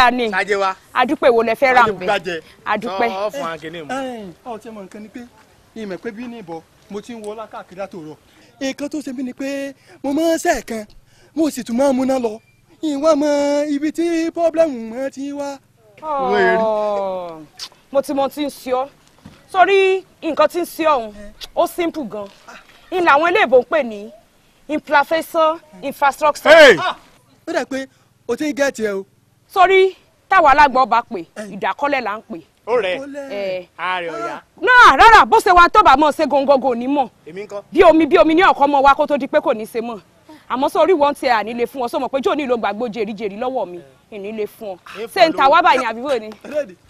dáadáa ni adúpẹ́ wo lẹ fẹ́ rà ń bẹ adúpẹ́. ọ̀ tí nǹkan ni pé ìmọ̀ pé bí ní ìbọn mo ti ń wọ lákàkiri àtòrọ̀ nǹkan tó ṣe mí ni pé mo máa ń sẹ́ẹ̀kan mo sì tún máa ń múná lọ ìwọ́n mọ ibi tí pọ́blẹ́mù mọ́ ti wá. mo ti mọ ti ń ṣe ọ sórí nǹkan tí ń ṣe ọ̀hún ó simple gan n làwọn eléèbó ń pè ní inflation infrastructure. Ah! ó dà pé o ti ń gẹ̀ẹ́tì ẹ o sórí táwa alágbọ̀n bá pè ìdákọ́lẹ̀ là ń pè. ó rẹ ààrẹ ọ̀yá. náà rárá bó ṣe wa tó bá mọ̀ ṣe gongogo ní mọ̀ bí omi bí omi ní ọ̀kọ́ mọ wa kó tó di pé kò ní ṣe mọ̀ àmọ́ sórí wọn ti àní lè fún ọ sọmọ pé jóò ní ìlò gbàgbó jèrìjèrì lọ́wọ́ mi ìní lè fún ọ ṣé ń ta wá báyìí àbíwò ni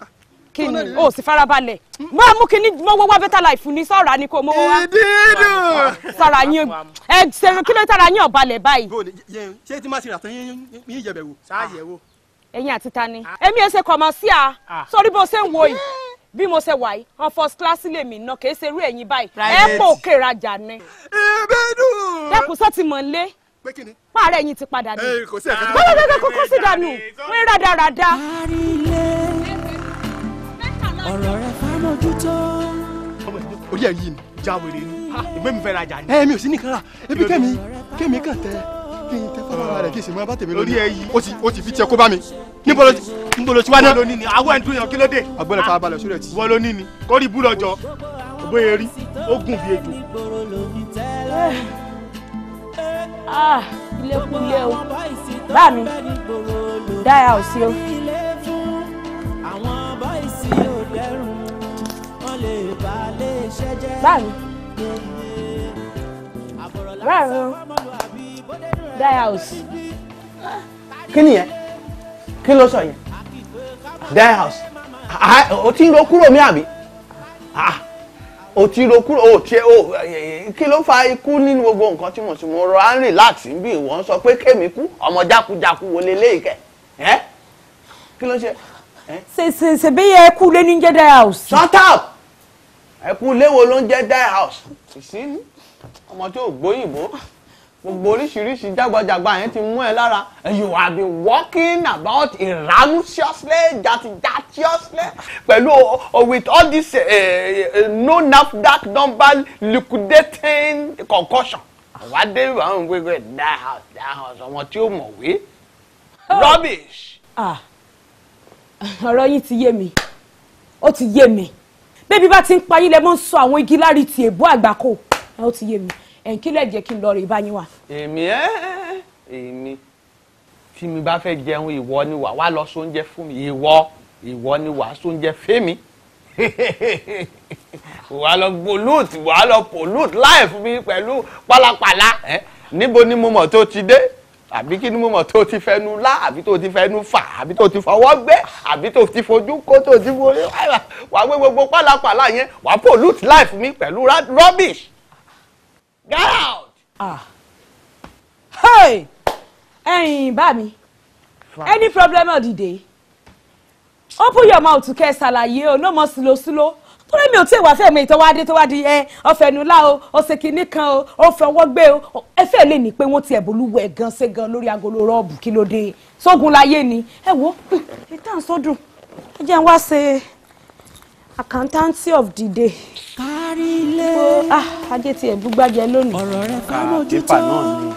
ah, kí ni o sì farabalẹ̀ mo mú kí ni mo wọ́wọ́ bẹ́tà láì fún ni sọ̀rọ̀ ni kò mo wọ́wọ́. ìdídùn. sara yín ẹ ṣe kí ló tara yín ọ̀balẹ̀ báyìí. ṣé tí má ti rà tán yín yín yẹ̀bẹ̀ wò. sáà yẹ̀ wò ẹ̀yin àti ta ni èmi ẹ ṣe kọ̀mọ̀ sí a sórí bó ṣe ń wo yìí bí mo ṣe wà yìí wọn first class lè mí ná kìí ṣe irú ẹ̀yin báyìí ẹ pò kérajà ni. ìbẹ́dù. dẹ́kun sọ ti mọ̀ ń lé pààrọ̀ ẹ̀yin ti padà ni. kò sí ẹ̀ka tó bá wà. kókó sí dànù wọ́n ń rádaràda. ọ̀rọ̀ rẹ̀ fà orí ẹ̀yin jáwèrè ni ah, mi fẹ́ rajà ni. ẹ mi ò sí nìkan rà ebi kẹ́mi kẹ́mi kàn tẹ́ bí n tẹ fọlọ́ra rẹ̀ kí n sì máa bá tèmi lórí èyí. o ti o ti fi tiẹ̀ kó bá mi níbo ló níbo ló ti wá náà. wọ́n ló ní ni àwọn ẹ̀ńtún yàn kí ló dé. Ah, balẹ̀ sórí ẹ̀ tí. wọ́n ló ní ni kórì bóyá rí ó gùn bí ejò. Ah, ilé kulé o bá mi dára ò sí o. bá mi bá mi die house. kí nìyẹn kí ló sọ yẹn die house o ti ro kúrò mi àbí o ti ro kúrò o ti o kí ló fa ikú nínú gbogbo nǹkan tí mo sì mo rọ àárín láti bí ìwọ ń sọ pé kémi kú ọmọ jákujáku wo lè léyìí kẹ ẹ kí ló ṣe. ṣèṣèṣèbí yẹ ẹkú lé ní jẹ die house. shut up ẹkú léwo ló ń jẹ die house. ìsín ọmọ tí ò gbóyìnbó gbogbo oríṣiríṣi jágbajàgba yẹn ti mú ẹ lára you have been walking about ranuciously jatijatiously pẹ̀lú with all this uh, uh, no NAFDAC number liquidating concussion wá dé ìwà àwọn gbégbé that house that house ọmọ tí ó mọ̀wé rubbish. Ah. ọ̀rọ̀ yìí ti yé mi ó ti yé mi bébí bá ti ń payín lẹ́mọ̀ ń sọ àwọn igi lárí ti èbó àgbákò ah, ó ti yé mi ẹ̀ ń kílẹ̀ jẹ́ kí n lọ rè báyìí wà. èmi ẹ èmi tí mi bá fẹ́ jẹun ìwọ ni wà wá lọ sóúnjẹ fún mi ìwọ ìwọ ni wà sóúnjẹ fẹ́mi wà lọ pollute wà lọ pollute láì fún mi pẹ̀lú pálapàla níbo ni mo mọ̀ tó ti dé àbí kí ni mo mọ̀ tó ti fẹnu lá àbí tó ti fẹnu fà àbí tó ti fọwọ́ gbé àbí tó ti fojú kó tó ti forí wà wé gbogbo pálapàla yẹn wà pollute láì fún mi pẹ̀lú rubbish get out. ah hey hey, bá any problem of the day open your mouth to ẹ ṣàlàyé o no mọ slow, torí mi ò tí ì wá fẹ́ẹ̀mí ìtọ́wá adé tó wá di ẹ ọ̀fẹ́nulá o ọ̀sẹ̀ kìíní kan o ọ̀fẹ́wọ́ gbé o ẹ fẹ́ẹ̀ lè ní pé wọ́n ti ẹ̀bùn lúwẹ̀ gan ṣe gan lórí agolo rọ́ọ̀bù kí ló dé sógun láyé ni ẹ wo ìtàn sódùn ẹ jẹ́ n wá ṣe accountancy of the day. kárílẹ̀. ó ah ajé tiẹ̀ búgbàjẹ́ lónìí. ọ̀rọ̀ rẹ̀ ká mójútó. pépà náà ni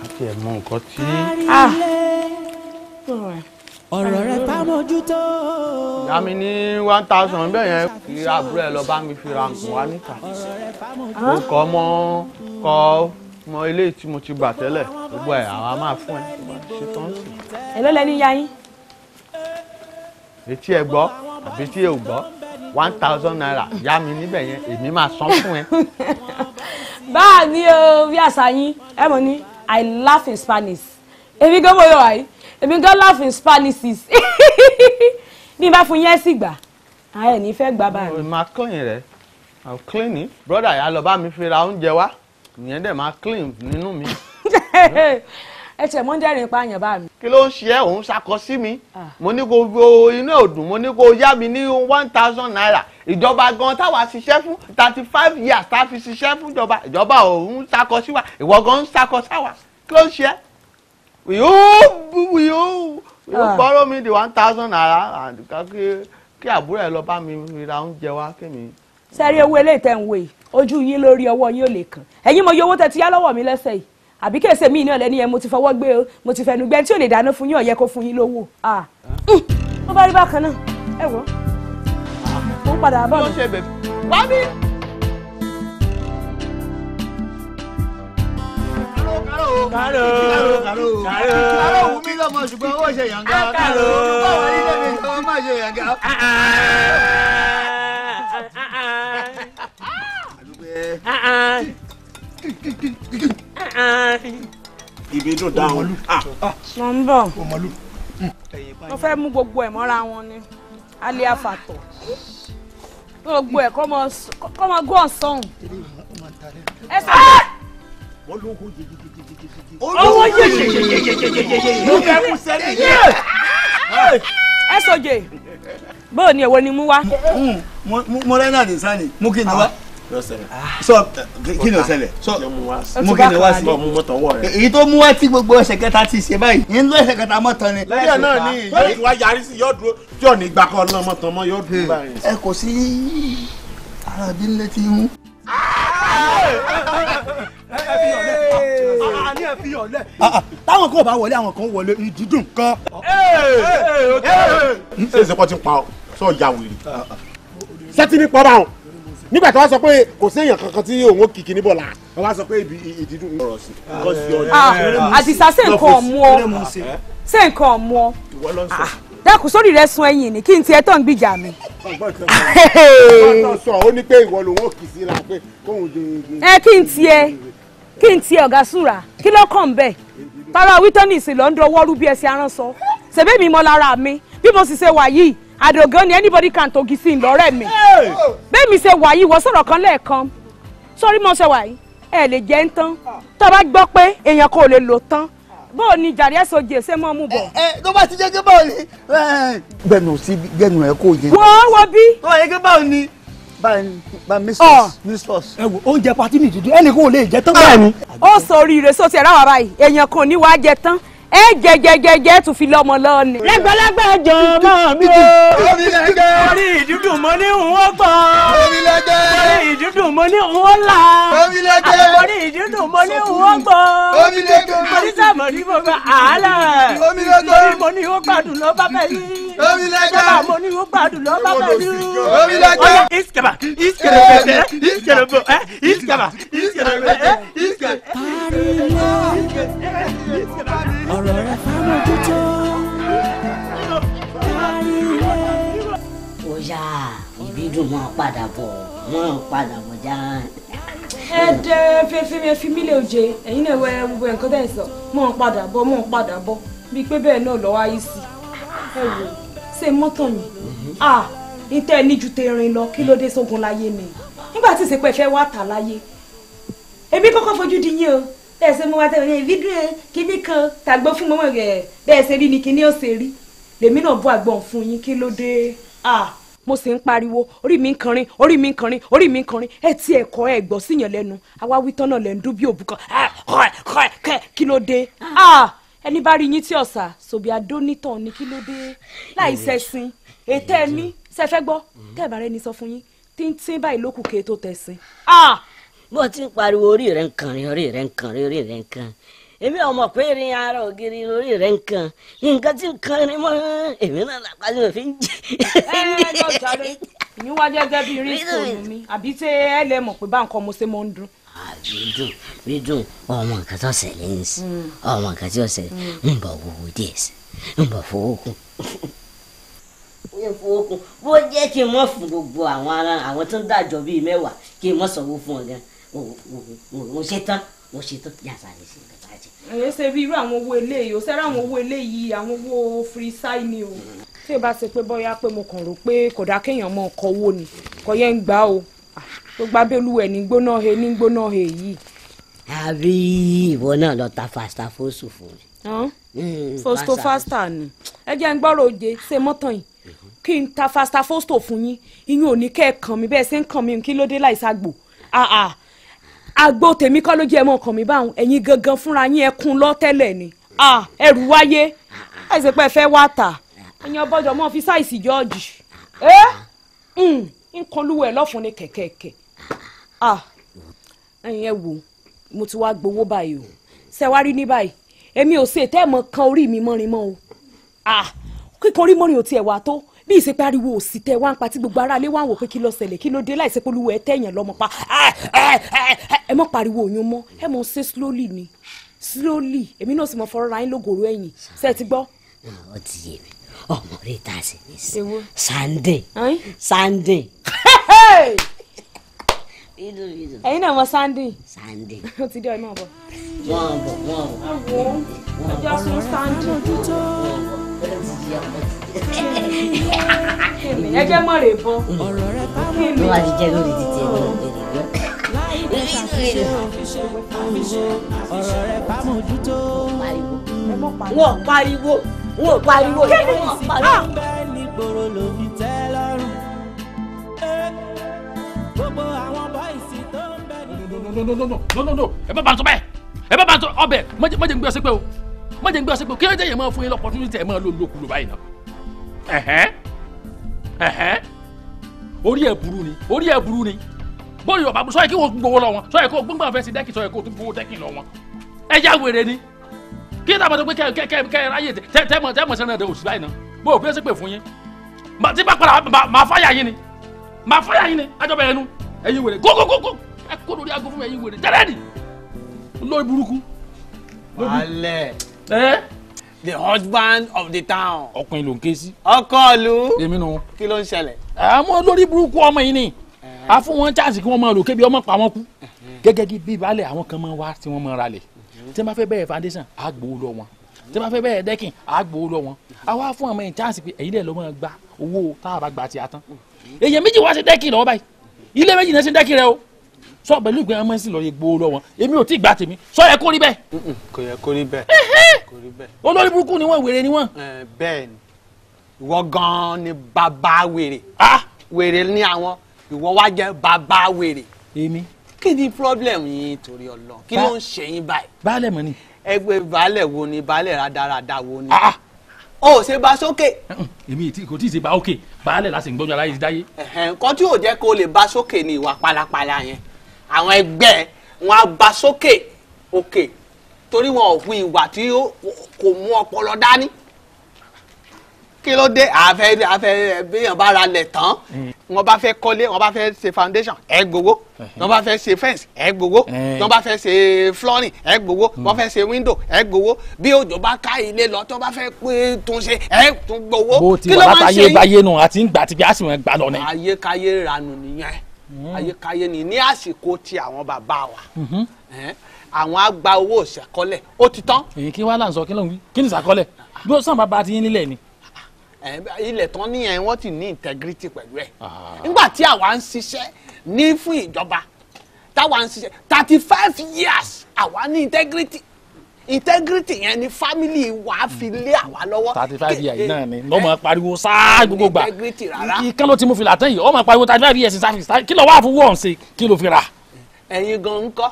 ká tiẹ̀ mọ nǹkan tí. kárílẹ̀. Ah. ọ̀rọ̀ rẹ̀ ká mójútó. ìyá ní one thousand bẹ́ẹ̀ yẹn kí àbúrò ẹ lọ bá mi fi ra nǹkan wá níta. mo kọ́ mọ́ kọ́ mọ ilé tí mo ti gbà tẹ́lẹ̀ gbogbo ẹ̀ àwa máa fún ẹ ṣe tán ẹ ló lẹ ní yá etí ẹ gbọ́ àbí tí ẹ ò gbọ́ one thousand naira yá mi níbẹ̀ yẹn èmi máa san fún ẹ. báà ní o eh, bí àṣà yín ẹ mọ̀ ní i laugh in spanish èmi gan mo yọ àyè èmi gan laugh in spanish bí n bá fún yẹn sì gbà ààrẹ ní fẹ́ gbà báyìí. màá clean rẹ màá clean ni brother yà lọ bá mi fi ra oúnjẹ wá ìyẹn dẹ̀ máa clean nínú mi. ẹ tẹ̀ mọ́ dẹ́rìn pa àyàn bá mi. kí ló ń ṣe ẹ́ òun ṣakọ sí mi ah. mo ní kó bo inú òdùn mo ní kó yá mi ní one thousand naira ìjọba gan táwa ṣiṣẹ́ fún thirty five years tá a fi ṣiṣẹ́ fún ìjọba ìjọba òun ṣakọ sí wa ìwọ gan ń ṣakọ sáwa kí ló ń ṣe ẹ́ yóò yóò yóò ah. borrow mi the one thousand naira and kí kí àbúrò ẹ lọ bá mi ra oúnjẹ wá kémi. sẹ́rí owó eléyìí tẹ̀ ń wò yìí ojú yín lórí ọwọ́ yín ò lè kàn ẹ̀yin mo yọ owó tẹ̀ ti yá lọ́wọ́ mi lẹ́sẹ̀ yìí àbí kèsè mí náà lẹ́ni yẹn mo ti fọwọ́ gbé o mo ti fẹnu gbẹ tí ò lè dáná fún yín ọ̀yẹ́ kó fún yín lówó ó bá rí bákan náà ẹ wò ó padà bọ̀ lọ. wá mi. karo karo karo karo wù mí lọ́mọ ṣùgbọ́n owó ṣe yànga karo báwo ni lèmi ìṣòro má ṣe yànga. Ah, ah, ah. àdúgbò ẹ ìbí dùn dáhùn. mo ń bọ̀ mo fẹ́ mú gbogbo ẹ̀ mọ́ra wọn ni alẹ́ àfàtọ̀ gbogbo ẹ̀ kọ́ mọ gún ọ̀sán. owó yé. ẹ sọ bóò ni èwo ni mú wá. mo rẹ́ náà ní sani mú kí n wá sọ ah. kí ni o ṣẹlẹ̀ sọ mú kí ni wá sí èyí tó mú wá tí gbogbo ọ̀sẹ̀ kẹta ti ṣe báyìí yín ló ẹsẹ̀ kẹta mọ́ tán ni. lẹ́yìn náà ni yóò tún wá yarí sí yóò dúró yóò ní gbà kọ́ náà mọ́ tán mọ́ yóò dúró hmm. báyìí. ẹ kò sí ara bí nílé ti mú. Ah! Ah! táwọn kan ò bá wọlé àwọn kan wọlé ìdídùn kan. ṣé ìṣèpọ̀ ti pa ọ sọ ya wèrè sẹ́tí ní pọ́ báwọn nígbà tí wọ́n sọ pé kò séèyàn kankan tí òun ó kìkì níbọ̀ la wọ́n wá sọ pé ibi ìdídùn ọ̀rọ̀ sí ah, i. àdìsá ṣe nǹkan ọ̀mú ọ ṣe nǹkan ọ̀mú ọ dákun sórí rẹ sun ẹyin ni kí n tiẹ̀ tó ń gbìjà mi. ọgbọ́n sọ ó ní ẹ kí n tiẹ̀ kí ọ̀gá súra kí ló kàn bẹ́ẹ̀ tọ́lá wítọ́nìsì ló ń dọwọ́ rú bí ẹ ṣe aránṣọ ṣèbí mi mọ́ lára mi bí mo sì ṣe wà yìí àdògán ni anybody can togi sí ìlọrẹ́ mi bẹ́ẹ̀ mi ṣe wà yìí wọ́n sọ̀rọ̀ kan lẹ́ẹ̀kan sọ́rí mọ́ ṣe wà yìí ẹ lè jẹ́ ń tán ah. tó bá gbọ́ pé èèyàn kò lè lò tán bóò ni jàre ẹ̀sọ́ jè ṣe mọ́ mú bọ̀. ẹ eh, ẹ eh, tó bá ti jẹ́ pé báwo ni. Eh, gbẹnu sí gbẹnu ẹ kò yẹ. wọ́n wọ bí. tó bá yẹ pé báwo ni bá mi ah. sọ́ọ̀sì. ẹ wo oúnjẹ pati mi dúdú ẹnì kò lè jẹ tán báyìí. Ah. ó sọ oríire sọ ti ẹ̀ ráwà báyìí èèyàn kò ní wàá jẹ tán ẹ jẹjẹjẹjẹ tún fi lọmọ lọni. lẹgbẹlẹgbẹ jọ mọ mi o. orílẹ̀-èdè. orí ìdúdùn mo ní òun gbọ́. orílẹ̀-èdè. orí ìdúdùn mo ní òun là. orílẹ̀-èdè. àtòrí ìdúdùn mo ní òun gbọ́. orílẹ̀-èdè. onísàmọ̀ ní mo bá àálẹ̀. orílẹ̀-èdè. orí mo ní ó gbàdùn lọ bá bẹ́ẹ̀ ni. orílẹ̀-èdè. sábà mo ní ó gbàdùn lọ bá bẹ́ẹ̀ ni. orílẹ̀-èdè. iskaba iskẹrẹbẹtẹ iskẹrẹbọ ẹ iskaba iskẹrẹbẹtẹ iskẹrẹ ọ̀rọ̀ rẹ fámójútó kárí ilé. ó yá ìbídùn máa padà bọ̀ máa padà bọ̀ já. ẹ dẹ fífi mi fi mílẹ̀ òjè ẹ̀yin náà wẹ gbogbo nǹkan tẹ̀ sọ máa padà bọ̀ máa padà bọ̀ bíi pé bẹ́ẹ̀ náà lọ́wọ́ ayé sí ẹ wò ṣe mọ́tò mi ìtẹ́ mhm. ah, ní ju tẹ̀rín lọ kí ló dé sógun láyé ni nígbà tí ìsìnkú ẹ̀ fẹ́ wá tà láyé èmi kọ́kọ́ fojú di yín o bẹ́ẹ̀ ṣe mo wá tẹ̀wé yẹn fídíò kínní kan tàgbọ́ fún mọ́mọ́ rẹ̀ bẹ́ẹ̀ ṣe rí ni kínní ó ṣe rí lèmi náà bọ́ àgbọ̀n fún yín kí ló dé mo sì ń pariwo orí mi ń kanrin orí mi ń kanrin orí mi ń kanrin ẹ ti ẹ kọ ẹ gbọ́ síyàn lẹ́nu àwa wí tán náà lẹ ń dún bí òbúkan kí ló dé ẹni bá rí yín tí ọ̀sà sòbí adónítàn ni kí ló dé láì sẹ́sìn ètò ẹni sẹ́fẹ́ gbọ́ tẹ́ẹ̀bà rẹ ni sọ fún yín tíntín báyìí lókùnkè tó tẹ̀sìn. bó ti pariwo orí rẹ̀ ń kàn rí orí rẹ̀ ń rí orí ya ń kàn ọmọ ara ogiri orí rẹ̀ ń kàn tí ń rí mọ́ mi àbí ẹ lè pé báńkọ́ mo ń dún. ọmọ nǹkan tó ṣẹlẹ̀ ń sìn hmm. ọmọ nǹkan tó ṣẹlẹ̀ hmm. ń bọ̀ wọ́wọ́ díẹ̀ sí ń bọ̀ fowó bó jẹ́ kí n mọ̀ fún gbogbo àwọn tó ń bíi o ṣe tán wọ́n ṣe tó yà sáré sí nǹkan tá a jẹ. ẹ ṣe bí irú àwọn owó eléyìí o ṣẹ́rẹ́ àwọn owó eléyìí àwọn owó firisáì ni o. tí ẹ bá ṣe pé bóyá pé mo kàn rò pé kò dáa kéèyàn mọ ọkọ owó ni kò yẹ ń gbà o tó gbá bẹ́lúwẹ̀ ní gbóná he ní gbóná he yìí. àbí ìwọ náà lọ ta fasta fosu fún mi. Hmm, fosto fasta ni ẹ jẹ́ ń gbọ́rọ̀ oje ṣe mọ́tàn yìí kí n ta fasta fosto fún yín iyún ò ní kẹ́ ẹ̀ kàn mí bẹ́ẹ̀ ṣe ń kàn mí kí ló dé láì àgbo tèmi kọ́ ló jẹ́ ẹmọ ọkàn mi báwọn ẹ̀yin gangan fúnra yín ẹkún lọ́tẹ́lẹ̀ ni ẹrù wáyé àìsè pé ẹ fẹ́ wá tà ẹ̀yin ọbọ̀jọ̀ mọ́ fi sáìsì jọ́ọ̀jì ẹ́ nǹkan lúwẹ̀ lọ́fun ni kẹ̀kẹ́kẹ̀ ẹ̀yin ẹ wò mo ti wá gbowó báyìí o ṣe wá rí ní báyìí èmi ò ṣe tẹ́ kan orí mi mọ́rin mọ́ o kíkan orí mọ́rin ò tiẹ̀ wá tó bí ìṣe pariwo òsì tẹ wá ń pa tí gbogbo aráalé wá ń wò pé kí ló ṣẹlẹ̀ kí ló dé láìsí pé olúwo ẹ tẹ̀yàn lọ́mọ pa ẹ mọ̀ pariwo òyìn mọ́ ẹ mọ̀ ṣe slowly ni slowly èmi náà sì mọ̀ fọ́rọ́ ra yín lógoro ẹ̀yìn ṣe ti gbọ́. ọ ti yé mi ọmọ rẹ ta sí ní sunday sunday ẹ̀yin náà mọ Sunday. Sunday. ó ti dé ọ iná bọ. wọn bọ wọn bọ. ẹ wo ọjọ́ sún Sunday. ẹ jẹ́ mọ̀ rè bọ́. ọ̀rọ̀ rẹ bá wà ló wà ti jẹ́ lórí títí ẹ̀ ọ̀rọ̀ rẹ bá mójútó. wọ́n pariwo wọ́n pariwo wọ́n pariwo. kí ni ah gbogbo àwọn bọ́ìsì tó ń no no no ẹ bá bá sọ bẹ́ẹ̀ ẹ bá bá sọ ọbẹ̀ mọ̀jẹ̀ ń gbé ọsẹ pé o mọ̀jẹ̀ ń gbé ọsẹ pé o kí ló dé yẹn máa fún yín lọ́pọ̀ tún tẹ̀ máa lò lókulò báyìí náà. orí ẹ̀ burú ni orí ẹ̀ burú ni bóyá ọba sọ yẹ kí wọn gbowó lọ wọn sọ yẹ kó gbóngbà fẹsẹ dẹkì sọ yẹ kó tún gbowó dẹkì lọ wọn ẹ já wèrè ni kí ẹ tàbátọ pé kẹ kẹ kẹ kẹ ráyè tẹ tẹ mọ tẹ mọ sẹnà dẹ òsì báyìí náà bó o bí ẹ sẹ pé fún yín tí bá padà máa fáyà yín ni màá fáyà yín ni ajọba ẹnu ẹ̀yin wèrè gógógógó ẹ kó lórí aago fún mi ẹ̀yin wèrè jẹrẹẹdì lórí burúkú. wàhálẹ̀. the husband of the town. ọkùnrin ló ń ké sí. ọkọ lu. èmi nù. kí ló ń ṣẹlẹ̀. àmọ́ lórí burúkú ọmọ yìí ni a fún wọn chance kí wọ́n máa lò kébi ọmọ pa wọn kú gẹ́gẹ́ bí baálẹ̀ àwọn kan máa wá tí wọ́n máa ralẹ̀ tí wọ́n bá fẹ́ bẹ̀rẹ̀ foundation á gbowó lọ wọn tí wọ́n bá fẹ́ bẹ̀rẹ̀ dẹ́kìn á gbowó lọ wọn àwa fún ọmọ yìí chance pé èyí lẹ̀ lọ́ gba owó tá a bá gba ti àtán èyàn méjì wá sí dẹ́kì lọ́wọ́ báyìí ilé méjì náà sí dẹ́kì rẹ o sọ pẹ̀lú ìgbẹ́ ọmọ ẹ̀sìn lọ́ọ́ gbowó lọ́wọ́ èmi ò tí gbà tèmi sọ yẹ kó rí bẹ́ẹ̀. kò yẹ kó rí bẹ́ẹ̀. olórí burúkú ni wọ́n wèrè ni wọ́n. bẹ́ẹ̀ ni ìwọ gan-an ni bàbá wèrè. Ah! wèrè ni àwọn ìwọ wá jẹ bàbá wèrè. èmi. kí ni problem yín torí Ọlọ́run kí ló ń ṣe yín báyìí. baálẹ̀ mọ́ ni. ẹgbẹ́ baálẹ̀ wo ni baálẹ̀ radarada wo ni. Ah, ah! o ò ṣe ba sókè. èmi kò tí ì ṣe ba ókè baálẹ̀ la sì ń gbọ́njú aláyé ti dáyé. nǹkan tí ò jẹ́ kó lè ba sókè ni ìwà pálapàla yẹn àwọn ẹgbẹ́ wọn á ba sókè òkè torí wọn ò fún ìwà tí kò mú ọpọlọ dání kí ló dé àfẹ àfẹ bíyàn bá ra lẹ̀ tán wọ́n bá fẹ́ kọ́lé wọ́n bá fẹ́ ṣe foundation ẹ gbowó wọ́n bá fẹ́ ṣe fence ẹ gbowó wọ́n bá fẹ́ ṣe flooring ẹ gbowó mm. wọ́n fẹ́ ṣe window ẹ gbowó bí òjò bá ká ilé lọ tó bá fẹ́ pé tún ṣe ẹ tún gbowó kí ló máa ṣe yín. bó ti wà látàyè nù àti ń gbà tí a sì lọ ni. ayékáyé ranù nìyẹn mm. ayékáyé ni ní àsìkò ti àwọn bàbá wa mm-hmm. àwọn àgbà owó ìṣàkọlẹ̀ ó ti tán. èyí kí wàá ń sọ kí ló ń wí kí ni ìṣàkọlẹ̀ bí ó sàn bàbá ti yín nílẹ̀ ni ilẹ̀ tán ní yẹn wọ́n ti ní integrity pẹ̀lú ẹ̀ ah. nígbà tí àwa ń ṣiṣẹ́ ní fún ìjọba táwa ń ṣiṣẹ́ thirty five years àwa ní integrity integrity yẹn ni family wa fi lé àwa lọ́wọ́. thirty five years náà ni lọ́mọ pariwo sáá gbogbo gbà ìkan ló ti mú fìlà tán yìí ọmọ pariwo thirty five years sáfì kí ló wà fún wọ́n ṣe kí ló fi rà. ẹ̀yin gan ń kọ́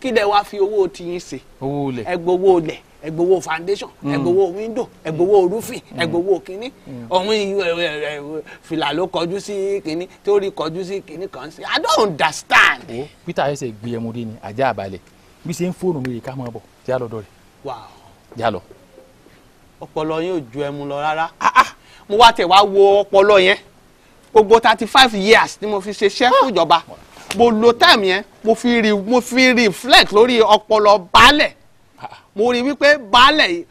kí lẹ wá fi owó tiyín ṣe owó lẹ̀ ẹ ẹgbowó foundation ẹgbowó hmm. window ẹgbowó hmm. roofing ẹgbowó hmm. kínní ọ̀hún fìlà ló kọjú sí kínní tó rí kọjú sí kínní kan sí i don't understand. peter ayese gbé ẹmọdé ni ajá àbálẹ bí ṣe ń fóònù mi rè ká máa bọ já lọ dọrẹ. wàá já lọ. ọpọlọ yẹn ò ju ẹmu lọ rárá ah, ah, mo wá tẹ̀ wá wo ọpọlọ yẹn gbogbo thirty five years ni mo fi ṣe iṣẹ́ fún ìjọba mo lo time yẹn mo fi reflect lórí ọpọlọ baálẹ̀ mo rí wípé baálẹ̀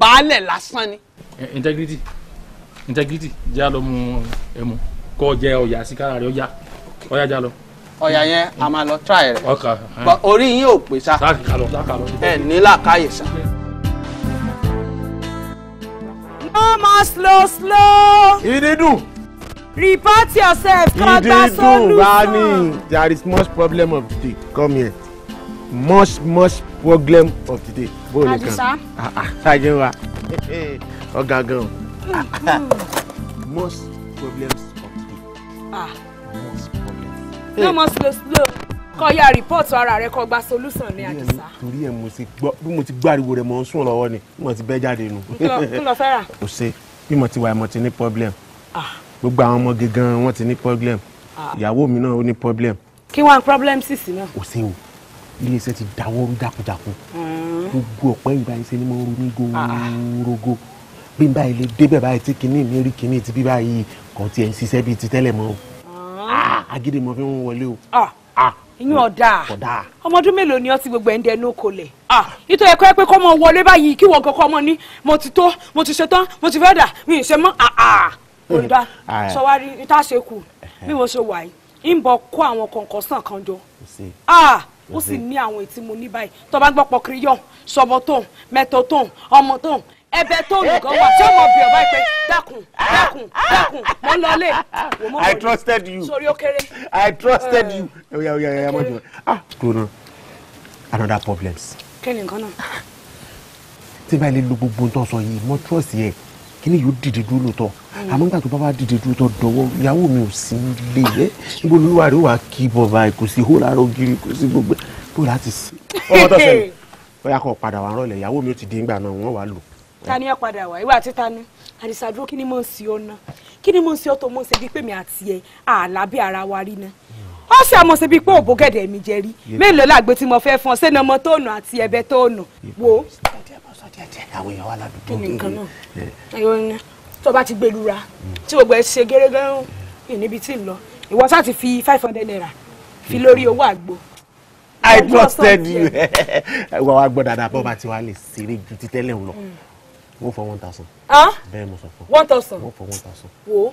baálẹ̀ lásán ni. integrity integrity jẹ́ àlọ́ mu ẹmu kọ́ jẹ ọ̀yà sí kára rẹ̀ ọ̀yà ọ̀yà já lọ. ọ̀yà yẹn a máa lọ try rẹ̀ orí yín ò pè sá ẹ̀ ní làákàyè sá. no more slow slow. ìdídùn. report yourself kọ́ gba solution. ìdídùn bá there is much problem of the come here much much problem of the day bó Ah ah. kàn ṣáájú wa ọ̀gá gan most problems of the day ah. most problems. no more slow slow kọ ya rìpọ́ọ̀tù ara rẹ kọ gba solution ní àdìsá. torí ẹ mo ti gbọ́ bí mo ti gbọ́ ariwo rẹ mo ń sùn lọ́wọ́ ni mo ti bẹ́ jáde nù. kí ló fẹ́ rà. kò sí bí mo ti wà mo ti ní problem ah. gbogbo àwọn ọmọ gígan wọn ti ní problem ah. ìyàwó mi náà ó ní problem. kí wọn problem Sisi, sí náà. kò sí o iléeṣẹ́ ti dáwọ́ rú jákujáku mm. gbogbo ọ̀pẹ́ ìgbà iṣẹ́ ni mo ronú ah, ah. gorogo bí n báyìí lè débẹ̀ báyìí tí kinní mi rí kinní ti bí báyìí kàn tiẹ̀ ń ṣiṣẹ́ bíi ti tẹ́lẹ̀ mọ́ o mm. ah, agídé mo fi ń wọlé o. inú ọ̀dà ọmọdún mélòó ni ọ ti gbogbo ẹ̀ ń dẹnu kò lẹ̀ nítorí ẹ̀kọ́ ẹ pé kọ́ mọ wọlé báyìí kí wọ́n kọ́kọ́ mọ ní mo ti tó mo ti ṣetán mo ti fẹ́ dà mi ì ṣe mọ́ olùdá sọwárí níta ṣe kù bí mo ṣe wà yìí ń bọ̀ kó àwọn kọ̀ǹkọ̀ sàn kan jọ ó sì mhm. ní àwọn ètí mo ní báyìí tó bá gbọ́ pọkiriyan sọmọ tó mẹtọ tó ọmọ tó ẹ̀bẹ̀ tó nǹkan wà tí ọmọ bí ọba ìpè dákun dákun dákun mo ń lọlé wò mo lọ rí i trusted eh. you i trusted you oya oya oya mo jùlọ ah kúrò another problems. kí ni nǹkan náà. tí báyìí lè lo gbogbo nǹkan sọ yìí mo trust yẹ kíní yóò dìde dúró lóòótọ́ àmọ́ nígbà tó bá wá dìde dúró tó dọwọ́ ìyàwó mi ò sí nílé ẹ̀ níbo olúwa rẹ̀ wà kí bọ̀bà kò sí hó lára ògiri kò sí gbogbo bó láti sí. ọmọ tó sẹ́yìn bóyá kò padà wà rọlẹ̀ ìyàwó mi ò ti dé ńgbà náà wọ́n wà lò. ta ni ẹ padà wá ìwà àti ta ni àdìsá dúró kí ni mò ń sí ọ náà kí ni mò ń sí ọ tó mò ń ṣe bíi pé mi àti ẹ àlá bí ara wa rí náà ó ṣe àmọ̀ ṣe bíi pé òbó gẹ̀dẹ̀ mi jẹ rí mélòó làgbé tí mo fẹ́ fún ọ sẹ́ni ọmọ tó àti ẹ̀bẹ tó nù wò tó bá ti gbèlú tí gbogbo ẹ ṣe gẹ́gẹ́ níbi tí ń lọ ìwọ sá ti fi five hundred naira fi lórí owó àgbo. I trusted you wà wá gbọ́ dáadáa bọ́ bá ti wá lè ṣeré ju ti tẹ́lẹ̀ ń lọ hmm. wọ́n fọ one thousand. bẹ́ẹ̀ mo sọ fún one thousand wọ́n fọ one thousand. wo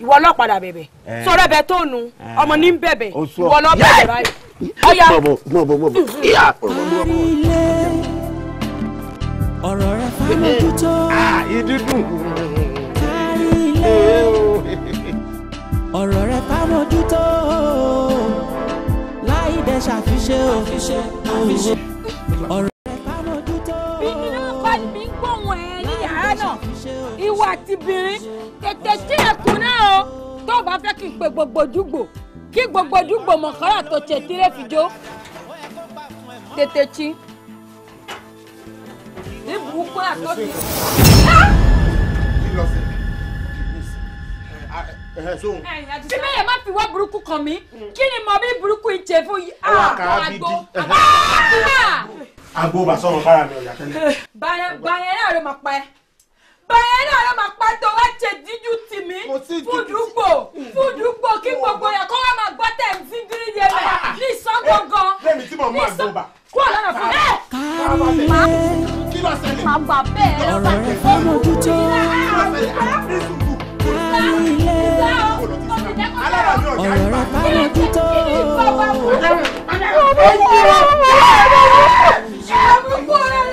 ìwọ ló padà bẹ̀bẹ̀ eh. sọ̀rọ̀ bẹ tó nu eh. ọmọ ní bẹ̀bẹ̀ ìwọ ló bẹ̀bẹ̀ báyìí. ọ̀ya mọ̀ bọ̀ mọ̀ bọ̀ mọ̀ ọ̀rọ̀ rẹ fámójútó kárí ilé ọ̀rọ̀ rẹ fámójútó láì dẹ ṣàfiṣe o ọ̀rọ̀ rẹ fámójútó. bíbí náà kọ́ mi ń gbóhùn ẹ̀ ní yàrá náà ìwà tìbìrín tètè tí ẹ̀kún náà o tó o bá fẹ́ kí n pe gbogbo dùgbò kí gbogbo dùgbò mọ̀kọ́rà tó ṣètìrẹ́ fìjó tètè tí ní burúkú àtọ́jú. Síbẹ̀ yẹn má fi wá burúkú kàn mí, kí ni mọ̀ bí burúkú ìjẹ fún àgbọ̀ àgbọ̀. Àgbo bàṣọ́ wọn ah! bára mi ọ̀yà tẹ́lẹ̀. Bàyẹ̀ náà ló máa pa ẹ́ báyẹn náà ló máa pàtó wá ṣe díjú tì mí fúdùgbò fúdùgbò kí gbogbo yẹn kó wá máa gbọ́ tẹ̀ ń sí gírí yẹn lẹ̀ ah! ní ìsán eh, gangan ní ìsán kú ọ̀lànà fún mi. kárí ilé màgbà bẹ́ẹ̀ ọ̀rọ̀ rẹ̀ fẹ́ mojú tó kárí ilé ọ̀rọ̀ rẹ̀ fẹ́ mojú tó. ọ̀rọ̀ rẹ̀ fẹ́ mojú tó.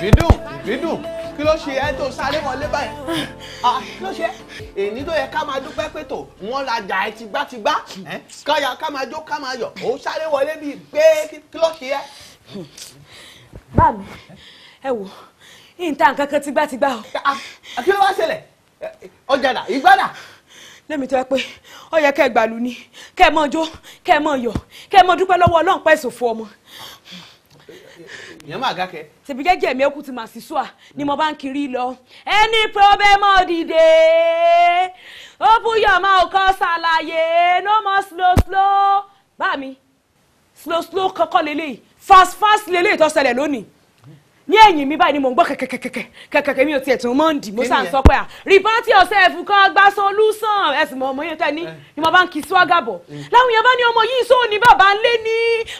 ìbídùn ìbídùn kí ló ṣe ẹ tó sáré wọlé báyìí ah, kí ló ṣe èyí tó yẹ ká máa dúpẹ́ pé tó wọ́n lajà ẹ tìgbàtìgbà káyà ká máa jó ká máa yọ̀ ó sáré wọlé bíi pé kí ló ṣe ẹ. báàmì ẹ wò ìta nǹkan kan tìgbàtìgbà o. Ah, ah, kí ló wá ṣẹlẹ̀ ọjà dà ìgbà dà lẹ́mi tó yẹ pé ó yẹ kẹ́ ẹ gbàlù ni kẹ́ ẹ mọ́ jó kẹ́ ẹ mọ́ yọ̀ kẹ́ ẹ mọ́ dúpẹ́ lọ́wọ́ ọlọ́run pẹ́ sòfò ọmọ ìyẹn máa gákẹ́. ṣèbí jẹ́jẹ́ mi ẹkú ti mà sí sùà ni mo bá ń kiri lọ. ẹni pọ́bẹ́mọ̀ dìde open your mouth kọ́ ṣàlàyé no more slow slow bá mi slow slow kọ́kọ́ lélẹ́yìí fast fast lélẹ́yìí tó ṣẹlẹ̀ lónìí ní ẹ̀yìn mi báyìí ni mò ń gbọ́ kẹ̀kẹ̀kẹ̀kẹ̀ kẹ̀kẹ̀kẹ̀ mi ò tiẹ̀ tún mọ́ ń dì mo sàn sọ pé à rìpọ́ǹtì ọ̀sẹ̀ ẹ̀fù kan gba solúsàn ẹ̀sìn mọ̀ ọmọ yẹn tẹ́ ní eh. ni mo bá ń kí swagger bọ̀ mm. láwọn èèyàn bá ní ọmọ yìí sóò ní bàbá ńlé ní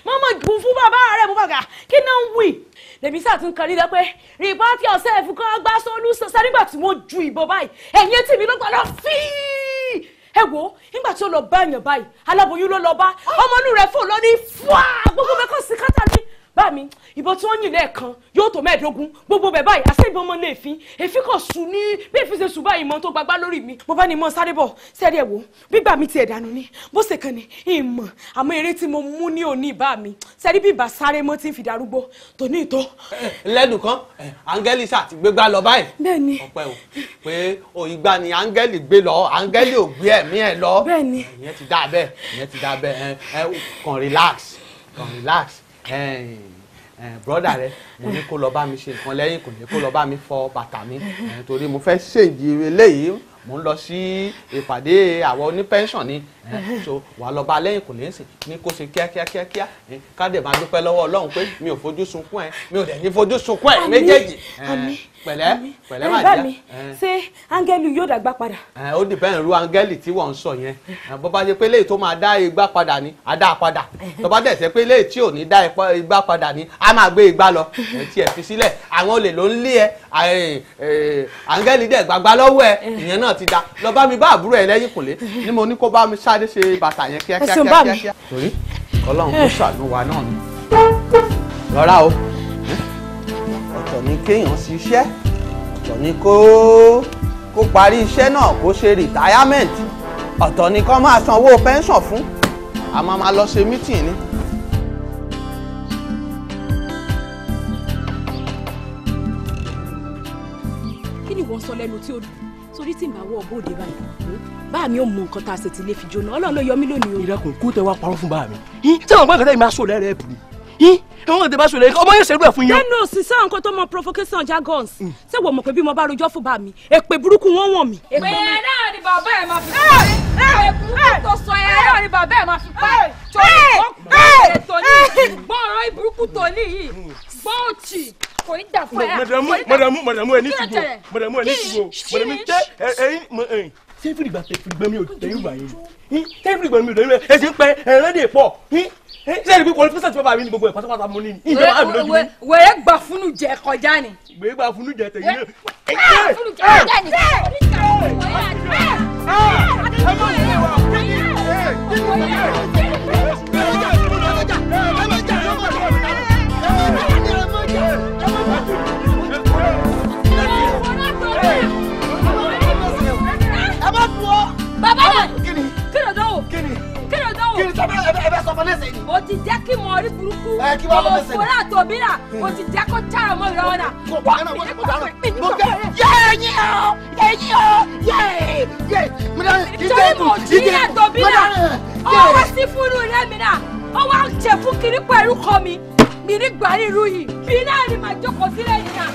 mọ́mọ́ gùn fún bàbá rẹ̀ mo bá gà kí náà ń wì lèmi sáà tún kan nílẹ̀ pé rìpọ́ǹtì ọ̀sẹ̀ ẹ̀fù kan gba solúsàn sẹ́ nígbà tí wọ́n ju ìbọn báyìí ẹ̀yìn ẹ wo nígbà tí ó lọ bá èèyàn báyìí aláboyún ló lọ bá ah! ọmọ inú rẹ̀ fò lọ ní fúà gbogbo mẹ́kọ̀ọ́sì kátà ní bá mi ìbọn tí wọ́n yìn lẹ́ẹ̀kan yóò tó mẹ́ẹ̀ẹ́dógún gbogbo bẹ̀ báyìí àṣẹ ìbọn mọ́ ní èéfín èéfín kan sùn ní bí èéfín ṣe sùn báyìí mọ́ tó gbagbá lórí mi mo bá ní mọ́ sáré bọ̀ sẹ́rí ẹ̀ wò mi tiẹ̀ dànù ni bó ṣe kàn ní ìmọ̀ àmọ́ eré tí mo mú ní òní ìbá mi sẹ́rí bí ìbá sáré mọ́ ti ń fi darúgbó tòní ìtọ́. Eh, lẹ́nu kan eh, áńgẹ́lì sà ti gbégbá lọ báyìí. bẹ́ẹ̀ni ọpẹ́ o pé òyìnbá ni áńgẹ́lì gbé lọ áńgẹ́lì ò gbé ẹ̀mí ẹ̀ lọ. bẹ́ẹ̀ni ìyẹn ti dá bẹ́ẹ̀ ti dá bẹ́ẹ̀ ẹ eh, kàn relax kàn relax broda rẹ mo ní kó lọ bá mi ṣe nǹkan lẹ́yìn kò ní kó lọ bá mi fọ bàtà mi torí mo fẹ́ ṣèjì eléyìí mo ń lọ sí ìpàdé àwọn onípẹ́ńsàn ni so wà lọ bá lẹ́yìn kò lè ń sìn ní kó ṣe kíákíá kíákíá kádẹ máa dúpẹ́ lọ́wọ́ Ọlọ́run pé mi ò fojú sunkún ẹ mi ò dẹ̀ ní fojú sunkún ẹ méjèèjì pẹ̀lẹ́ pẹ̀lẹ́ máa jẹ́ ṣé áńgẹ́lì yóò dàgbà padà. ó dìbẹ́ẹ̀ ru áńgẹ́lì tí wọ́n ń sọ yẹn bó bá jẹ́ pé léyìí tó máa dá igbá padà ni á dá padà tó bá dẹ̀ sẹ́ pé léyìí tí ò ní dá igbá padà ni á máa gbé igbá lọ ẹ̀ tí ẹ̀ fi sílẹ̀ àwọn olè ló ń lé ẹ áńgẹ́lì dẹ̀ gbàgbá lọ́wọ́ ẹ ìyẹn náà ti da lọ bá mi bá àbúrò ẹ lẹ́yìn kùnlé ni mo ní kó bá mi sá Bọ́ládé ṣe bàtà yẹn kíákíá kíákíá. torí ọlọ́run kò ṣàánú wa náà ni. rọra o ọ̀tọ̀ ni kéèyàn ṣiṣẹ́ ọ̀tọ̀ ni kó kó parí iṣẹ́ náà kó ṣe retirement ọ̀tọ̀ ni kó máa sanwó pension fún a máa máa lọ ṣe meeting ni. kí ni wọ́n sọ lẹ́nu tí ó dùn sórí tí ń bá wọ́ ọ̀bọ̀ òde báyìí bá mi ò mọ nǹkan tá a ṣe ti lè fi jóná ọlọ́run ló yọ mí lónìí o. ìrẹ́kùn kú tẹ wá parọ́ fún bá mi. ṣé àwọn gbọ́dọ̀ tẹ́lẹ̀ máa sọ lẹ́rẹ̀ẹ́ bù ni ẹ̀wọ̀n kò tẹ bá sọ̀rọ̀ ọmọ yóò ṣerú ẹ̀ fún yín. lẹ́nu òṣìṣẹ́ àwọn kan tó mọ provocation jargons ṣé wò mọ̀ pé bí mo bá rojọ́ fún bá mi èpè burúkú wọ́n wọ̀n mi. pé náà ni bàbá ẹ̀ máa fi pa ẹ̀ burúkú tó sọ ẹ̀ náà ni bàbá ẹ̀ máa fi pa ẹ̀ torí ọkùnrin tó ní gbọ́nrán ìburúkú tó ní yìí gbọ́ọ̀tì kò ní dà fún ẹ̀. mọ̀dàmú mọ̀dàmú ẹ̀ ní ṣùgbọ́n mọ̀dàmú ẹ̀ ní ṣùgbọ́n mọ̀dàmú sẹ́fìrì gbà tẹ̀fìrìgbà mi ò dẹ́rùbà yín sẹ́fìrìgbà mi ò dẹ́rùbà yín ẹ̀sìn pẹ́ ẹ̀rẹ́dẹ̀ pọ̀ sẹ́yìn pé kọ́lé fúnṣẹ́ tí bàbá mi ní gbogbo ẹ̀ pátápátá mo ní ní ìjọba àmì lójú mi. wèé gbà fúnù jẹ kọjá ni. wèé gbà fúnù jẹ tẹ̀yìn náà. ẹ fúnù jẹ kọjá ni. ẹ má lè wà kéyìn ẹ kéyìn fọ lẹ́sẹ̀ ni. o ti jẹ́ kí mo rí burúkú. ẹ kí wàá fọ lẹ́sẹ̀ ni. òfòrà tòbírà o ti jẹ́ kó tààrà mọ́ ìrọ̀ ọ̀nà. mo kọ ẹnà mo dáná mo kẹ yé ẹyin o ẹyin o yé yé. torí mo jí ní àtòbírà ọwọ́ sí fúnú rẹ̀ mi náà ọwọ́ jẹ fún kiri pẹ̀lú kọ mi mi ní gbàrí irú yìí bí náà ni màá jókòó sílẹ̀ yìí náà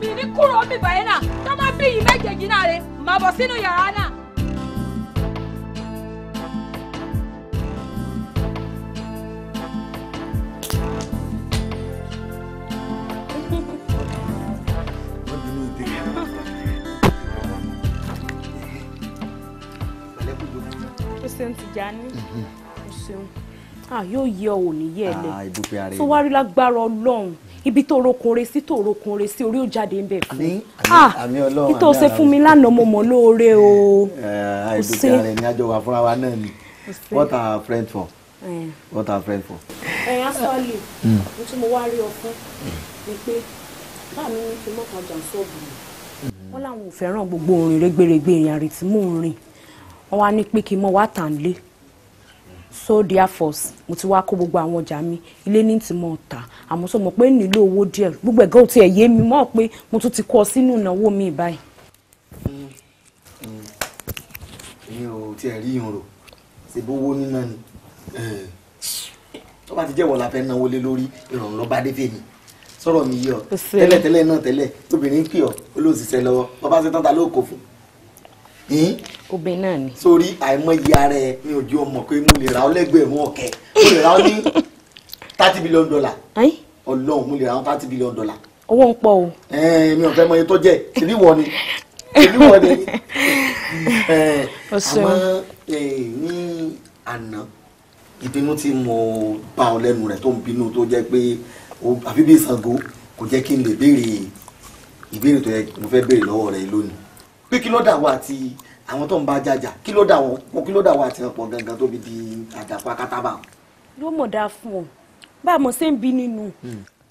mi ní kúrò mi bàyẹ̀ náà tọ́ bá bí dání mhm. o ṣeun ah, yóò yẹ ọ ò yẹ ẹ tó wá rí lágbára Ọlọ́run ibi tó rokunre sí tó rokunre sí orí ó jáde ń bẹ̀ fún mi ah, tó ṣe fún mi lánàá mo mọ̀ lóore o. àìdùkẹ́ eh, ah, ara what are friends for eh. what are friends for. ẹ̀yin asọ́ọ̀lì ní tí mo wá rí ọ fún hmm. ni pé báà mi ní kí jà sọ́ọ̀bù mi hmm. wọ́n láwọn ò fẹ́ràn gbogbo orin rẹ́gbẹ̀rẹ́gbẹ̀ ìrìn àrètí mò ń rìn wọ́n wá ní pé kí n mọ̀ wá tàn lé so therefore mo ti wá kó gbogbo àwọn ọjà mi ilé ní tí mo tà àmọ́ sọ mọ̀ pé nílò owó díẹ̀ gbogbo ẹ̀gá ò tiẹ̀ yé mi mọ̀ pé mo tún ti kọ́ sínú ìnáwó mi báyìí. èyí ò tiẹ̀ rí ìhùn rò ṣèbówó níná ni tó bá ti jẹ́wọ́ la fẹ́ náwó lé lórí ìrànlọ́ bá dé fèmí sọ̀rọ̀ mi yí ọ tẹ́lẹ̀tẹ́lẹ̀ náà tẹ́lẹ̀ obìnrin ń pè ọ olóòṣìṣẹ́ lọ́wọ́ bàbá ṣetán ta ló fún Hm? obìnrin náà ni. sórí àìmọye ara ẹ mi ò jẹ́ ọmọ pé mo lè ra ọ lẹ́gbẹ̀rún ọ̀kẹ́ mo lè ra ọ ní thirty billion dollar ọlọ́run mo lè ra ọ thirty billion dollar. owó ń pọ̀ o. mi ò fẹ́ mọ iye tó jẹ́ ṣèlú wọ ni ṣèlú wọ ni. àmọ́ ní àná ìbínú tí mo bá ọ lẹ́nu rẹ̀ tó ń bínú tó jẹ́ pé àbí bí Ṣàngó kò jẹ́ kí n lè béèrè ìbéèrè tó yẹ mo fẹ́ béèrè lọ́wọ́ rẹ lónìí pé kí ló dà wá àti àwọn tó ń bá jàjà kí ló dà wọ́n kí ló dà wá àti ọ̀pọ̀ gangan tóbi di àdàpọ̀ akátábà. ló mọ̀ dáa fún ọ bá a mọ̀ ṣe ń bí nínú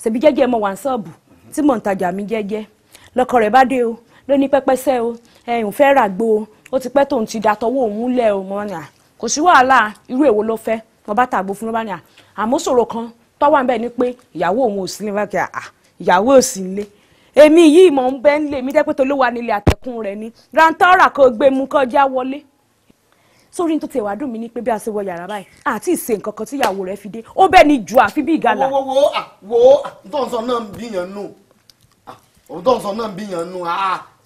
ṣèbí jẹ́jẹ́ mọ̀ wá ń ṣọ́ọ̀bù tí mò ń tajà mi jẹ́jẹ́ lọ́kọ rẹ̀ bá dé o ló ní pẹ́pẹ́sẹ́ o ẹ̀hún fẹ́ ràgbó o ó ti pẹ́ tóun ti dàtọ́wọ́ òun múlẹ̀ o mọ́ ni à kò sí wàhálà irú èwo ló fẹ́ mo bá tàgbó fún ló bá ní à àmọ́ ṣòro kan tọ́wọ́ à ń bẹ̀ ni pé ìyàwó òun ò sí nílé ìyàwó ò sí nílé èmi yìí mọ̀ ń bẹ́ ń lè mí jẹ́ pé tolówà nílé àtẹ̀kùn rẹ̀ ni rantọ́ra kò gbé mu kọjá wọlé sórí tó tẹ̀wá dùn mí ni pé bí a ṣe wọ yàrá báyìí àti ìṣe nǹkan kan tíyàwó rẹ̀ fi dé ó bẹ́ẹ̀ ni jù àfi bí ìgalà. wo wo wo ah, ah, ntọ́nsọ náà ń bíyàn nù ah, ntọ́nsọ náà ń bíyàn nù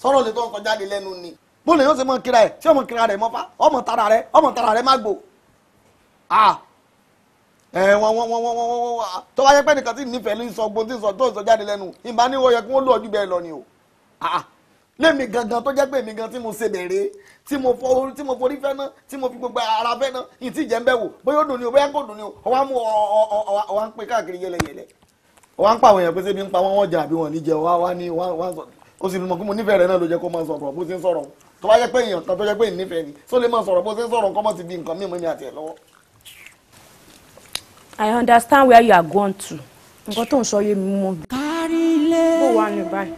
sọ̀rọ̀ lè tó ń kọjá lẹ́nu ni bó lè yóò ṣe mọ kíra ẹ̀ ṣé ọmọ kíra rẹ̀ mọ́fá ọmọ tara rẹ̀ ọmọ tara rẹ̀ má gbò ẹ wọn wọn wọn wọn wọn tó bá yẹ nìkan tí nífẹ̀ẹ́ ló ń sọ gbọ́n tí ń sọ tó ń sọ jáde lẹ́nu ìbá ní wọ́n yẹ kí wọ́n lò ọdún bẹ́ẹ̀ lọ ni o lémi gangan tó jẹ́ pé èmi gan tí mo ṣe bẹ̀rẹ̀ tí mo fọ tí mo forí fẹ́ náà tí mo fi gbogbo ara fẹ́ náà yìí tí jẹ́ ń bẹ̀ wò bóyá ó dùn ni o bóyá kò dùn ni o ọwọ́ mú ọwọ́ ń pè káàkiri yẹlẹyẹlẹ ọwọ́ ń pa àwọn èèyàn pé sẹ́mi ń pa wọ́n wọ́n jà àbí wọ́n ní jẹ ọwọ́ wa ní wọ́n sọ o sì mọ̀ kí mo nífẹ̀ẹ́ rẹ náà ló jẹ́ kó máa sọ̀rọ̀ bó ti ń sọ̀rọ̀ tó I understand where you are going to nǹkan tó ń sọ yé mi mọ́ bó wà ní báyìí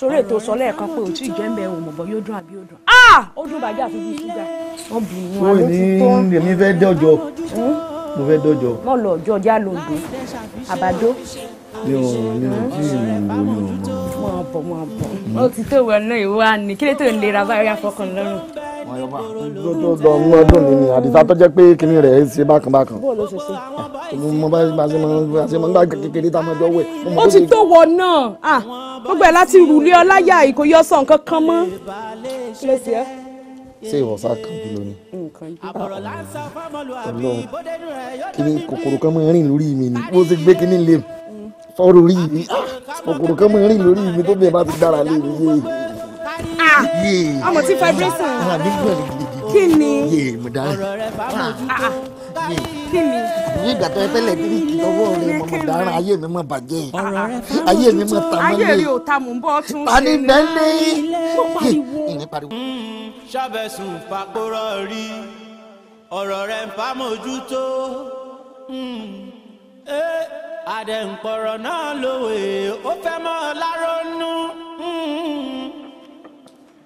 sórí ètò sọ lẹ́ẹ̀kan pé òtún ìjẹ́mbẹ̀ ò mọ̀ bọ́ yóò dùn àbí yóò dùn ah ó dùn bàjẹ́ àfi bí ṣúgà wọ́n bì í wọn ló ti tó. ní èmi fẹ́ dọ́jọ́ hm? mo fẹ́ dọ́jọ́. mọ̀ lọ ọjọ́ ọjà lòdù àbàdo. mi ò mi ò tí ì mọ̀ mi ò mọ̀. mọ̀ bọ̀ mọ̀ bọ̀ hm? ó ti tó wẹ̀ náà ìwọ àná kí lè tó lè ra báyìí afọkànlọ́rùn tó lọ ń ọdún nínú àdìsá tó jẹ́ pé kinní rẹ̀ ṣe bákan bákan. bọ́ọ̀lù ṣe ṣe. mo bá ṣe máa ṣe máa ń gbà kékeré tá a máa jọ wẹ̀. ó ti tó wọ náà gbogbo ẹ̀ láti rùlé ọ láyà ìkó yọ sàn kankan mọ́. kí ló ṣe é ṣé ìwọ̀sá kan bí lónìí. ọlọ́run kíní kòkòrò kan máa ń rìn lórí mi ni bó ṣe gbé kíní lè sọ̀rọ̀ orí mi kòkòrò kan máa ń rìn lórí mi tó bí ẹ bá ti dára lé mi yé ọmọ tí vibration ah, kí ni ah, ah, kí ni. ní ìgbà tó ẹ tẹ́lẹ̀ kí lọ́wọ́ rẹ mọ̀mọ́ dára ayé mi mọ̀ bàjẹ́ ayé mi mọ̀ tà mọ́lẹ̀. ayé rí o ta mò mm, ṣàbẹ̀sùn fàkórọ̀ rí ọ̀rọ̀ rẹ̀ ń fàmójútó adẹ̀ǹpọ̀rọ̀ mm, eh, náà lòwe ó fẹ́ mọ́ ọ lárónú. Mm,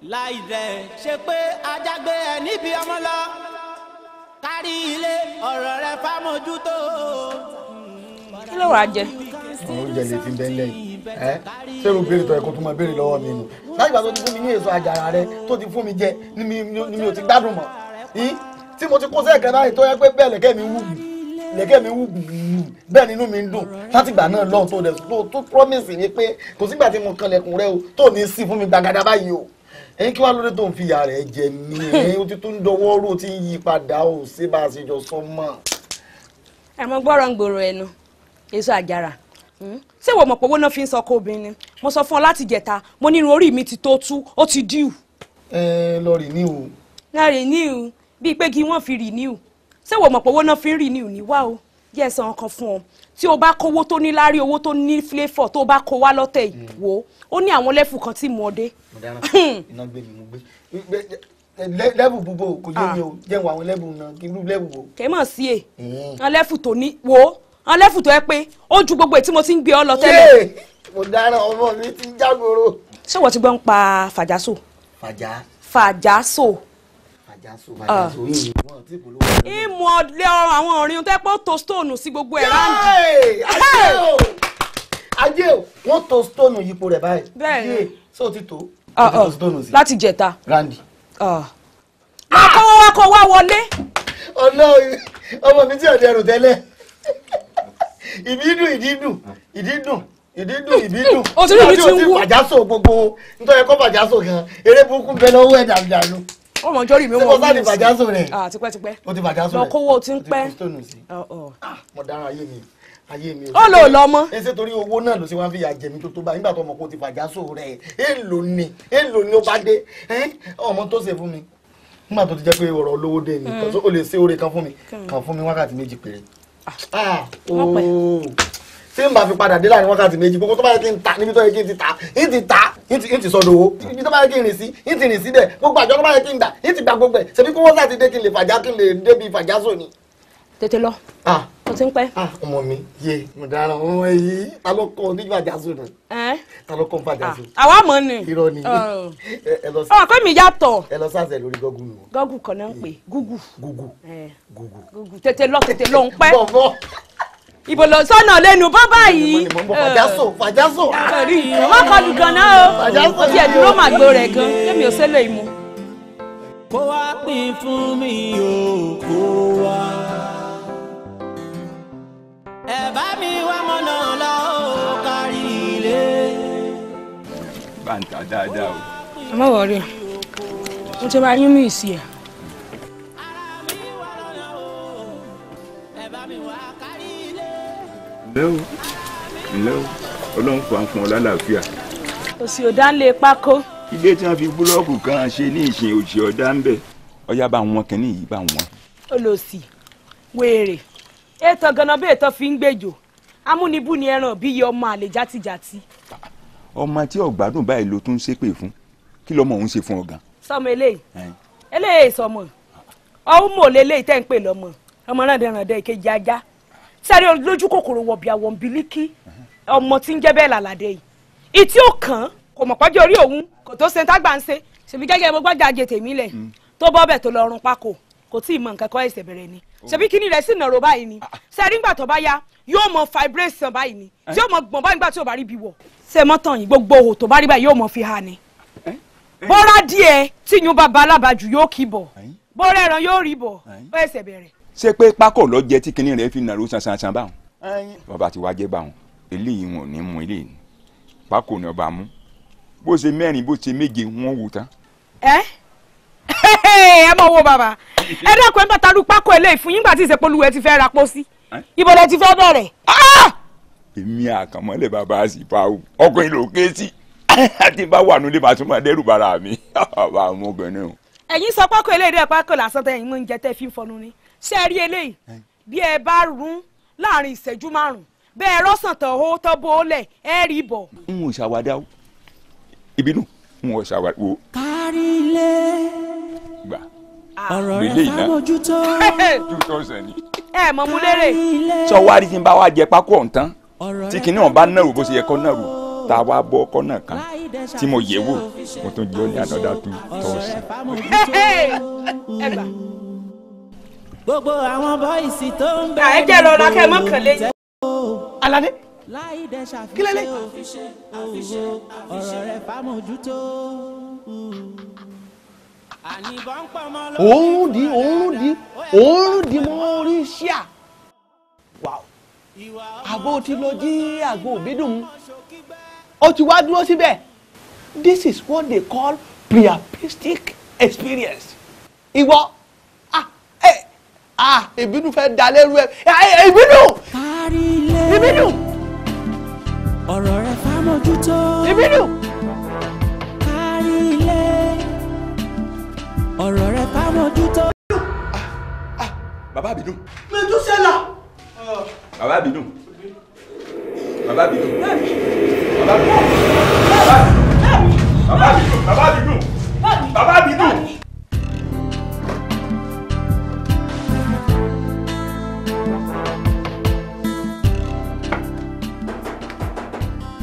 láì dẹ̀ ṣe pé ajá gbé ẹ níbi ọmọ lọ kárí ilé ọ̀rọ̀ rẹ fámójútó. kí ló wàá jẹ. àwọn oúnjẹ lè fi bẹ́ẹ̀ lẹ́yìn ẹ ṣé irú béèrè tó ẹ kó tó máa béèrè lọ́wọ́ mi nù láti ìgbà tó ti fún mi ní èso àjàrà rẹ tó ti fún mi jẹ ni mi ò ti gbádùn mọ́ tí mo ti kó sẹ́ẹ̀kẹ́ báyìí tó yẹ pé bẹ́ẹ̀ lẹ́kẹ́ mi wù mí lẹ́kẹ́ mi wù mí bẹ́ẹ̀ nínú mi ń dùn láti ìgbà náà lọ́hùn tó dẹ̀ tó promise mi pé kò sígbà tí mo kan lẹ̀kùn rẹ o tó ní sí fún mi gbàgàdà báyìí o ẹyin kí wàá lóde tó ń fi ìyá rẹ̀ jẹ mí ẹyin ojú tó ń dọwọ́ rò tí ń yí padà ó ṣe bá a ṣe jọ sọ mọ́. àmọ́ gbọ́rọ̀ ń gbòòrò ẹnu èso àjàrà hmm? ṣé wọ́n mọ̀ pé owó náà fi ń sọ kó obìnrin ni mo sọ fún ọ láti jẹ̀ta mo ní irun orí mi ti tó tú ó ti díù. ẹ lọ rì ní o. lọ rì ní o bíi pé kí wọ́n fi rì ní o ṣé wọ́n mọ̀ pé owó náà fi ń rì ní o ní wá o yẹ ẹ̀sán ọkàn fún ọ tí o bá kówó tó ní lárí owó tó ní fílẹ́fọ̀ tó bá kó wá lọ́tẹ̀ ìwò mm. ó ní àwọn lẹ́fù kan tí mo dé. mo hmm. dáná iná gbé mi mo gbé lẹ́bù búbo kò yé mi o ah. jẹ́ wọ àwọn lẹ́bù náà kí n lù lẹ́bù wo. kẹ́ mọ̀ sí è e. àwọn lẹ́fù tó ní wo àwọn lẹ́fù tó yẹ pé ó ju gbogbo èyí mo ti ń gbé ọ lọ tẹ́lẹ̀. mo dáná ọmọ mi ti jágoro. ṣé wọ́n ti gbọ́ ń pa fàjásò. fàjá. fàjásò. Ah. ìmọ̀ ọ̀lẹ́ àwọn ọ̀rìn tẹ́ pọ́ tó stone sí gbogbo ẹ̀ ráńdì. ajé o wọ́n tó stone yípo rẹ̀ báyìí. bẹ́ẹ̀ni so ti tó. Ah, ah. láti jẹta. ráńdì. máa kọ́wọ́ wá kọ́ wá wọlé. ọlọ́run ọmọ mi tí ọ̀dẹ̀ rò tẹ́lẹ̀ ìbídùn ìdídùn ìdídùn ìdídùn ìbídùn ọjọ́ tí ó ti pàjásò gbogbo nítorí ẹ̀kọ́ pàjásò gan eré burúkú bẹ lọ́wọ́ ẹ̀ dàbí dàlú ó mọ̀ jọ́rì mi wọ́n ní ìsìn ah tipẹ́tipẹ́ lọ kówó tí ń pẹ́ ah, ah, mo dára ayé mi ayé mi ó lò lọ mọ́. ẹ ṣe torí owó náà ló ṣe wá ń fi ìyà jẹ mí tó tó bá nígbà tó ọmọ kò ti fàjásò rẹ̀ èèlò ni èèlò ni ó bá dé ọmọ tó ṣe fún mi nígbà tó ti jẹ́ pé ọ̀rọ̀ olówó dé mi kàn tó o lè ṣe oore kan fún mi kàn fún mi wákàtí méjì péré. Ah, tí n bá fi padà dé láàrin wákàtí méjì gbogbo tó bá yẹ kí n ta níbi tó yẹ kí n ti ta n ti ta n ti sọdọ owó ibi tó bá yẹ kí n rìn sí n ti rìn sí dẹ gbogbo àjọ tó bá yẹ kí n dà n ti gba gbogbo ẹ ṣebí kó wọ́n sá ti dé kí n lè fàjá kí n lè dé bí fàjá sò ni. tètè lọ mo ti ń pẹ́. ọmọ mi yé mo dára ọmọ yìí ta ló kọ ní fàjá sò ni. ta ló kọ fàjá sò. àwa mọ̀ ni. irọ́ ni ẹ lọ sí. ọkọ mi yàtọ̀. ẹ lọ sáàsẹ̀ lórí gọ́gù mi. kan náà ń pè gúgù. gúgù gúgù. tètè lọ tètè lọ ń pẹ́. bọ̀ bọ̀ ibo lọ sọ́nà lẹ́nu bọ́ báyìí. fàjásò fàjásò. àrí ìwọ kọlù ganan o fàjásò ti ẹ̀ dúró màgbó rẹ̀ gan kémi ò sẹ́lẹ̀ ìmú. kó wá pín fún mi o kó wá. ẹ bá mi wá mọ́nà lọ kárí ilé. bàǹtà dáadáa o. ẹ má wọrí mo ti ra yín mú ìsì ẹ̀. ǹlẹ́ o ǹlẹ́ o ọlọ́run fà ń fún ọ lálàáfíà. òsì ọ̀dà ń lè pákó. ilé tí wọ́n fi búlọ́ọ̀kù kan ṣe ní ìsìn òsì ọ̀dà ń bẹ̀ ọyá bá wọn kẹ́ni yìí bá wọn. olòsì wèrè ètò ganan bí ètò fi ń gbèjò amúnibú ni ẹran bí iye ọmọ àlè játijàti. ọmọ tí ọgbádùn báyìí ló tún ṣépè fún kí lọmọ òun ṣe fún ọ gan. sọmọ eléyìí eléyìí sọmọ ọhún mò lélẹyìí tẹ́ ń pè lọmọ ọmọ náà dẹràn dẹ ìkejì ajá sáré lójú kòkòrò wọ̀bì àwọn bílíkì ọmọ tí ń jẹ́ bẹ́ẹ̀ làlàdé yìí ìtí ò kàn kò mọ̀ pọ́jọ́ orí òun kò tó ṣe tá gbà ń ṣe ṣèbí gẹ́gẹ́ mo gbọ́dọ̀ àjẹ tèmi lẹ̀ mm. tó bọ́ bẹ̀ tó lọ rún pákó kò tí ì mọ nǹkan kọ́ ẹ̀sẹ̀ bẹ̀rẹ̀ ni oh. ṣèbí kíní rẹ̀ sì nàró báyìí ni ah. sẹ́rí ńgbà tó bá yá yóò mọ fibration báyìí ni eh? tí yóò mọ gbọ̀n báyìí ńgbà tí yóò bá rí bí wọ̀ ṣe mọ́tàn yìí gbogbo òhò tó ṣé pé pákó lọ jẹ tí kinní rẹ fi nàró sansansan báwọn bàbá ti wá jẹ báwọn eléyìí wọn ò ní mú eléyìí pákó ni ọba mú bó ṣe mẹ́rin bó ṣe méje wọn wò tán. ẹ ẹ mọ wo bàbá ẹ dẹ́kun ẹ bàtà lu pákó eléyìí fún yín gbà tí ìsèpolówó ẹ ti fẹ́ ra pósí ibo lẹ ti fẹ́ bẹ̀rẹ̀. Ah! èmi àkànmọ́lẹ̀ bàbá sì pa o ọkùnrin ló ké sí àti bá wà nílé màá tún máa dẹ́rù bara mi bàbá ọmọbìnrin o. ẹ̀yin sọ pákó eléyìí rẹ̀ pákó làásán tẹ̀yìn mú oúnjẹ tẹ́ fi ń fọnu ni ṣé ẹ rí eléyìí bí ẹ bá rún láàrin ìṣẹ́jú márùn-ún bẹ́ẹ̀ rọ́sàn tán ó tán bó lẹ̀ ẹ rí bọ̀. n ò ṣàwádà o ìbínú n ò ṣàwádà o. kárí ilé ah. ọ̀rọ̀ rẹ̀ fámójútó two ẹ mọ mu lérè. sọ wá rí tí n bá wá jẹ pákó ọ̀ǹtán tí kinní ọ̀n bá nàró bó ṣe yẹ kọ́ nàró tá a wá bọ́ ọkọ náà kan tí mo yẹ̀ wò mo tún jẹ́ ọ ní ànádà two thousand. ẹ gbà gbogbo àwọn bọ́ìsì tó ń bẹ ní gbogbo olùtẹ́ alade láìdẹ ṣàfihàn òfìṣẹ́ ọ̀rọ̀ rẹ̀ fámójútó òórùn di òórùn di òórùn di mọ́ orí ṣíà àbó ti lọ jí àgbo òbídùn ó ti wá dúró síbẹ̀ this is what they call priapistic experience ìwọ ah ìbínú fẹ́ da lẹ́rú ẹ ah, eh, eh, ìbínú ìbínú. ọ̀rọ̀ rẹ̀ fámójútó. ìbínú. ọ̀rọ̀ rẹ̀ fámójútó. Ah, ah, bàbá bínú. mẹ́tò sẹ́là. bàbá bínú. bàbá bínú. bàbá bínú. bàbá bínú. bàbá bínú. bàbá bínú.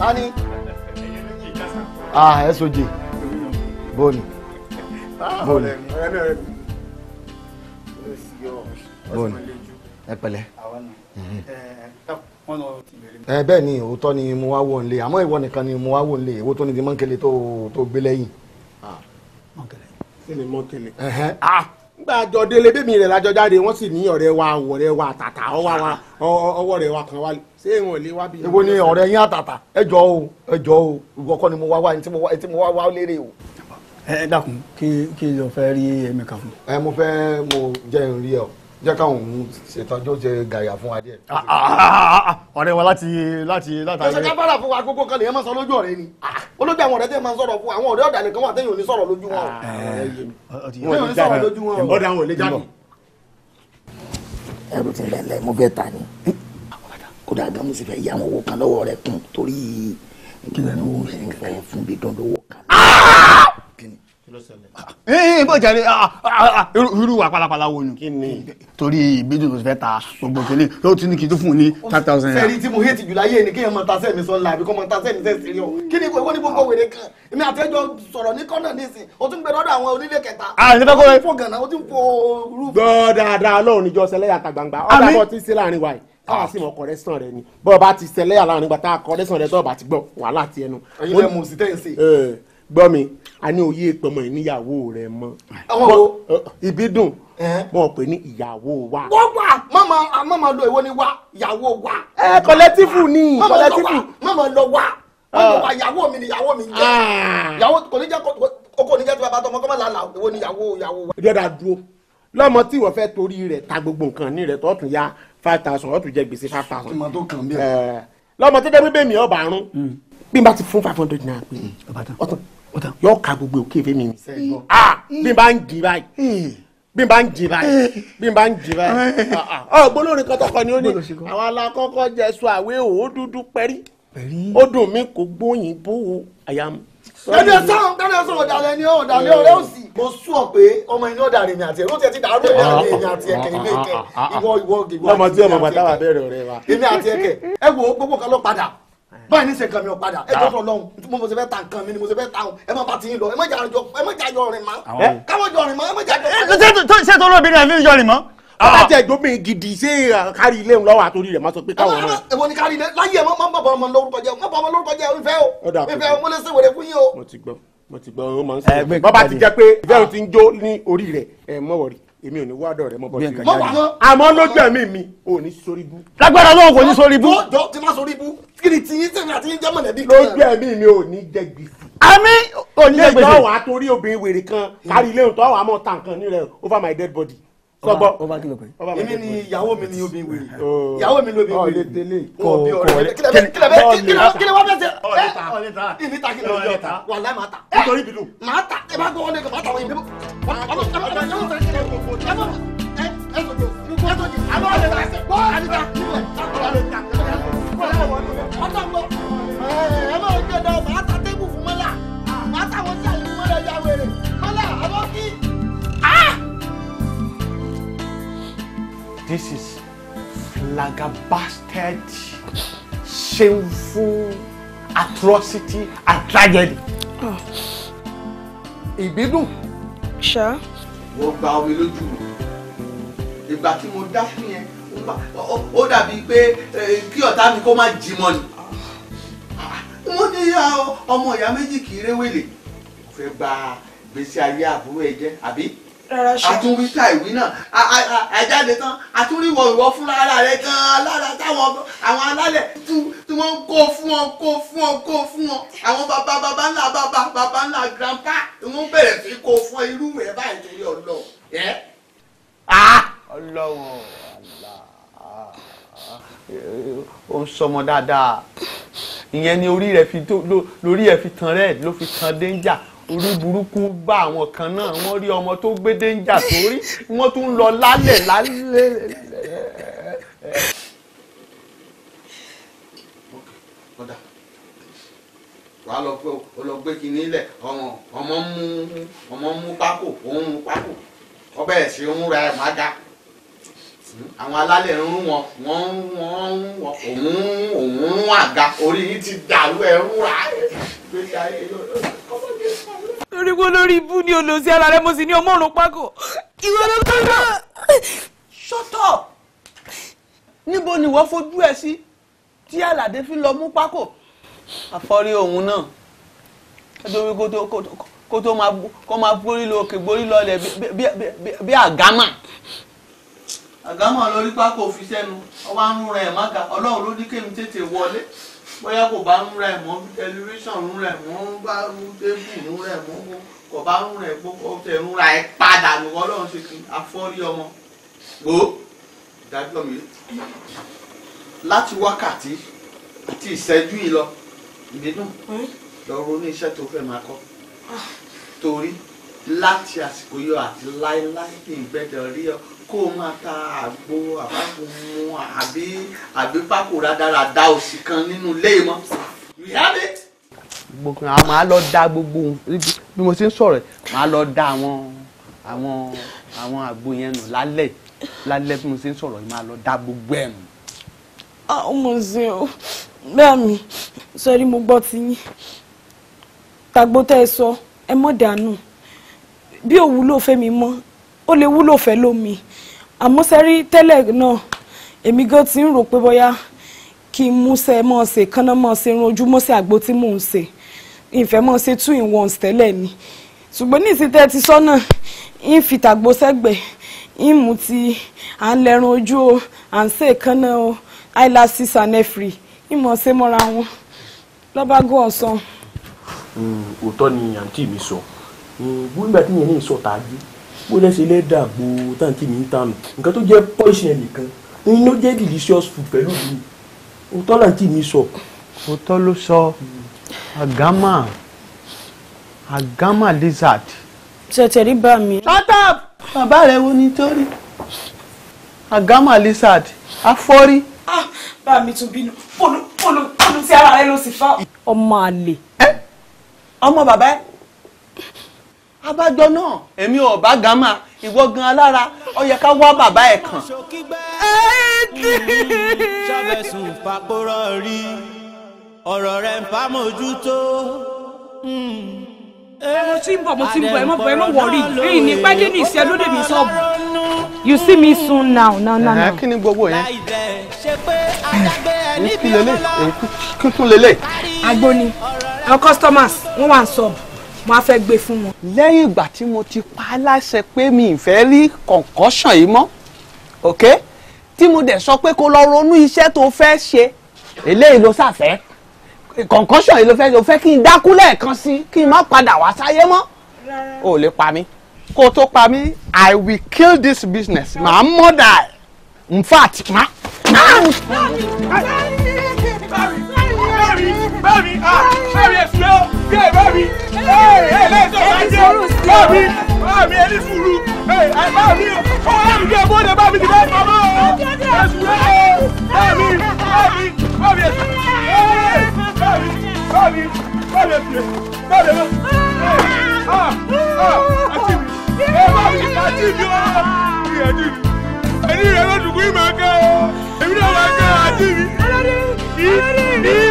tani. ah soj bóni bóni bóni ẹ pẹ̀lẹ́. Mhm. Eh, ẹ eh, bẹ́ẹ̀ ni òótọ́ ni mo wá wò nílé àmọ́ ìwọ nìkan ni mo wá wò nílé èwo tó ní di mọ́kẹ́lẹ́ tó gbé lẹ́yìn. Ah. mọ́kẹ́lẹ́ kí ni mọ́kẹ́lẹ́. Ah. nígbà àjọ délé bẹ́ẹ̀ mi rẹ̀ lájọ jáde wọ́n sì ní ọ̀rẹ́ wa ọ̀rẹ́ wa tàtà ọwọ́ rẹ̀ wa kan wálé ṣé ìwọ̀n lè wá bí. èwo ni ọ̀rẹ́ yín àtàtà ẹjọ́ o ẹjọ́ o ìwọ ni mo wá wá ẹni tí mo wá wá lérè o. ẹ dákun kí kí ló fẹ́ rí ẹ̀mí kan fún. ẹ mo fẹ́ mo jẹ́ n rí ọ jẹ́ káwọn òun ṣètọ́jú ṣe gàyà fún wa díẹ̀. Ah, ah, ah, ọ̀rẹ́ wa láti láti látàrí. ẹsẹ̀ kábàrà fún wa gbogbo kan lèyàn máa sọ lójú ọ̀rẹ́ ni olójú àwọn ọ̀rẹ́ tẹ̀ máa sọ̀rọ̀ fún àwọn ọ̀rẹ́ ọ̀dàlẹ̀ kan wà téèyàn ò ní sọ̀rọ̀ lójú wọn. Eh, téèyàn ò ní sọ̀rọ̀ lójú wọn. ọ̀dà àwọn ò lè jáde. ẹrù ti lẹ̀lẹ̀ mo fẹ́ ta ni. Eh, kódà gan mo sì fẹ́ yá àwọn owó kan lọ́wọ́ rẹ kùn torí ìpínlẹ̀ ní owó yẹn fẹ́ fún bí dandan owó kan. ee bó jẹrẹ irú wa palapala wo ni torí ìbídùn tó fẹ́ ta gbogbo kele yóò tún ní kí n tó fún un ní five thousand naira. sẹ́ẹ̀rì tí mo hétí jùlọ ayé ni kéèyàn máa ta sẹ́ẹ̀mí sọ́la àbí kọ́ máa ta sẹ́ẹ̀mí sẹ́ẹ̀sì rí o kí ni ìwé ní gbogbo wèrè kan èmi àtẹ́jọ́ sọ̀rọ̀ ní kọ́nà nísìn o tún gbẹdọ́ àwọn onílé kẹta. a ní fẹ́ kó o fò gànà o tún fò rúfù. dáadáa ọlọ́run níjọ́ sẹ́lẹ̀ yàtà gbangba ti ṣe láàrin wa yìí káwa ah, ah. sì mọ kọrẹsán rẹ ni bọ́ọ̀ bá ti ṣẹlẹ̀ yà láàrin gbàtà kọrẹsán rẹ tọ́ọ̀ bá ti gbọ́ wàhálà ti ẹnu. ẹyin lẹ mú sí tẹ́ǹsì. Eh, gbọ́ mi a ní òye ìpamọ ìníyàwó rẹ mọ. Eh, ibi dùn wọn eh? pè ní ìyàwó wa. wọ́n wà mama mama lo ìwọ ni wa ìyàwó wa. ẹ kọlẹtífù ni kọlẹtífù. mama lọ wa mama wa ìyàwó mi ni ìyàwó mi jẹ ah. ìyàwó kò ní jẹ kókó ní jẹ tí bàbá tọmọ kọ́ máa là là ìwọ ni ìyàwó ìyàwó wa. ìjọba dúró lọ́mọ tí ìwọ fẹ́ torí rẹ̀ ta gbogbo nǹkan ní rẹ̀ tọ́tún ya five thousand ọ̀tún jẹ́ gbèsè five thousand. tòmátò kan bí ẹ. lọ́mọ tó jẹ́ pé bẹ́ẹ̀ mi ọba àrùn hmm. bí n bá ti fún five hundred naira pé hmm. ọ̀tàn yóò ka gbogbo òkè fẹ́ mi. Ah, bí n bá ń jì báyìí bí n bá ń jì báyìí bí n bá ń jì báyìí. ọ ah, ah. oh, gbólórin kan tọkọ ni ó ní àwọn alákọ̀ọ́kọ́ jẹ sọ àwé òó dúdú pẹ́rí ó dùn mí kò gbóyìn bówó àyàmú ẹni ẹ sọ̀rọ̀ ẹni ẹ sọ̀rọ̀ ọ̀dàlẹ̀ ni ọ̀dàlẹ̀ òsì. mo sún ọ pé ọmọ inú ọ̀dà rèmi àti ẹ̀ ló ti ẹ̀ ti dàrú ẹ̀mí àti ẹ̀mí àti ẹ̀kẹ́ ilé ìkẹ́ ìwọ ìwọ ìwọ ọmọ tí ọmọ bàtà wà bẹ̀rẹ̀ ọ̀rẹ́ wa. èmi àti ẹ̀kẹ́ ẹ wo gbogbo kan ló padà báyìí ní sèkàmì ọ̀padà ẹ tó sọ lọ́hùn mo mo ṣe fẹ́ ta nǹkan mi ni mo ṣe fẹ́ ta òun ẹ má bá ti yín lọ ẹ má jà yọ ẹ má jà yọ rìn mọ́ káwọ́ yọ rìn mọ́ ẹ má jà yọ rìn mọ́. ṣé tó lóbìnrin àfi yọ rìn mọ́ Ah. bá jẹ́ ìdóbìn gidi ṣé kárí ilé ń lọ́wọ́ àtòrí rẹ̀ máa sọ pé káwọn ah, ọmọ. Ah, èwo ni kárí ilé láyé ẹ má bàbá ọmọ lórúkọ jẹ má bàbá ọmọ lórúkọ jẹ ìfẹ́ o ìfẹ́ o mo lè ṣèwèrè fún yín o. mo ti gbọ́ mo ti gbọ́ o máa ń sọ bàbá ti jẹ́ pé ìfẹ́ o ti ń jó ní orí rẹ̀ ẹ̀ mọ̀ wọ̀rì èmi ò ní wádọ̀ rẹ̀ mọ́ bọ́ sí àmọ́ lójú ẹ̀mí mi ò ní sórí bú. lágbára náà kò ní sórí bú. jọ ti má sórí bú kí ni tiyín sẹ́yìn àti yín jẹ́ mọ̀lẹ́bí. lójú ẹ̀mí mi ò ní jẹ gbèsè. àmì ò ní jẹ gbèsè. ilé ìtọ́wà torí obìnrin wèrè kan kárí ilé ìtọ́wà mọ̀ tàǹkan nílẹ̀ over my dead body sọgbọ ọba kìlọ pé. èmi ni ìyàwó mi ni obìnrin wèrè ìyàwó mi ni obìnrin wèrè kò bí ọ̀rẹ́ kílẹ̀ kílẹ̀ kílẹ̀ wọ́n fẹsẹ̀ ẹ ìní ta kílẹ̀ ọjọ́ ta wà láì máa ta ẹ nítorí bìdú máa ta ẹ bá gbọ́ wọn lẹ́kọ̀ọ́ máa ta wọn ìbí wọn ẹ bọ̀ ẹ ẹ sọ̀tò ẹ sọ̀tò àbọ̀ ọ̀rẹ́ ta bọ́ àdìta ẹ máa gbẹdọ̀ máa ta tébù fún mọ́là máa ta wọn sí àlùmọ́lẹ̀ yà wèrè mọ́là àbọ̀ kí. This is flagabasted, shameful atrocity and tragedy. Ìbídùn. Ṣá. Wọ́n gba omi lójú mi. Ìgbà tí mo dá fún yẹn, ó dàbí pé kí ọ̀tá mi kó má jí mọ́ ni. Mo ní ọmọ ìyá méjì kì í réwèlè. Mo fẹ́ gba gbèsè ayé àbúrò ẹ jẹ́ àbí? àtúnwí ta ìwí náà àjáde tán àtúnríwọ̀ ìwọ fúnra ara rẹ gan-an lára táwọn àwọn alálẹ̀ tí wọ́n ń kó fún ọ kó fún ọ kó fún ọ àwọn bàbá bàbá ńlá bàbá bàbá ńlá grandpa ni wọ́n bẹ̀rẹ̀ kó fún irú rẹ̀ báyìí torí ọlọ. Ah! Ah! ọlọ́wọ́ ó ń sọmọ dáadáa ìyẹn ni orí rẹ̀ fi lórí ẹ̀ fi tan rẹ̀ ló fi tan déńjà orí burúkú bá àwọn kan náà wọ́n rí ọmọ tó gbé dénjà sórí wọ́n tún lọ lálẹ̀ lálẹ́. wàá lọ pé o lọ gbé kinní lẹ ọmọ mú ọmọ mú pákó òun mú pákó ọbẹ̀ ẹ̀sìn ń ra ẹ̀ má ga àwọn alálẹ̀ ń rú wọn wọ́n ń wọ́n ń òun òun ń àga orí yìí ti dàrú ẹ̀ ń rà ẹ̀ gbé ayé lọ́dọ̀ wíwó lórí ibú ni olùsí ara rẹ mo sì ní ọmọ òrùn pákó. ìwọ ló kọ́ náà. shut up níbo ni wọ́n fojú ẹ sí tí àlàdé fi lọ mú pákó àfọrí òun náà lórí kó tó máa borí lókè borí lọlẹ̀ bí àgámà àgámà lórí pákó fi sẹ́nu ọba ń rún rẹ̀ má ga ọlọ́run ló ní kémi tètè wọlé bóyá kò bá ń rẹ̀ mọ́ tẹlifíṣàn ń rẹ̀ mọ́ bá tébù ń rẹ̀ mọ́ kò bá ń rẹ̀ gbogbo tẹ̀ ń ra ẹ̀ padà lọ́wọ́ lọ́run ṣe kí afọ́rí ọmọ gbó ìdájọ́ mi láti wákàtí àti ìṣẹ́jú yìí lọ ìdínú hmm? lọ ronú iṣẹ́ tó fẹ́ máa kọ́ ah. torí láti àsìkò yọ àti láéláé ní ìgbẹ́dọ̀ rí ọ kó o máa ta àgbo àbáfòmù àbí àbí pákó rádaràda òsì kan nínú ilé mọ́ you have it. gbogbo àwọn máa lọ da gbogbo bí mo ti ń sọ̀rọ̀ máa lọ da àwọn àwọn àwọn àgbo yẹn nù lálẹ́ lálẹ́ bí mo ti ń sọ̀rọ̀ máa lọ da gbogbo ẹ̀ nù. ọmọ ṣe o bẹ́ẹ̀ mi sọ́rí mo gbọ́ ti yín tàgbó tẹ́ ẹ sọ ẹ mọ̀ dànù bí òwúlò fẹ́ mi mọ́ ó lè wúlò fẹ́ lómi àmọ́ sẹ́rí tẹ́lẹ̀ náà èmi gan ti ń rò pé bóyá kí n múṣẹ́ mọ́ ọ ṣe kánná mọ́ ọ ṣe irun ojú mọ́ṣẹ́ àgbo tí mò ń ṣe ìfẹ́ mọ́ ọ ṣe two in one tẹ́lẹ̀ ni ṣùgbọ́n ní ìsìtẹ́ ti sọ́nà ń fi tàgbo sẹ́gbẹ̀ẹ́ ń mú ti à ń lẹ́run ojú o à ń ṣe kánná o eyelashes and efri ń mọ̀ ṣe mọ́ra wọn lọ́bàgọ́ ọ̀sán. òótọ́ ni àǹtí mi sọ ìgbóngbà tí yẹn ní ìsọ̀tà gbé bó lẹ́sẹ̀ lẹ́ dàgbò táǹkì mi ń tànù nǹkan tó jẹ́ pọ́ìsì ẹ̀ nìkan inú jẹ́ delicious food pẹ̀lú mi òótọ́ làǹkì mi sọ. òótọ́ ló sọ àgámà àgámà lizard. tẹ̀tẹ̀rí bá mi. shut up bàbá rẹ̀ wo ni tó rí àgámà lizard afọ́rí. ah bá mi tún bínú polo polo polo tí ara rẹ ló sì fa. ọmọ àlè. ọmọ bàbá ẹ abájọ náà èmi ò bá ìwọ gan alára ó yẹ ká wá bàbá ẹ kàn. ṣàbẹ̀sùn pàpòrọ̀ rí ọ̀rọ̀ rẹ̀ ń fàmójútó. mo ti ń bọ̀ mo ti ń bọ̀ ẹ mọ̀ bọ̀ ẹ mọ̀ wọ̀rí èyí ní pẹ́ẹ́dé ní ìṣẹ́ lóde mi sọ́ọ̀bù. you see me soon now now now. ẹ kí ni gbogbo yẹn. èyí kí lélẹ̀ èyí kí tún lélẹ̀. agbo our customers wọ́n wà ń sọ̀bù mo á fẹ́ gbé fún wọn. lẹ́yìn ìgbà tí mo ti pa á láṣẹ pé mi ì fẹ́ rí kọ̀ǹkọ́ṣàn yìí mọ́ ok tí mo dẹ̀ sọ pé kó lọ ronú iṣẹ́ tó fẹ́ ṣe eléyìí ló ṣàfẹ́ kọ̀ǹkọ́ṣàn yìí ló fẹ́ ṣe o fẹ́ kí n dákú lẹ́ẹ̀kan sí kí n má padà wá sáyé mọ́ o lè pa mí kó o tó pa mí i will kill this business My mother, in fact màá ah, bá mi bá mi ẹ̀sùn lẹ́wọ̀ bí ẹ bá mi ẹ lẹ́sọ̀ lájẹ́ bá mi bá mi ẹni sùúrù bá mi ọ bá mi bí ẹ bóde bá mi ti bá mi mọ́ ọ ẹ̀sùn lẹ́wọ̀ bá mi bá mi bá mi ẹ̀sùn bá mi bá mi bá mi ẹ̀sùn bá mi lọ àti mi ẹ bá mi àti mi ọ ìyàjú mi ẹni rẹ lọ́dún kú ìmọ̀ ká ọ èmi náà wà ká àti mi. olórí olórí.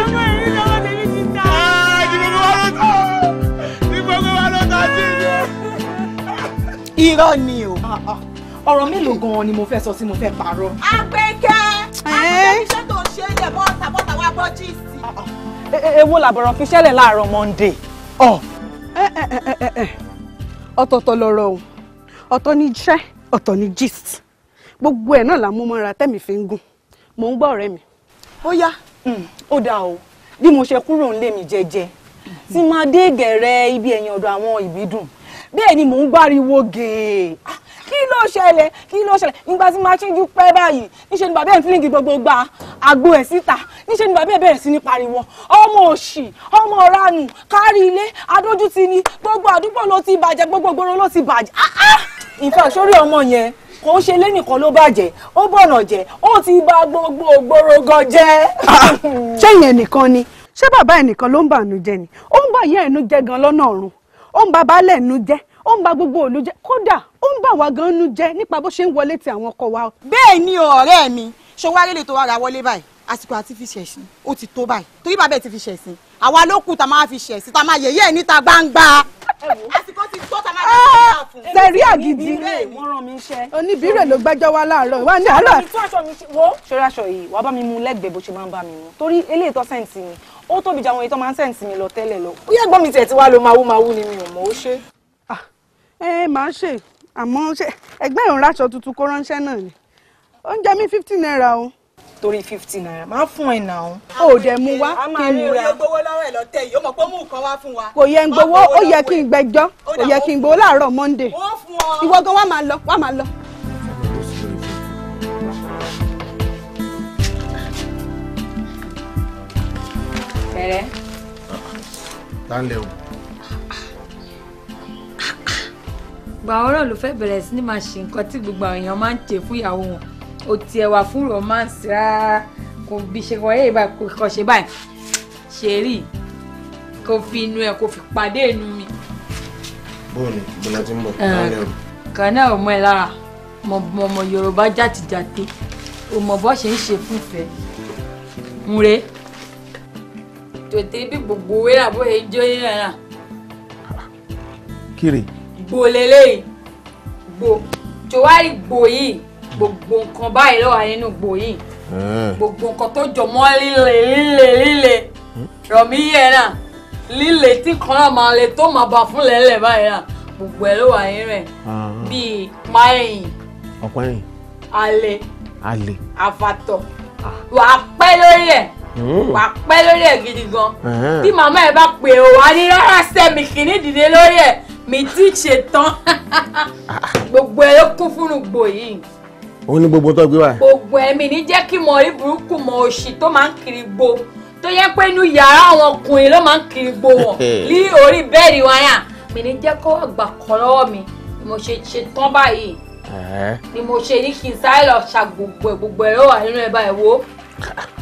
irọ́ ni o. Ah, ah. ọ̀rọ̀ mélòó gan-an ni mo fẹ́ sọ sí mo fẹ́ parọ́. Àpèkẹ́ eh? àpèkẹ́ tó ń ṣe ilẹ̀ bọ́ta bọ́ta wá gbọ́ jíìsì. èwo ah, eh, eh, làbọ̀rọ̀ fi ṣẹlẹ̀ láàárọ̀ Monday. Oh. ọ̀tọ̀ọ̀tọ̀ lọ̀rọ̀ o ọ̀tọ̀ ni iṣẹ́ ọ̀tọ̀ ni gist gbogbo ẹ̀ náà là ń mú mọ́ra tẹ́mi fi ń gùn mò ń gbọ́ ọ̀rẹ́ mi. ó yá hmm, ó dáa o bí mo ṣe kúrò ń lé mi jẹ́jẹ́ tí máa dé gẹ̀rẹ́ ibi ẹ̀yìn ọ̀dọ̀ àwọn ìbídùn bẹ́ẹ̀ ni mò ń gbáriwo gèè ah, kí ló ṣẹlẹ̀ kí ló ṣẹlẹ̀ nígbà tí máa ṣíjú pẹ́ báyìí níṣẹ́ ni bàbá ẹ̀ ń fílíǹgì gbogbo gba àgbo ẹ̀ síta níṣẹ́ ni bàbá ẹ̀ bẹ̀rẹ̀ sí ní pariwo ọmọ òṣì ọmọ ọ̀ranù kárí ilé adójú ti ni gbogbo àdúgbò ló ti bàjẹ́ gbogbo gbòòrò ló ti bàjẹ́ ìfẹ́ ah, ah! sórí ọmọ yẹn kò ń ṣe lẹ́nìkan ló bàjẹ́ ó bọ̀nà jẹ́ ó ti bà gbogbo gbòòrò gan jẹ́. ṣé ìyẹn nìkan ni ṣé bàbá ẹ̀ ló ń bà ni ó ó ń ba baálẹ̀ nu jẹ́ ó ń ba gbogbo òlu jẹ́ kódà ó ń bà wá gan nu jẹ́ nípa bó ṣe ń wọlé ti àwọn ọkọ wa. bẹ́ẹ̀ ni ọ̀rẹ́ mi ṣọwárẹ́ lè tó ara wọlé báyìí àsìkò àti fi ṣẹ̀sìn ó ti tó báyìí torí bàbá ẹ̀ ti fi ṣẹ̀sìn àwa ló kù tá máa fi ṣẹ̀sìn tá máa yẹ̀yẹ́ ẹ̀ níta gbangba. àsìkò ti tó tá máa yẹ̀yẹ́ ẹ̀ níta fún. sẹ̀rí àgìdì oníbìrẹ̀ ló gbẹ́jọ́ wá láàárọ̀ wá ní àárọ̀. ṣọ́ra aṣọ yìí wàá bá mi mú lẹ́gbẹ̀ẹ́ bó ṣe máa ń bá mi mú torí eléyìí tó sẹ́ǹtì ni ó tóbi ju àwọn èyí tó máa Send sẹ́ǹtì mi lọ tẹ́lẹ̀ lọ ó yẹ gbọ́n mi tiẹ̀ ti wá lo mawú mawú ni mi ò mọ̀ ó ṣe. Ah, ẹ ẹ máa ṣe àmọ́ ṣe ẹgbẹ́ ìrún láṣọ tuntun kó ránṣẹ́ ni ó ń jẹ mí naira o. torí fifty naira Ma fún ẹ nà ó. ó dẹ̀ mú wá kí n múra. a máa rí oyè gbowó lọ́rọ̀ ẹ̀ lọ́tẹ̀ yìí ó mọ̀ pé mú nǹkan wá fún wa. kò yẹ gbowó ó yẹ kí n gbẹ́jọ́ kò yẹ kí n Monday ìwọ gan wá máa lọ wá ma lo. Pẹ̀rẹ́. Tánlẹ̀ o. Gbà ọ̀rọ̀ ló fẹ́ bẹ̀rẹ̀ sí ní máa ṣe nǹkan tí gbogbo àwọn èèyàn máa ń ṣe fún ìyàwó wọn. Ò tiẹ̀ wà fún romance rárá. Kò bí ṣe kọ̀ ẹ́ ìbá kò kọ̀ ṣe báyìí. Ṣé rí Kò fi inú ẹ̀ kò fi pàdé inú mi. Bóòlù ìgbìmọ̀ ti ń bọ̀. Tánlẹ̀ o. Kànáà ò mọ ẹ lára. Mọ̀mọ̀ Yorùbá jàtìjàtì. Ò mọ̀ bọ́ ṣe ń ṣe fúnfẹ́. Ń tòtí bí gbogbo wéra bó ṣe jó yín náà. kiri. gbò lélẹ́yìí gbò jòwárì gbò yìí gbogbo nǹkan báyìí lọ́wọ́ nínú gbò yìí gbogbo nǹkan tó jọ mọ́ líle líle líle rọ̀mí yẹn náà líle tí kan náà máa le tó máa bá fún lẹ́lẹ̀ báyìí náà gbogbo ẹ̀ lọ́wọ́ yín rẹ̀ bíi máyìn. ọ̀pẹ́yìn. alẹ́. alẹ́. àfàtọ̀. Ah. wàá pẹ́ lórí ẹ̀ wà pẹ́ lórí ẹ̀ gidi gan bí màmá ẹ̀ bá pè ó wá ní rárá sẹ́ mi dìde lórí ẹ̀ mi ti ṣe tán gbogbo ẹ̀ ló kún fún gbò yìí. ó ní gbogbo tó gbé wá. gbogbo ẹ̀mí ní jẹ́ kí mọ̀ orí burúkú mọ̀ òṣì tó máa ń kiri gbo tó yẹ pé inú yàrá àwọn ọkùnrin ló máa ń kiri gbo wọn ní orí bẹ́ẹ̀dì wáyà mi ní jẹ́ kó àgbà kọ́ lọ́wọ́ mi ni mo ṣe ṣe tán báyìí ni mo ṣe ní kí n sáré lọ ṣàgbogbo ẹ̀ gbogbo ẹ̀ ló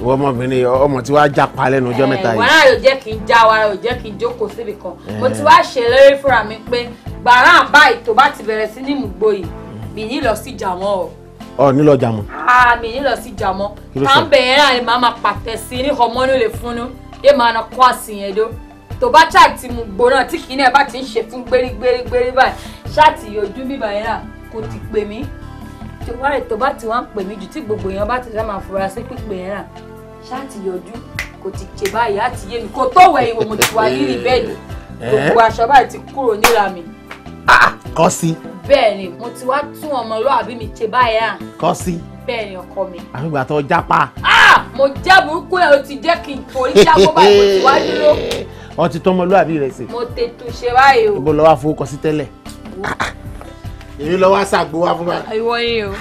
ìwọ ọmọbìnrin ọmọ tí wàá já pa lẹ́nu ọjọ́ eh, mẹ́ta yìí. wàhálà yóò jẹ́ kí n já wàhálà yóò jẹ́ kí n jókòó síbi kan eh. mo ti wá ṣèlérí fúnra mi pé gbàrà báyìí tó bá ti bẹ̀rẹ̀ sí ní mùgbò yìí mi ní lọ sí jàmọ́ o. ọ nílò jàmọ́. a mi ní lọ sí jàmọ́ ká ń bẹ̀yẹn náà ni màá máa pàtẹ sí i ní ọmọ nílé fúnnú yé màá na kó àsìyẹn dó tó bá ṣáàtì mùgbò náà tí kìíní ẹ bá ti ń ṣe fún gbérígbérígbérí báyìí ṣáàtì yòójú bíbáyìí náà kò ti pè mí ṣe wáyé tó bá ti wá pè mí jù tí gbogbo èèyàn bá ti sá máa fura sí pípé yẹn náà ṣáà yọjú kò ti ṣe báyìí àti yé mi kò tó wẹ̀ ìwò mo ti wà rírì bẹ́ẹ̀ eh? gbogbo aṣọ báyìí ti kúrò níra mi. Ah, kọ́ sí. bẹ́ẹ̀ mo ti wá tún ọmọlúwàbí mi ṣe báyìí hàn. kọ́ sí. bẹ́ẹ̀ ọkọ mi. àgbà tó jápa. Ah, mo já burúkú ẹ̀ o ti jẹ́ kí n forí jábọ́ báyìí mo ti wá dúró. wọ́n èmi lọ wá ṣàgbo wá fún wa. Ah, ìwọ ni o.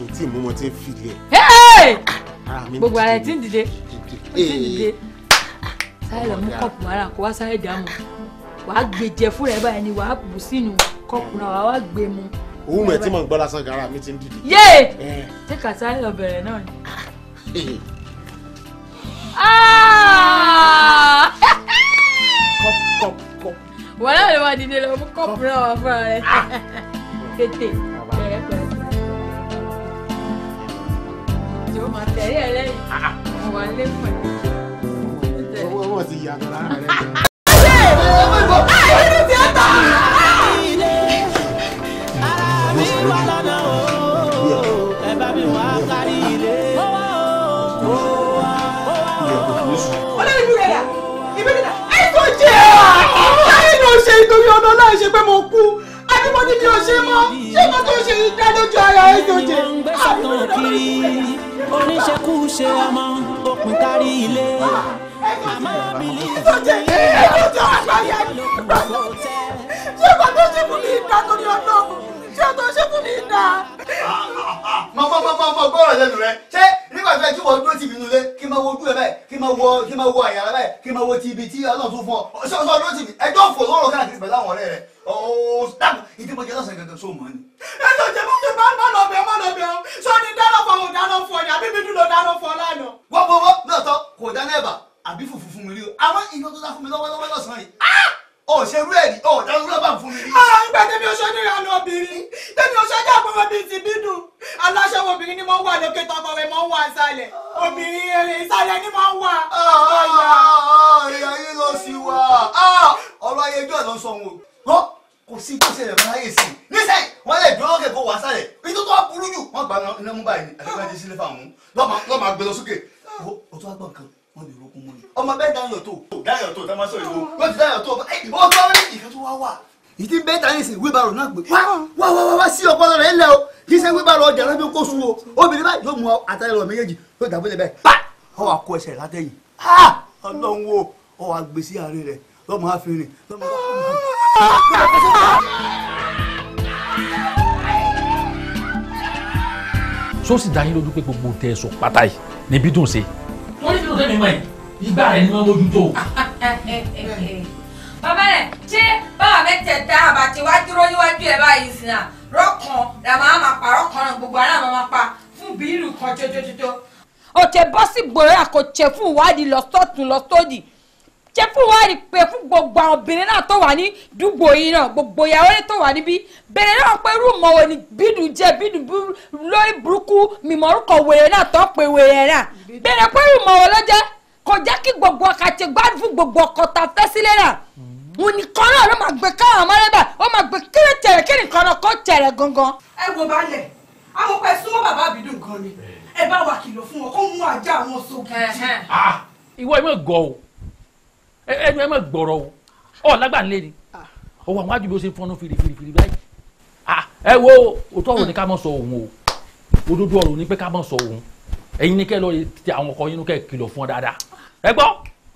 n tí mú mo ti ń fìlẹ. Ah, gbogbo ara ẹ ti ń dìde ti ń dìde sáré mú kọ́ọ̀pù mara kó wá sáré dààmú wàá gbé jẹ fúnra ẹ báyìí ni wàá bù sínú kọ́ọ̀pù náà wàá gbé mu. òun mọ̀ tí mò ń gbọ́ lásán gara mi ti ń dìde. yéè eh. ṣé kà sáré bẹ̀rẹ̀ náà ni. Ah! kọ́ọ̀pù kọ́ọ̀pù kọ́ọ̀pù. wọ́n náà lè wá lọ mú kọ́ọ̀pù náà wá fúnra rẹ̀ tètè pẹ̀rẹ̀pẹ̀rẹ̀. Ìjọ máa tẹ̀lé ẹ lẹ́yìn. Ah, ah. Mo wà lé fún ẹ. Owó wọn ti yàtọ̀ láàárín. oníṣekúṣe ọmọ òpin kárí ilé àmọ́ bìlí ìfọ̀jẹ̀ èyí ló jọ àgbáyé lóko ṣé ìgbà tó ṣe fún mi ìdá torí ọlọ́run ṣé ìgbà tó ṣe fún mi ìdá. mọ mọ mọ mọ gbọ́rọ̀ lẹ́nu rẹ ṣé wá fẹ́ kí wọ́n dúró tìbí nulẹ̀ kí máa wo ojú ẹ báyìí kí máa wo kí máa wo àyàrá báyìí kí máa wo ti ibi tí ọlọ́run tún fún ọ ṣé ọ̀ṣọ́ dúró tìbí ẹjọ́ òfò lọ́rọ̀ káàkiri pẹ̀lú àwọn ọ̀rẹ́ rẹ ọ̀ọ́ dàpọ̀ ìdí mo jẹ́ lọ́sàn gẹ́gẹ́ só mọ́ ni. ẹ tó jẹ mọ́ tó bá má lọ bẹ̀ má lọ bẹ̀ o sọ ni dáná fọ o dáná fọ ni àbí bíbí ló dáná fọ lánàá. wọ́n gbọ́ wọ́n lọ́tọ̀ kò dáná ẹ̀bà àbí fùfú fún mi rí o àwọn ìyọ́ tó dá fún mi lọ́wọ́lọ́wọ́ lọ́sàn-án yìí. Ah! ò ṣe rú ẹ̀rí ò dáhùn rọ́bà fún mi. àgbà tẹ́mi oṣù ní ìyanu obìnrin tẹ́mi oṣù ní àpòwọ́ bíi ti bídùn aláṣọ obìnrin ni mo wà lókè tọkọ rẹ mo ń wà ìsàlẹ̀ obìnrin eré ìsàlẹ̀ ni mo ń wà. Ah, ah, ah, ìyá yín lọ sí wa ọ̀rọ̀ ayé ẹjọ́ ló sọ wọn o kò sí tó ṣẹlẹ̀ fún ayé sí i níṣẹ́ wọ́n lè dúró kẹ́kọ̀ọ́ wà sálẹ̀ ètò tó burú jù wọ́n gba iná mú báyìí àti báyìí sílẹ̀ fáwọn lọ́ọ́ máa gbé lọ sókè ó tó wá gbọ́ nǹkan wọ́n lè rọ́ọ̀kún mú ọmọ bẹ́ẹ̀ dáyọ̀ tó dáyọ̀ tó tá máa sọ ìlú wọ́n ti dáyọ̀ tó ó tó ọmọ nìkan tó wá wà. ìdí bẹ́ẹ̀ ta ẹ̀sìn wíbarò náà gbé wá wá wá wá sí ọpọlọ rẹ̀ ńlẹ̀ o kì í ṣe wíbarò ọjà rẹ̀ bí kò sùn o obìnrin báyìí yóò mú àtàlẹ́ lọ méjèèjì yóò dàbí lẹ́bẹ̀ẹ́ pa ọ wà kó ẹsẹ̀ látẹ̀yìn ọlọ́run wo ọ wà gbé sí àárẹ̀ rẹ̀ lọ́mọ àfihàn lọ́mọ sọ́sì dá yín lójú pé gbogbo tẹ̀ sọ pátá yìí níbi dùn ṣe. wọ́n ní bí wọ́n fẹ́ mi mọ̀ yìí igbá rẹ̀ ni wọ́n mójútó. bàbá rẹ̀ ṣé báwa mẹ́tẹ̀ẹ̀ta àbàtì wá dúró níwájú ẹ̀ báyìí sí náà rọ́kàn la máa ma pa rọ́kàn náà gbogbo ara máa pa fún bírù kan tótótótó. òtẹ̀ bọ́ sí gbòòrò àkọ́tẹ̀ fún ìwádìí lọ́sọ̀tún lọ́sọ̀dì ṣé fún ìwádìí pé fún gbogbo àwọn obìnrin náà tó wà ní dùgbò yìí náà gbogbo ìyàwó rẹ̀ tó wà níbí bẹ̀rẹ̀ náà pé irú ìmọ̀ wo ni bídùn jẹ́ bídùn lórí burúkú mímọ̀ wèrè náà tó pé wèrè náà bẹ̀rẹ̀ pé irú ìmọ̀ wo ló jẹ́ kò jẹ́ kí gbogbo ọkà ṣe gbádùn fún gbogbo ọkọ̀ tá a fẹ́ sílé náà mo ní kan náà ló máa gbé káwọn ọmọlẹ́bà ó máa gbé kí ni tẹ̀rẹ̀ kí ni kan náà kó tẹ̀rẹ̀ gangan. ẹ wo baálẹ̀ àwọn pẹ súnmọ́ bàbá àbídùn gan ni ẹ bá wa kìlọ̀ fún wọn kó mú ajá àwọn sókè. ìwọ ẹ má gọ̀ o ẹnu ẹ má gbọ̀rọ̀ o ọ lágbàlẹ ni ọwọ́ àwọn àjùbọ ṣe fọnú fìrìfìrì báyìí ẹ wo òtọ ọ̀rọ̀ ni ká má sọ òun o òdodo ọ̀rọ̀ ni pé ká má sọ òun ẹ̀yin ni kẹ́ lọ ti àwọn ẹ gbọ́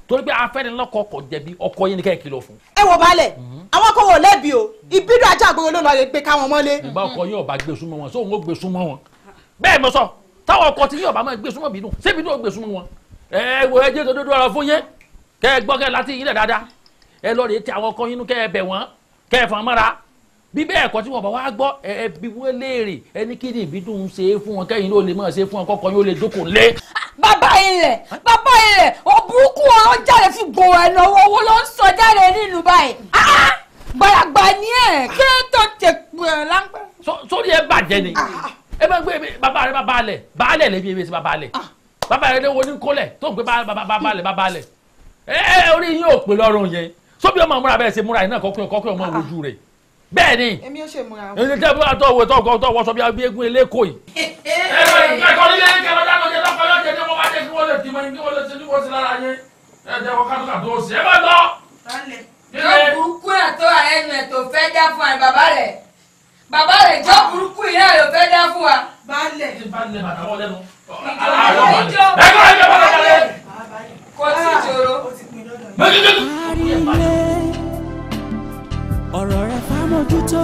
torí pé afẹ́nilọ́kọ kò jẹ̀bi ọkọ yín ni ká ẹ kìlọ̀ fún. ẹ wò balẹ̀ àwọn kò wò lẹ́bi o ìbídùn ajá àgbèrè ló lọ rè gbé káwọn mọ́lé. ìgbà ọkọ yín ọba gbé súnmọ́ wọn sóhun ó gbé súnmọ́ wọn bẹ́ẹ̀ mo sọ táwọn ọkọ tí yín ọba máa gbé súnmọ́ bínú ṣé bínú ó gbé súnmọ́ wọn. ẹ wo ẹjẹ tó dúró ọ̀rọ̀ fún yín kẹ ẹ gbọ́ kẹ láti yín lẹ̀ dáadáa ẹ lọ rèé ti àwọn ọkọ yín kẹ ẹ bẹ̀ wọ́n kẹ ẹ fọ́n mọ́ra bí bẹ́ẹ̀ kọ́ tí wọ́n bá wá gbọ́ ẹ bí wọ́n léèrè ẹni kí ni ìbí dùn ṣe é fún wọn kẹ́yìn ló lè máa ṣe é fún wọn kọ́kọ́ yóò lè jókòó lé. bàbá ilẹ̀ bàbá ilẹ̀ ọ̀bùrúkú ọ̀rọ̀ jáde fi gbòòrò ẹ̀nà owó owó ló ń sọ jáde nílùú báyìí. Ah, ah, gbàràgbà ni ẹ kí ló tó tẹ pẹ láńpẹ. sórí ẹ bàjẹ́ ni ah, ẹ bá gbé bàbá rẹ bàbá alẹ̀ bàálẹ̀ lẹ́bi ewé sí bàbá alẹ̀ bàbá rẹ lé wọlé kólẹ̀ tó ń gbé bàbá alẹ̀ bàbá alẹ̀ ẹ orí yín ò pè lọ́rùn yẹn sóbi ọmọ múra bẹ́ẹ̀ ṣe bẹ́ẹ̀ ni èmi ò ṣe múra wọn. èyí tẹ́ bí wàá tọ́ òwe tọ́ bí agbé egun eléko yìí. ẹ ẹ ẹkọ nílé kẹfà dáná jẹ tọkọ jẹ ní wọn jẹ kí wọn lè tì mọ ní kí wọn lè ṣe ní wọn lára yín ẹ jẹ wọn kátó kátó ṣe é bá yóò burúkú ẹ̀ tó ẹnu ẹ̀ tó fẹ́ dá fún ẹ bàbá rẹ̀ bàbá rẹ̀ jọ́ burúkú yìí yóò fẹ́ dá fún wa. balẹ̀ balẹ̀ bàtà wọlé nu. ẹ kọ́ mójútó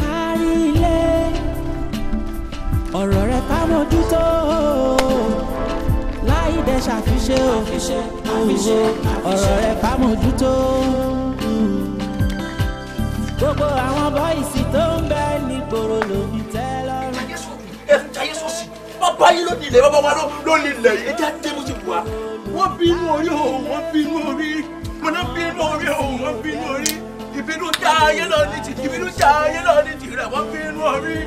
kárí ilé ọ̀rọ̀ rẹ ká mójútó láì dẹ ṣàfiṣe òfiṣe òwúwo ọ̀rọ̀ rẹ ká mójútó gbogbo àwọn bọ́ìsì tó ń bẹ nígboro lómi tẹ́ lọ́rùn. ẹ yìí ló nílẹ̀ bàbá wa ló nílẹ̀ yìí ẹ jẹ́ àti tẹ́mú sí wa wọ́n bínú orí o wọ́n bínú orí mo náà bínú orí o wọ́n bínú orí ìbínú já ayé lọ ní ti ìbínú já ayé lọ ní ti rẹ̀ wọ́n bínú orí.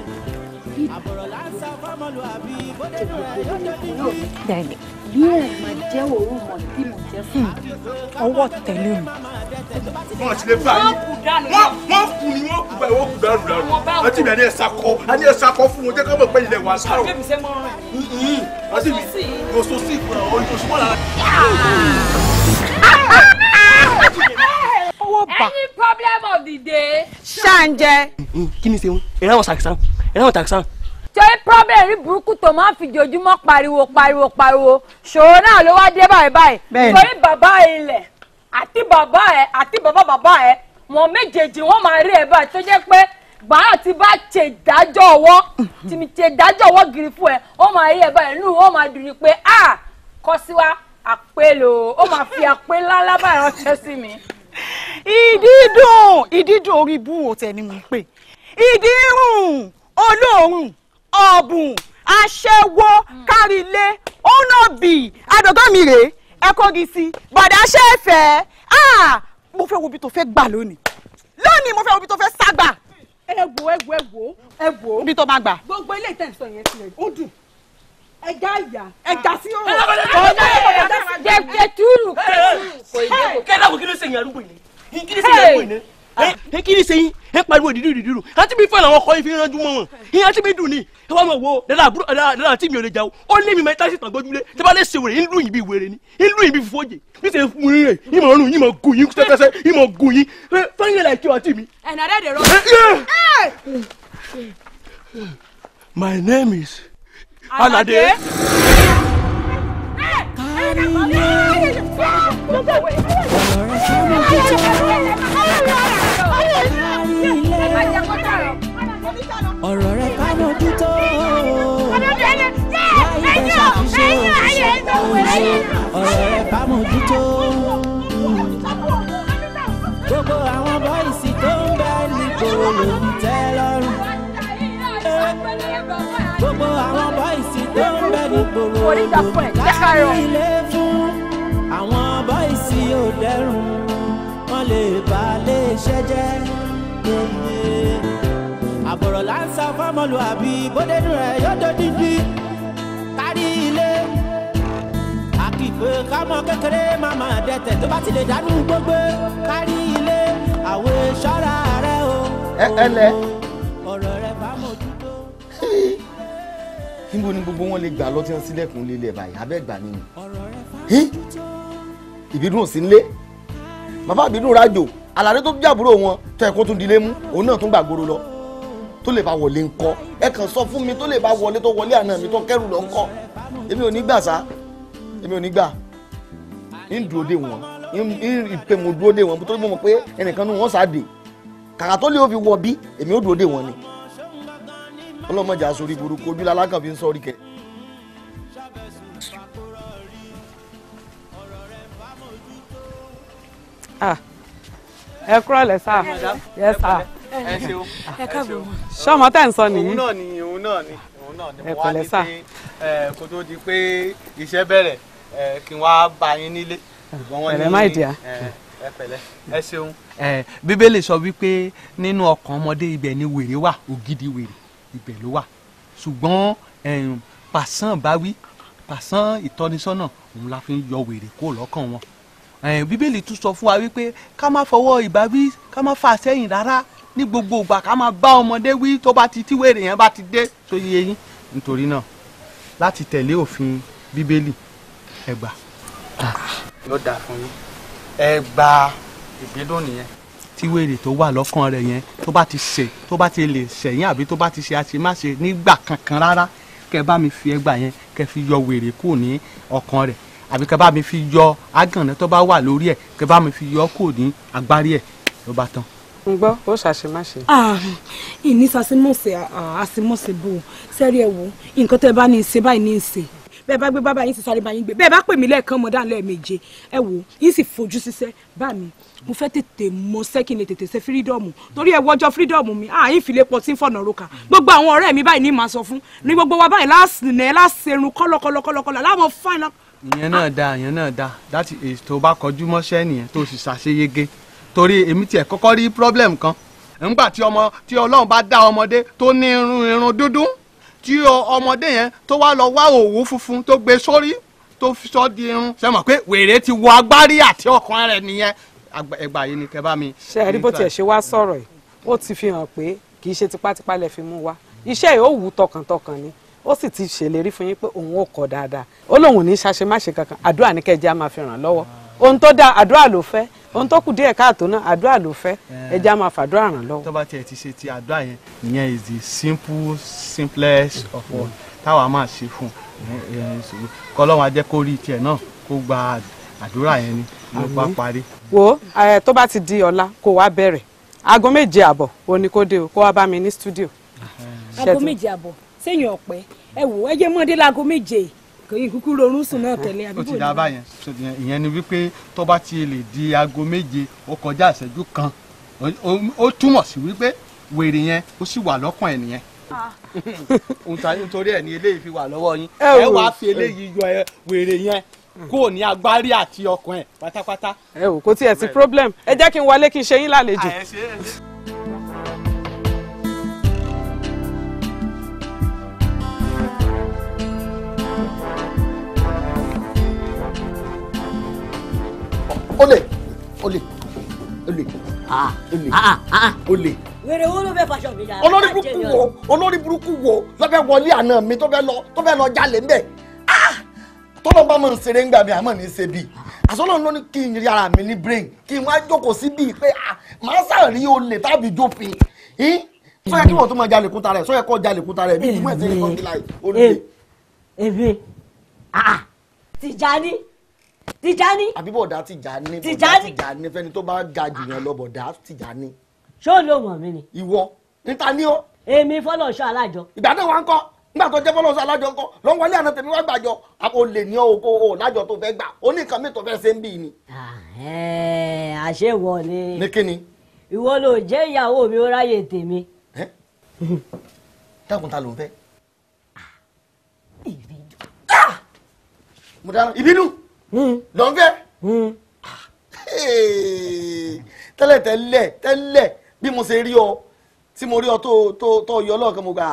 Dẹ̀lẹ̀ bí ẹ̀ máa jẹ́ òórùn mọ̀ tí mo jẹ́ fún mi, ọwọ́ tẹ̀lé mi. Wọ́n ti lè bá mi. Wọ́n kù ni wọ́n kù báyìí wọ́n kù dàrú dàrú. Wọ́n ti ẹ̀sà kọ́. A ẹ̀sà kọ́ fún wọn jẹ́ ká mọ̀ pé ilẹ̀ wà sáró. Wọ́n ti mi bá. any problem of the day. ṣáǹjẹ. kí ni ṣeun ẹ̀rọ àwọn ṣàkíṣàn ẹ̀rọ àwọn ṣàkíṣàn. torí problem rí burúkú tó máa ń fi jojúmọ́ pariwo pariwo pariwo ṣòro náà ló wá dé báyìí báyìí. bẹ́ẹ̀ni torí bàbá ilẹ̀ àti bàbá ẹ̀ àti bàbá bàbá ẹ̀ wọn méjèèjì wọn máa rí ẹ̀ báyìí tó jẹ́ pé gbàrà tí bá ṣe ìdájọ́ ọwọ́ tí mi ṣe ìdájọ́ ọwọ́ gírí fún ẹ ó máa rí ẹ báyìí nù ó máa dùn ní pé a ah, kọ́ sí wa àpèlò ó máa fi àpè ńláńlá báyìí ránṣẹ́ sí mi ìdídùn ìdídùn orí bú òtẹ ni mò ń pè ìdírùn olóòrùn ọ̀bùn aṣẹ́wó kárílé ọ̀nàbì àdọ̀gán mi rèé ẹ kọ́gi sí bọ̀dá ṣẹ́fẹ̀ ah, mo fẹ́ wo ibi tó fẹ́ gbà lónìí lónìí mo fẹ́ wo ibi tó fẹ́ ságbà. ẹ wo ẹ wo ẹ wo ẹ wo. ibi tó máa gbà. gbogbo ilé ìtẹ̀sán yẹn ti rẹ̀ ó dùn ẹja ìyá ah. ẹja sí òun. ọ̀nà jẹjẹ túrù kẹsì. kẹ́lá kò kí ló ṣe yín arúgbó yìí kí ló ṣe yín arúgbó yìí ẹ kí ni sẹ́yìn ẹ pariwo dídú dídú àti mi fọlọ àwọn ọkọ yìí fi ránjú mọ wọn ìyẹn àti mi dùn ni ẹ wá wo dada àbúrò dada àti mi ò lè jà o ó lé mi máa tásí tàgbọ́júlé tí bá lè ṣe wèrè ìlú yìí bí wèrè ni ìlú yìí bí fòjè bí sẹ fún yín rẹ yín máa rún yín máa gùn yín tẹtẹsẹ yín máa gùn yín fẹ́yìn ẹ̀ láìkí àti mi. ẹ̀nà rẹ̀ dẹ̀ rọ. My name is. Alade. ọ̀rọ̀ rẹ ká lójú ọ̀rọ̀ rẹ ká mójú gbogbo àwọn bọ́ìsì tó ń bẹ nípò lòun. kò ní dàpọ̀ ẹ̀ àwọn bọ́ìsì ò dẹ́rùn wọ́n lè bá lè ṣẹ́jẹ́ àbọ̀rọ̀ láǹsà fámọ́lùwàbí bódénú rẹ̀ yóò dodidi kárí ilé àkìpé kámọ́ kékeré màmá dẹ̀tẹ̀ tó bá ti lè dánú gbogbo kárí ilé àwẹ̀ ṣọ́ra rẹ̀ o. ọ̀rọ̀ rẹ̀ bá mọ̀ dúdú. níbo ni gbogbo wọn lè gbà lọ́tí wọn sílẹ̀kùn lélẹ̀ báyìí abẹ́ gbà nínú. ìbídùn sí nlé bàbá ìbídùn rájò alàdé tó jàbúrò wọn tó ẹ̀kọ́ tún dilé mú òun náà tún gbàgbóró lọ tó lè bá wọlé ńkọ́ ẹ kàn sọ fún mi tó lè bá wọlé tó wọlé àná mi tó kẹrù lọ ńkọ́ èmi ò ní gbà sá èmi ò ní gbà ń dúró dé wọn ń pè mo dúró dé wọn tó mọ̀ pé ẹnìkan nù wọn sá dé kàkà tó lè ó fi wọ bí èmi ò dúró dé wọn ni ọlọ́mọdé asorí burúkú ojú lalákàn fi ń sọ́ọ́rí kẹ. ẹ kúrò lẹ sá yẹ sá ẹ káàbọ̀ sọmọ tẹ n sọ nìyí. òun náà ni òun náà ni òun náà ni mo wá ní pé kó tó di pé iṣẹ́ bẹ̀rẹ̀ kí wọ́n á bá yín nílé. ẹ̀rẹ̀ má ìdíyà ẹ pẹ̀lẹ́ ẹ ṣeun. bíbélì sọ wípé nínú ọkàn ọmọdé ibẹ̀ ni wèrè wà ògidì wèrè ibẹ̀ ló wà ṣùgbọ́n pàṣán báwí pàṣán ìtọ́nisọ́nà òun la fi ń yọ wèrè kó lọ́kàn wọn bíbélì tún sọ fún wa wípé ká má fọwọ́ ìbáwí ká má fà sẹ́yìn rárá ní gbogbo ìgbà ká máa bá ọmọdé wí tó bá ti tí wèrè yẹn bá ti dé sóyè yín nítorí náà láti tẹ̀lé òfin bíbélì ẹ yóò dáa fún yín ẹ gba ìgbélónìí tí wèrè tó wà lọ́kàn rẹ̀ yẹn tó bá ti ṣe tó bá ti lè ṣẹ̀yìn àbí tó bá ti ṣe àṣemáṣe nígbà kankan rárá kẹ bá mi fi ẹgbà yẹn kẹ fi yọ wèrè kù ní ọkàn rẹ̀ àbí kẹ bá mi fi yọ àgànná tó bá wà lórí ẹ̀ kẹ bá mi fi yọ kù ní agbárí ẹ̀ ló bá tán. n gbọ́ ó ṣàṣemáṣe. ìní sàṣemọ̀ṣe àṣemọ̀ṣe bò sẹ́rí ẹ̀ wò nǹkan tẹ́ bá ní í ṣe báyìí ní í ṣe bẹ́ẹ̀ bá gbé bàbá yín sì sáré bá yín gbé bẹ́ẹ̀ bá pè mí lẹ́ẹ̀kan mọ́ dáhùn lẹ́ẹ̀meje ẹ wò yín sì fojú ṣiṣẹ́ bá mi mo fẹ́ tètè mọ sẹ́kì ni tètè ṣe fírídọ́ọ̀mù torí ẹ wọ́jọ́ fírídọ́ọ̀mù mi àá yín fìlẹ̀ pọ̀ tí ń fọ̀nà roka gbogbo àwọn ọ̀rẹ́ mi báyìí ní màá sọ fún ní gbogbo wa báyìí láṣìnà láṣẹrun kọ́lọ́kọ́lọ́kọ́lọ́kọ́lọ́ láwọn fáìnà. ìyẹn náà da ìyẹn náà da láti tó bá kọjú mọ́ṣẹ́ nìyẹn tó sì ṣàṣeyege torí èmi tiẹ̀ kọ́kọ́ rí problem kan ńgbà tí ọmọ tí Ọlọ́run bá dá ọmọdé tó ní irun irun dúdú tí ọmọdé yẹn tó wá lọ wá òwú funfun tó gbé sórí tó fi sọ di irun ṣe mọ̀ pé wèrè ti wọ agbárí àti ọkàn rẹ̀ nìyẹn ẹgbà yìí ni kẹ bá mi. ṣe àrí bó tiẹ̀ ṣe wá sọ̀rọ̀ yìí ó ti fi hàn pé kì í ṣe tipátipá lẹ fi mú wa iṣẹ́ yìí ó wù tọkàntọkàn ni ó sì ti ṣèlérí fún yín pé òun ò kọ̀ dáadáa ó lóun ní ṣàṣemáṣe kankan àdúrà ní kẹjẹ á máa fi ràn lọ́wọ́ ohun tó dáa àdúrà ló fẹ́ ohun tó kù díẹ̀ káàtó náà àdúrà ló fẹ́ eh. ẹja máa fàdúrà ràn lọ́wọ́. tó bá tiẹ̀ ti ṣe ti àdúrà yẹn ìyẹn is the simple simplest of all táwa máa ṣe fún un eh, eh, kọ́lọ́wọ́n ajẹ́ kó rí tiẹ̀ náà kó gba àdúrà yẹn ni ló bá parí. wo tó bá ti di ọ̀la kó wá bẹ̀rẹ̀ aago méje àbọ̀ òní kó dé o kó wá bá mi ní stúdíò. aago méje àbọ̀ séèyàn ọ̀pẹ ẹ wò ẹ jẹ́ mọ́dé láago méje yìí ìkúkú rorún sùn náà tẹ̀lé àbí kò ó ti dáa báyẹn ìyẹn ni wípé tó ti lè di aago méje ó kọjá ìṣẹ́jú kan ó túmọ̀ sí wípé wèrè yẹn ó sì wà lọ́kàn ẹ̀ nìyẹn ah. nítorí ẹ̀ ni eléyìí fi wà lọ́wọ́ yín ẹ wàá fi eléyìí yọ ẹ wèrè yẹn kò ní agbárí àti ọkàn ẹ pátápátá. ẹ ò kò tiẹ̀ sí problem ẹ jẹ́ kí n wọlé kí n ṣe yín lálejò. Ah, olè olè olè ah, ah, olè ah, olè. wèrè wo ló fẹ́ fàṣọ mi yàrá. olórí burúkú wo olórí burúkú wo ló fẹ́ wọlé àná mi tó fẹ́ lọ tó fẹ́ lọ jalè ń bẹ̀ tọ́lọ́ bá mọ̀ ń ṣeré ń gbà mí àmọ́ ní í ṣe bíi àsọ́nà ló ní kí n rí ara mi ní brain kí n wá jókòó sí bíi pé màá sàrí olè tàbí jófin sọ́yà kí wọ́n tún máa jalè kúta rẹ̀ sọ́yà kọ́ jalè kúta rẹ̀ bí ìdí mọ̀ ẹ̀ sẹ́yìn kan kí láì olùdé. èmi Tìjání Tìjání. àbí bọ̀dá Tìjání bọ̀dá Tìjání fẹ́ni tó bá ga jù yẹn lọ bọ̀dá Tìjání. ṣé o ló mọ̀ mí ni. ìwọ níta ni ó. èmi fọlọ́ṣọ́ alájọ. ìgbà náà wà ń kọ́ nígbà tó jẹ́ fọlọ́ṣọ́ alájọ ńkọ́ lọ́n wọlé àná tèmi wá gbàjọ o lè ní o kò o lájọ tó fẹ́ gbà o ní nǹkan mi tó fẹ́ ṣe ń bì ni. àṣé wọ ni. ní kíni. ìwọ ló jẹ́ ìyàwó mi ó ráyè tèmi. dákun ah, ah! ìbínú lọ́n hmm. fẹ́ hmm. tẹ́lẹ̀ tẹ́lẹ̀ tẹ́lẹ̀ bí mo ṣe rí ọ tí mo rí ọ tó tó tó yọ lọ́ọ̀kan mo gbà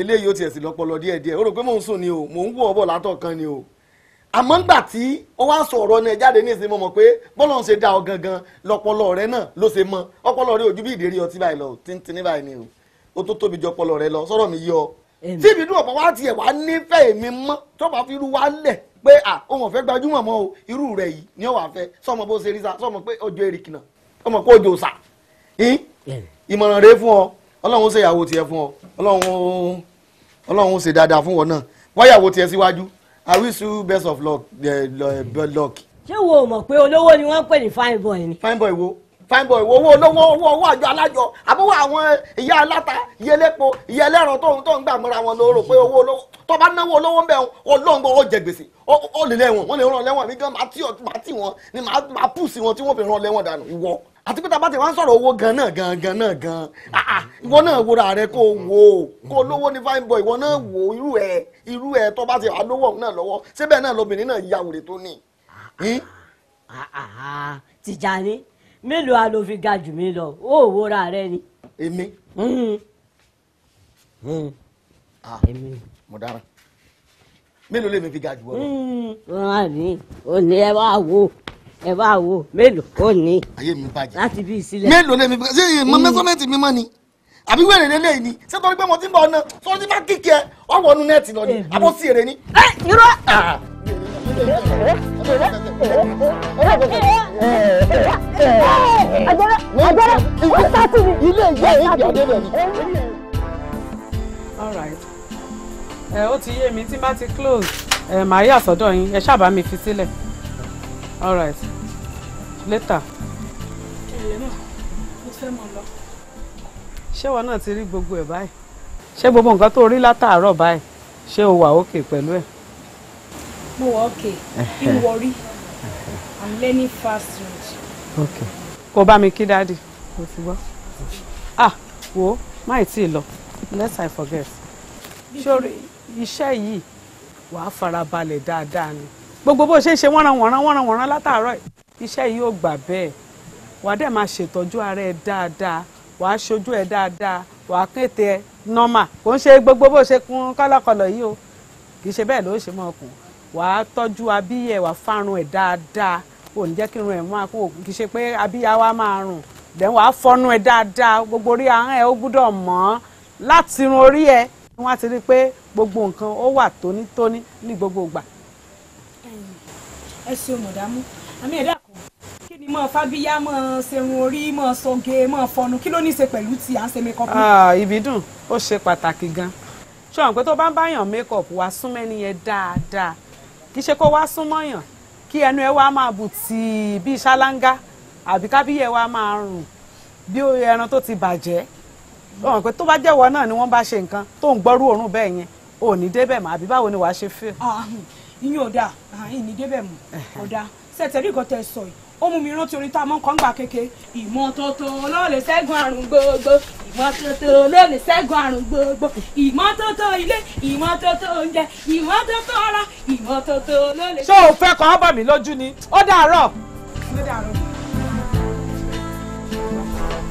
eléyìí ó tiẹ̀ sì lọ́pọlọ díẹ̀díẹ̀ ó rò pé mò ń sùn ni o mò ń wọ̀ ọ́ bọ̀ látọ̀kan ni o àmọ́ ńgbà tí ó wá sọ ọ̀rọ̀ náà jáde ní ìsinmi mọ̀ pé bọ́lá ń ṣe dá ọ gangan lọ́pọlọ rẹ náà ló ṣe mọ ọpọlọ rẹ ojú bí ìdérí ọtí báyìí lọ tíntín ní báyìí ni o ó tó tóbi ju ọpọlọ rẹ lọ sọ̀rọ̀ mi yí ọ. tí ìbínú ọ̀pọ̀ wá tiẹ̀ wá nífẹ̀ẹ́ mi mọ́ tó fi rú wá lẹ̀ pé à òun ọ̀fẹ́ gbajúmọ̀ mọ́ o irú rẹ̀ yìí ni ó wà fẹ́ sọmọ bó ṣe rí sa sọmọ pé ọjọ́ èrìkìnà ọmọ kó ọjọ́ sà ìmọ̀ràn rẹ̀ fún ọ ọlọ́run ó ṣe ìyàwó tiẹ̀ fún ọ ọlọ́run ó ṣe dáadáa fún ọ náà wọ́n yàwó tiẹ̀ síwájú I wish you best of luck. Eh, eh, ṣé wo mọ̀ pé olówó ni wọ́n ń pè ní fine boy ni. fine boy wo fine boy owó olówó owó owó àjọ alájọ àbúrò àwọn ìyá aláta ìyá elépo ìyá ẹlẹ́ran tó ń tó ń gbà mọ́ra wọn ló rò pé owó olówó tó bá náwó olówó ń bẹ̀ wọn olóńgbò ó jẹ gbèsè ó lè lẹ́wọ̀n wọ́n lè ràn lẹ́wọ̀n mi gan màá tì wọ́n ni màá pùsì wọn tí wọ́n fi ràn lẹ́wọ̀n dànù ìwọ àti pé tá a ń sọ̀rọ̀ owó gan náà gan gan náà gan ah, ah, ìwọ náà wòra rẹ kó wo kó lówó ní fine boy ìwọ náà wo irú ẹ irú ẹ tó bá ti wà lówó náà lọ́wọ́ síbẹ̀ náà lobìnrin náà ya wèrè tó ní. Ah, Tìjàre mélòó a ló fi ga jù mí lọ ó wúra rẹ ni. èmi. Hmm. Hmm. Ah. mo dára mélòó lèmi fi ga jù ọ lọ. wọn hmm. á ní òní ẹ wá wò ẹ wá wò mélòó òní. ayé mi bàjẹ́ láti bí ìsílẹ̀. mélòó lèmi fi ga jù ṣé mọ́mẹ́sọ́mẹ́tì mi mọ́ ni àbí wèrè lélẹ̀ ni ṣé torí pé mo ti ń bọ̀ ọ náà sọ́ọ́ ti bá kíkẹ́ ọ̀wọ́nú nẹ́ẹ̀tì lọ ni àbọ̀ sí èrè ni. ẹ irọ́. Ah ó all right ẹ ó ti yé mi tí má ti close ẹ màá yà sọ́dọ̀ yín ẹ ṣáàbà mi fi sílẹ̀ all right later. ṣé wọn náà ti rí gbogbo ẹ̀ báyìí ṣé gbogbo nǹkan tó rí látàárọ̀ báyìí ṣé o wà òkè pẹ̀lú ẹ̀ mo okay you worry i'm learning fast food. okay kò bá mi kí dáàdì mo ti ah wo My ì tí ì lọ lest i forget sórí iṣẹ́ Wa fara farabalẹ̀ dáadáa ni gbogbo bó ṣe se ṣe wọ́nran wọ̀nran wọ́nran wọ̀nran látàárọ̀ iṣẹ́ yìí ò be. bẹ́ẹ̀ wàá dẹ̀ máa ṣètọ́jú ara ẹ dáadáa wàá e ẹ dáadáa wàá kéte ẹ nọ́mà kò ń ṣe gbogbo bó ṣe kún kọ́lọ́kọ́lọ́ yìí o kì í ṣe bẹ́ẹ̀ ló ṣe mọ́ wàá tọ́jú abíyẹ̀ wàá fárun ẹ̀ dáadáa kò ní jẹ́ kí irun ẹ̀ máa kó kì í ṣe pé abíyá wa máa rùn then wàá fọnu ẹ̀ dáadáa gbogbo orí ahọ́n ẹ̀ ó gbúdọ̀ mọ́ láti irun orí ẹ̀ wọ́n á ti rí i pé gbogbo nǹkan ó wà tónítóní ní gbogbo ìgbà. ẹ ṣeun mọ̀dámú àmì ẹ̀dá kan kí ni mọ fábíyá mọ ṣerun orí mọ sọge mọ fọnu kí ló ní ṣe pẹ̀lú tí à ń ṣe makeup. ìbídùn ó ṣe pàtàkì gan-an pé tó bá ń báyàn makeup wá súnmẹ́ni yẹn dáadáa kì í ṣe kó wá súnmọ́yàn kí ẹnu ẹ wá máa bù tì bí ṣáláńgá àbí kábíyẹ wá máa rùn bí ẹran tó ti bàjẹ́ ọ̀hún pé tó bá jẹ́wọ́ náà ni wọ́n bá ṣe nǹkan tó ń gbọ́rú òórùn bẹ́ẹ̀ yẹn ò ní débẹ̀ mọ́ àbí báwo ni wàá ṣe fẹ́. Ah, hmm, ìyín ò dáa ah, ìyín ní débẹ̀ mọ́ ọ̀dà sẹ́tẹ̀rì kan tẹ́ sọ yìí ó mú mi rántí orin tá a mọ́ nǹkan gbà kéke. ìmọ́tótó ló lè ṣẹ́gun àrùn gbogbo ìmọ́tótó ló lè ṣẹ́gun àrùn gbogbo ìmọ́tótó ilé ìmọ́tótó oúnjẹ ìmọ́tótó ara ìmọ́tótó ló lè. ṣé o fẹ́ kọ́ bọ̀ mí lójú ni ó dàárọ̀.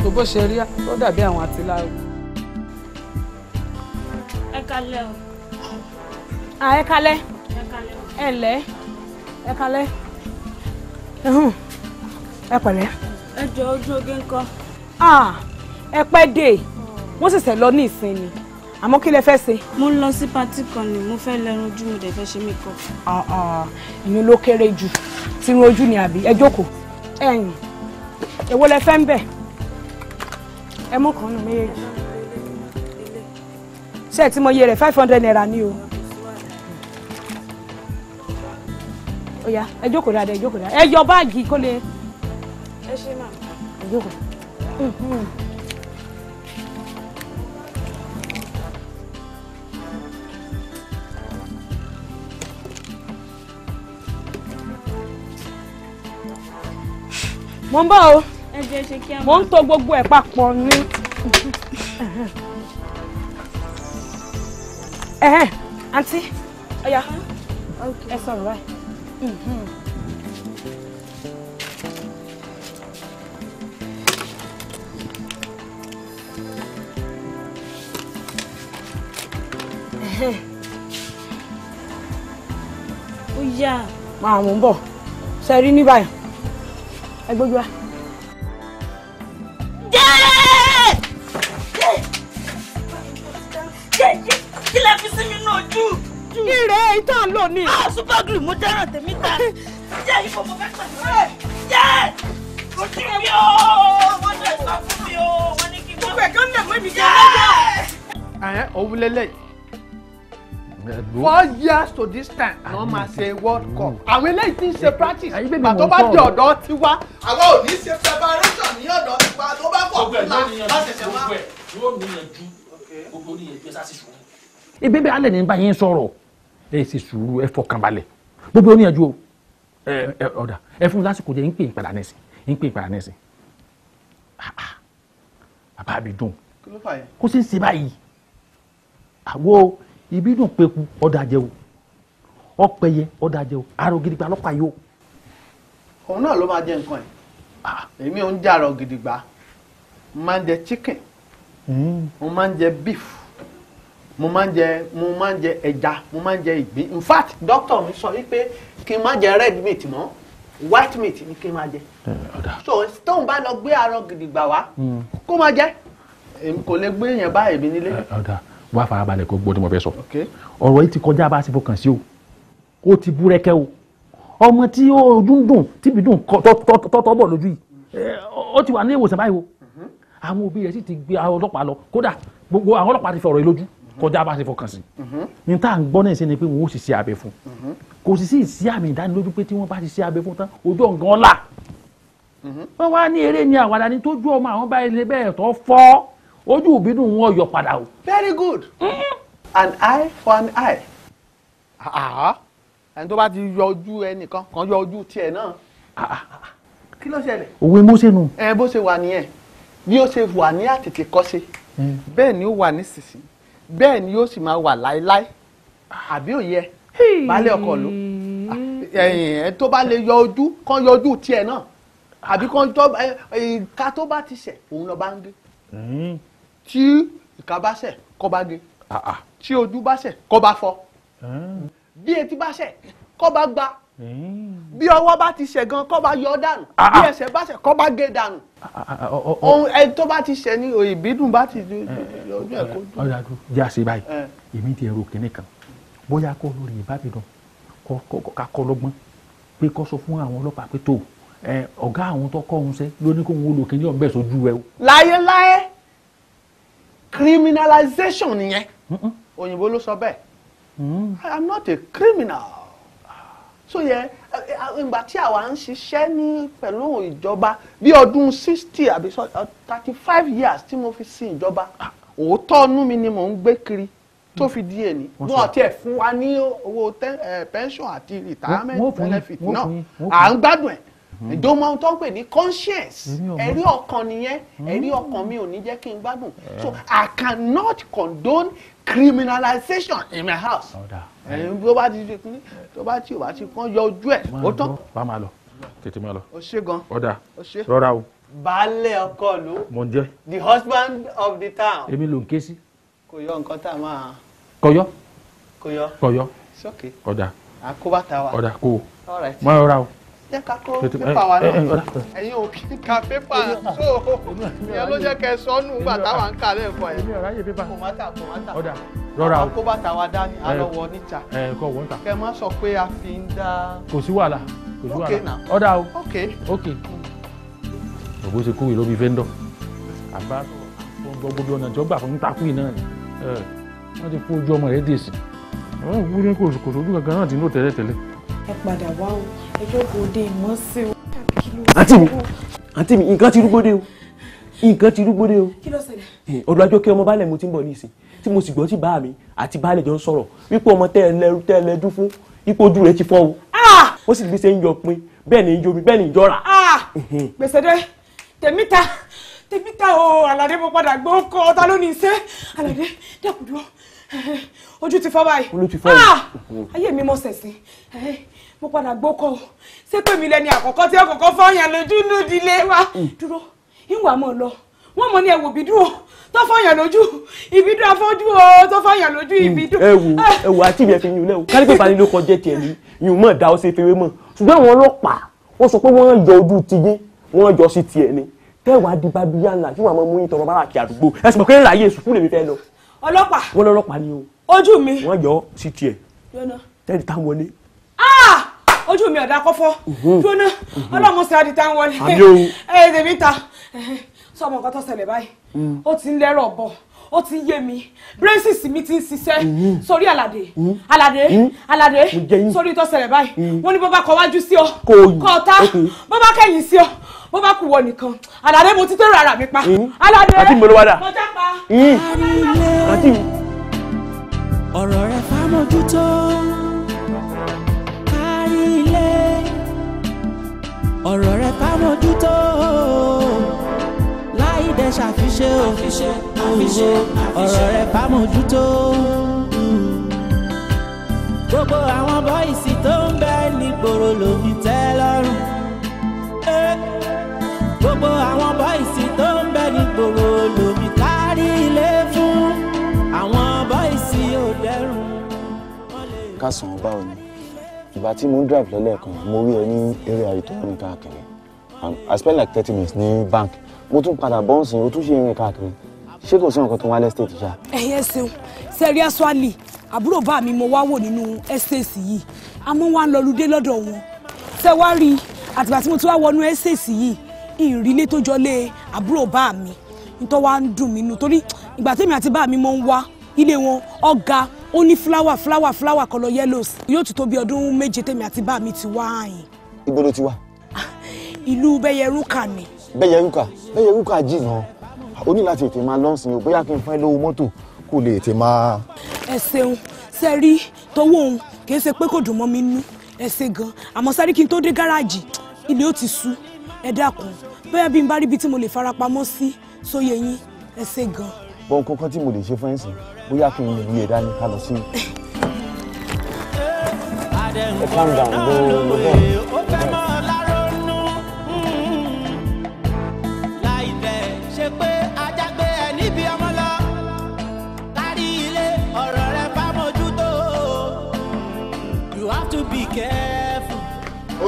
tó bó ṣe rí ó dàbí àwọn àtìláwò. ẹ kalẹ̀ o. à ẹ kalẹ̀. ẹ kalẹ̀ o. ẹ lẹ́ ẹ kalẹ̀. ẹ̀hún ẹ pẹ̀lẹ́. ẹ jọ ojú oge ń kọ. ẹ pẹ́ dé wọ́n ṣẹ̀ṣẹ̀ lọ ní ìsinmi àmọ́ kí lẹ fẹ́ ṣe. mo ń lọ sí patí kan ni mo fẹ́ lẹ́nu ojú mi dẹ̀ fẹ́ ṣe mí kọ. ìyún ló kéré jù tirun ojú ni àbí ẹ jókòó ẹ̀yìn èwo lẹ fẹ́ ń bẹ̀ ẹ mú kan nù méjèèjì ṣé ẹ ti mọ iye rẹ̀ five hundred naira ni o. ó yá ẹ jókòó dáadáa ẹ jókòó dáadáa ẹ yọ báàgì kó lè ẹ ṣe máa. yóò mo ń bọ̀ o mo ń tò gbogbo ẹ̀ papọ̀ ní. àǹtí ẹ sọ̀rọ̀ báyìí. Mm-hmm. ó yá. máa mú bọ̀ ṣe rí ní báyìí ẹ gbójú wa. kí lẹ fi sí mi náà lò ní. a ah, super glue mo dáràn tèmi ta. jẹ́ ìfọ̀ mo fẹ́ pẹ̀lú. jẹ́ kò sí mi o wọ́n jẹ́ sọ fún mi o wọ́n ní kí n bá. gbogbo ẹ̀ka ń bẹ̀ mọ́ jẹ́. ẹ̀ ọ̀wúlẹ́lẹ̀ four years to this time no máa ṣe world cup àwọn eléyìí ti ń ṣe practice pàtó bá di ọ̀dọ́ tiwa. àwa ò ní ṣe preparation ní ọ̀dọ́ tiwa tó bá pọ̀ fún la láṣẹṣẹ wá. yóò níyanjú gbogbo níyanjú ẹ sá sí sùúrù. ibi bí alẹ́ ní bá yín sọ̀rọ̀ ẹ ṣe sùúrù ẹ fọkànbalẹ̀ gbogbo níyanjú o ẹ ọ̀dà ẹ fún mi lásìkò jẹ́ ń pè ìpàdà nẹ́sìn ń pè ìpàdà nẹ́sìn bàbá mi dùn kó sì ń ṣe báyìí àwo ibi dùn peku ọ̀dà jẹ́ o ọ̀pẹ̀yẹ ọ̀dà jẹ́ o arọ gidigba lọ́pàá yìí o. òun náà ló máa jẹ nǹkan ẹ̀ èmi ò jẹ arọ gidigba mo máa ń jẹ chicken hmm. mo máa ń jẹ beef mo máa ń jẹ mo máa ń jẹ ẹja mo máa ń jẹ ìgbín in fact doctor mi sọ wípé kí n má jẹ red meat mọ, white meat ni kí n má jẹ so tóun bá lọ gbé arọ gidigba wa. Hmm. kó má jẹ kò lè gbé yẹn bá èmi nílé. wá farabalẹ̀ kó gbọ́ tí mo fẹ́ sọ ọ̀rọ̀ yìí ti kọjá bá a ṣe fọkàn sí o ó ti búrẹ́kẹ́ o ọmọ tí ojú ń dùn tíbi dùn tọ́tọ́ bọ̀ lójú yìí eh, ó ti wà ní ìwòsàn báyìí o mm-hmm. àwọn òbí rẹ̀ sì ti gbé àwọn ọlọ́pàá lọ kódà gbogbo àwọn ọlọ́pàá ti fi ọ̀rọ̀ yìí lójú mm-hmm. kọjá bá a ṣe fọkàn sí mm-hmm. ní tá à ń gbọ́ náà ṣe ni pé wọ́n ó sì ṣe abẹ fún kò sì sí ìsí àmì ìdánilójú pé tí wọ́n bá ti ṣe abẹ fún tán ojú ọ̀ngàn ọ̀la wọ́n wá ní eré ni àwàdà ni tójú ọmọ àwọn báyìí lè bẹ́ẹ̀ tó fọ́ ojú ìbínú wọn yọ padà o. very good an eye for an eye. Ah, ah, ah. ẹni tó bá ti yọ ojú ẹnìkan kan yọ ojú tiẹ̀ náà kí ló ṣẹlẹ̀. òwe mo ṣe nù. ẹ bó ṣe wà nìyẹn bí ó ṣe wà ní àtètè kọ́ṣe mm. bẹ́ẹ̀ ni ó wà nísinsìnyí bẹ́ẹ̀ ni yóò sì máa wà láéláé àbí òye balẹ̀ ọkọ ló ẹ̀yìn tó bá lè yọ ojú kán yọ ojú tiẹ̀ náà àbí kán tó ká tó bá ti ṣẹ̀ òun lọ bá ń gé. Mm tí ìka bá ṣẹ̀ kọ́ bá gé ah, ah. tí ojú bá ṣẹ̀ kọ́ bá fọ́ hmm. bí etí bá ṣẹ̀ kọ́ bá gba hmm. bí ọwọ́ bá ti ṣẹ̀ gan kọ́ bá yọ dànù ah, bí ẹsẹ̀ bá ṣẹ̀ kọ́ bá gé dànù oh, oh, oh. ohun ẹni tó bá ti ṣẹ̀ ní ìbídùn bá ti eh, ojú ẹ̀ kó eh, dùn. ọ̀dà jẹ́ àṣẹ báyìí eh. èmi ti ẹ̀rọ kìnnì kan bóyá kọ́ lórí ìbábìdàn ká kọ́ lọ́gbọ́n pé kó sọ fún àwọn ọlọ́pàá pé tó ọ̀gá àwọn tó kọ́ òun ṣe lóní kóun olùkíní ọ̀bẹ sójú ẹ o. láyé láyé criminalization nìyẹn òyìnbó ló sọ bẹ́ẹ̀ mm. i am not a criminal so yẹ ìgbà tí àwa ń ṣiṣẹ́ ní pẹ̀lú ìjọba bí ọdún sixty àbí uh, thirty five years tí mo fi sin ìjọba òótọ́ inú mi ni mò ń gbé kiri tó fi di èní wọn ti ẹ̀ fún wa ní owó eh, pension àti retirement benefit náà à ń gbádùn ẹ̀ ìdòmọ mm-hmm. ohun tó ń pè ní conscience ẹ̀rí ọkàn nìyẹn mm-hmm. ẹ̀rí ọkàn mi ò ní jẹ́ kí n gbádùn eh. so I cannot condone criminalization in my house ẹ̀yin eh, tó bá ti tó bá ti ò bá ti kán yọ ojú ẹ̀ ó tán. bá a máa lọ tètè máa lọ. o ṣe gan. ọ̀dà rọra o. baálé ọkọ ló. mo jẹ. the husband of the town. èmi ló ń ké sí. kò yọ nǹkan tá a máa. kọyọ. kọyọ. kọyọ. sókè. ọ̀dà. àkóbá ta wa. ọ̀dà kó o. máa rọra o jẹ́ ká kó pépà wa náà ẹ̀yin ò kí ka pépà so ìyẹn ló jẹ́ kẹ́ sọ́nù nígbà táwa ń kà lẹ́ẹ̀kọ́ yẹn kòmátà kòmátà ọ̀dà rọra o àwọn kó bàtà wa dání alọ́wọ́ níta kẹ́ má sọ pé a fi ń dá. kò sí wàhálà kò sí wàhálà ọ̀dà o ok ok. ògbó ṣe kúwì ló bí àbá gbogbo ọ̀nà tí ó gbà fún takùn náà ni wọ́n ti kó ojú ọmọ rẹ̀ dèsì wọ́n kúrú kò sójú kankan náà ẹjọ́ kò dé ìmọ̀ sí o. mi nǹkan ti rúgbóde o nǹkan ti rúgbóde o. kí ló ṣẹlẹ̀. ọ̀dọ̀ ajọ́ kí ọmọ baálẹ̀ mo ti ń bọ̀ ní ìsìn tí mo sì gbọ́ tí bá mi àti baálẹ̀ jọ ń sọ̀rọ̀ wípé ọmọ tẹ́ ẹ lẹ́dún fún ipò ojú rẹ̀ ti fọ́ o. Ah! Ah! ó sì gbèsè ń yọ pin bẹ́ẹ̀ ni ń yomi bẹ́ẹ̀ ni ń jọra. Ah! gbèsè dé tèmítà tèmítà o àlàdé mo padà gbọ́ kọ́ ọ̀tá lónìí ṣé àlàdé dẹ́kun dúró ojú ti fọ́ báyìí. olú ti fọ́ yìí. ayé mi mọ̀ sẹ̀sìn mo padà gbókọ̀ ṣé pé mi lẹni àkọ́kọ́ tí ọkọ̀ọ̀kọ́ fọ́ọ̀yàn lójú nídìílé wa mm. dúró ìwà mọ̀ lọ wọ́n mọ̀ ní ẹ̀wò bídú o tó fọyàn lójú ìbídú afọ́jú o tó fọyàn lójú mm. ah. ìbídú. ẹ wo ẹ wo àti ìbẹ̀fẹ̀ yìí lẹ́wọ̀ kárí pé ìpàdé ló kọjá tiẹ̀ ní yìí mọ̀ dá ọ sí fèrè mọ̀ ṣùgbọ́n àwọn ọlọ́pàá wọ́n sọ pé wọ́n yọ ojú tiyín wọ́n yọ sí tiẹ̀ ni tẹ́wàá di babi bíyà ńlá kí wọ́n máa mú yín tọrọ bára kí àdúgbò ẹ sì mọ̀ pé ráyè sùkúl lèmi fẹ́ lọ. ọlọ́pàá wọ́n lọ́lọ́pàá ni o. ojú mi. wọ́n yọ sí tiẹ̀. tẹ́lẹ̀ táwọn ni. ah ojú mi ọ̀dà kọ́fọ́ mhm. jóná ọlọ́mọ sí adìta ń wọlé ẹ̀ tèmi ta sọmọ nǹkan tó ṣẹlẹ̀ báyìí mm. ó ti ń lẹ́rọ̀ bọ̀ ó ti ń yé mi braces mi ti ń ṣiṣẹ́ sórí àlàdé àlàdé àlàdé sórí tó ṣẹlẹ̀ báyìí wọ́n mm-hmm. ní bó bá kọ wájú sí ọ kọ ọ̀tá bó bá kẹ́yìn sí ọ bó bá kù wọ nìkan àlàdé mo ti tẹ́rọ ara mi pa mm-hmm. àlàdé mo já pa. Mm. ọ̀rọ̀ rẹ̀ fámọ́jútó. ọ̀rọ̀ rẹ ká mójútó láì dẹ̀ ṣàfiṣe òwúwo ọ̀rọ̀ rẹ ká mójútó. gbogbo àwọn bọ́ìsì tó ń bẹ nígboro lòmí tẹ́ lọ́rùn. Eh, gbogbo àwọn bọ́ìsì tó ń bẹ nígboro lòmí kárí ilé fún àwọn bọ́ìsì ò dẹrùn. kásán báwo ni ìgbà tí mo ń drive lẹ́lẹ́kan mo rí ẹ ní area yìí tó ń rìn káàkiri and I spent like thirty minutes ní bank mo tún padà bọ́ǹsì o tún ṣe ń rìn káàkiri ṣé kò sí nǹkan tó wá lẹ́sítẹ̀tì ṣá. ẹyẹ ṣeun sẹ́rí ẹ́sọ́àlì àbúrò bá mi mo wá wò nínú ẹ́sítẹ̀sì yìí àmọ́ wá ń lọ lùdé wọn ṣé wá rí àtìgbà tí mo ti wá wọnú ẹ́sítẹ̀sì yìí ìrìlé tó jọ lé àbúrò bá mi nítorí wá ń dùn mí nù torí ìgbà tèmi àti bá mi mo ń wá ilé wọn ọ̀gá ó ní fúláwà fúláwà fúláwà kọlọ yellows yóò ti tó bí ọdún méje tèmi àti bá mi ti wá àyìn. ibo ló ti wá. Ah, ìlú bẹyẹrúkà ni. bẹyẹrúkà bẹyẹrúkà jìnnà o ní láti ètè máa lọ́sìn o bóyá kí n fẹ́ lówó mọ́tò kó lè ètè máa. ẹ ṣeun ṣe rí tọwọ́ òun kì í ṣe pé kò dùn mọ́ mi nú ẹ ṣe gan àmọ́ sáré kí n tó dé gáràjì ilé ó ti sú ẹ dákun bóyá bí n bá rí ibi tí mo lè farapamọ́ sí sóye yín ẹ ṣe gan. bọ́n kankan tí mo lè ṣe fún bóyá kí n gbé ẹ e dání ká sí. ẹ calm down ló ló bọ̀.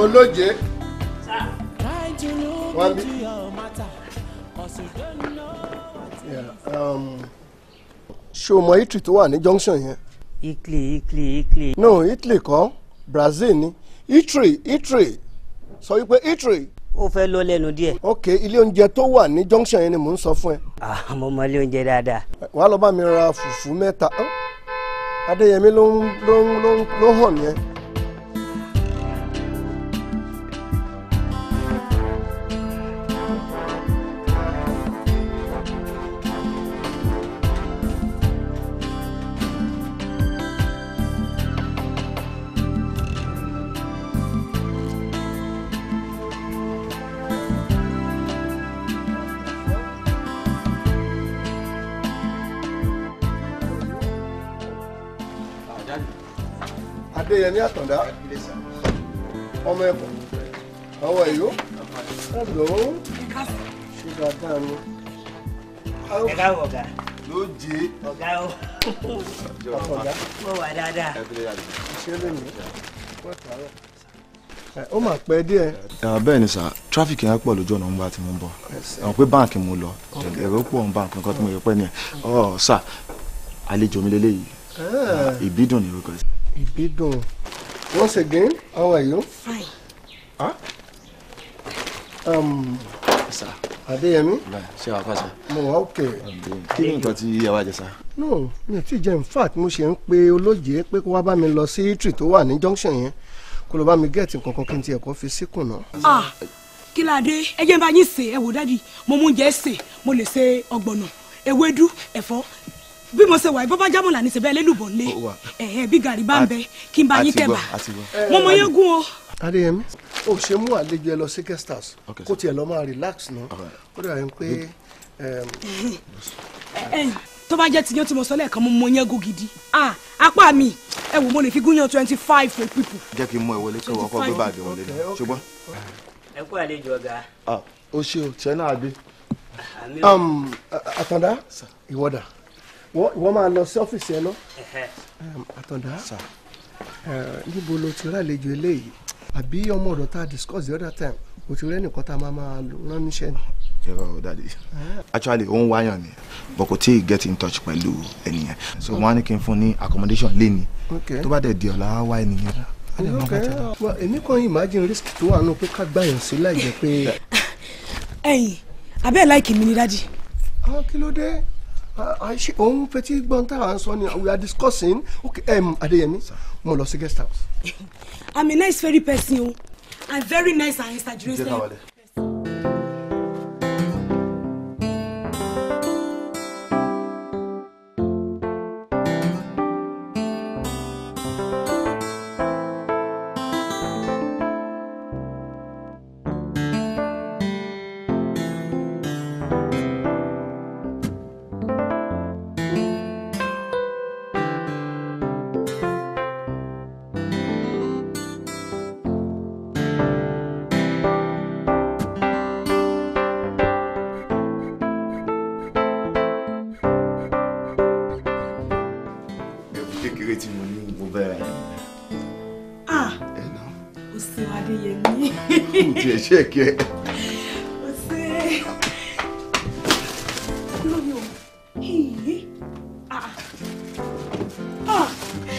olóje wọn Yeah, um, ṣé o mọ italy tó wà ní junction yẹn. italy italy italy. no italy kọ́ brazil ni italy italy sọ wípé italy. ó fẹ́ lọ lẹ́nu díẹ̀. ok ilé oúnjẹ tó wà ní junction yẹn ni mò ń sọ fún ẹ. àmọ́ ah, mọ ilé oúnjẹ dáadáa. wàá lọ bá mi ra fùfú mẹ́ta adéyẹmí ló ń hàn yẹn. yẹn ní àtàndá ọmọ ẹ̀kọ́ àwọn èyó ẹ̀dọ́ ṣe dáadáa ni. ẹ káwọ ọ̀gá. ló jẹ. ọ̀gá o. ọ̀gá mo wà dáadáa. ṣé lè ní wọ́n tààrọ̀. ó mà pẹ́ díẹ̀. bẹ́ẹ̀ ni sà tráfíkì yẹn pọ̀ lójú ọ̀nà ń bá ti mú bọ̀ àwọn pé báǹkì mo lọ ẹ̀rọ pọ̀ ń nǹkan tí mo yẹ pẹ́ ni ẹ̀ ọ̀ sà àlejò mi lélẹ́yìí ìbídùn ni orúkọ yìí. Ibidun. Once again, how are you? Fine. Huh? Ah? Um, sir. Adéyẹmí. Ṣé wàá kọ́ sir? Mo wà òkè. Kí ni nǹkan tí ẹ wá jẹ sir? No, mi ò tí jẹ in fact mo ṣe ń pe olóje pé kó wá bá mi lọ sí ítírì tó wà ní junction yẹn kó lọ bá mi gẹ̀ẹ́tì kankan kí n tiẹ̀ kọ́ fi síkùn náà. Ah! kí la dé ẹ jẹ́ n bá yín sè é wò dáàdi mo mú oúnjẹ sè mo lè ṣe ọ̀gbọ̀nà ewédú ẹ̀fọ́ bí mo ṣe wà bọ́ bá jámọ̀ là ní sẹ́bẹ̀ lẹ́lùbọ̀ lé ẹ̀hẹ́ bí gàrí bá ń bẹ kí n bá yín kẹ́bà mo mọ yẹn gún o. adéyẹmí o ṣe mú àlejò ẹ lọ sí guest house kó tiẹ̀ lọ́ọ́ máa relax ná ó dà yẹn pé. tó bá jẹ́ tiyán tí mo sọ lẹ́ẹ̀kan mo mọ yẹn gún gidi apá mi ẹ wò mo lè fi gún yẹn twenty five for people. jẹ́ kí n mú ẹ wọlé tó wọ́pọ̀ gbé báàgì wọn lé ṣùgbọ́n. ẹ kú àlejò ọ̀gá. Ah, o ṣe o tiẹ̀ náà dé. àtàndá ìwọ́dà wọ́n máa lọ sí ọ́fíìsì ẹ ná. àtọ̀dá eh, níbo lo ti rálejò eléyìí àbí ọmọ ọ̀dọ̀ tá a discuss the other time o ti rẹ́ nìkan tá a máa máa rán níṣẹ́ ni. ẹ̀rọ dadi eh. actually òun wáyàn ni but kò tíì get in touch pẹ̀lú ẹnìyẹn so wọ́n á ní kí n fún ní accommodation léni tó bá dẹ̀ di ọ̀la á wá ẹnìyẹn. èmi kàn imagine risk tó wà nù pé ká gbàyàn sí láì jẹ́ pé. ẹ̀yin abẹ́ẹ̀ láìkì mi ni dadi. Ah, kí ló dé ṣe òun fetí gbọ́n tá à ń sọ ni we are discussing okay um, Adeyemi mo lọ sí guest house. I'm a nice very person o I'm very nice and exaggerated check ẹ. ọ̀sẹ̀ lórí o èyí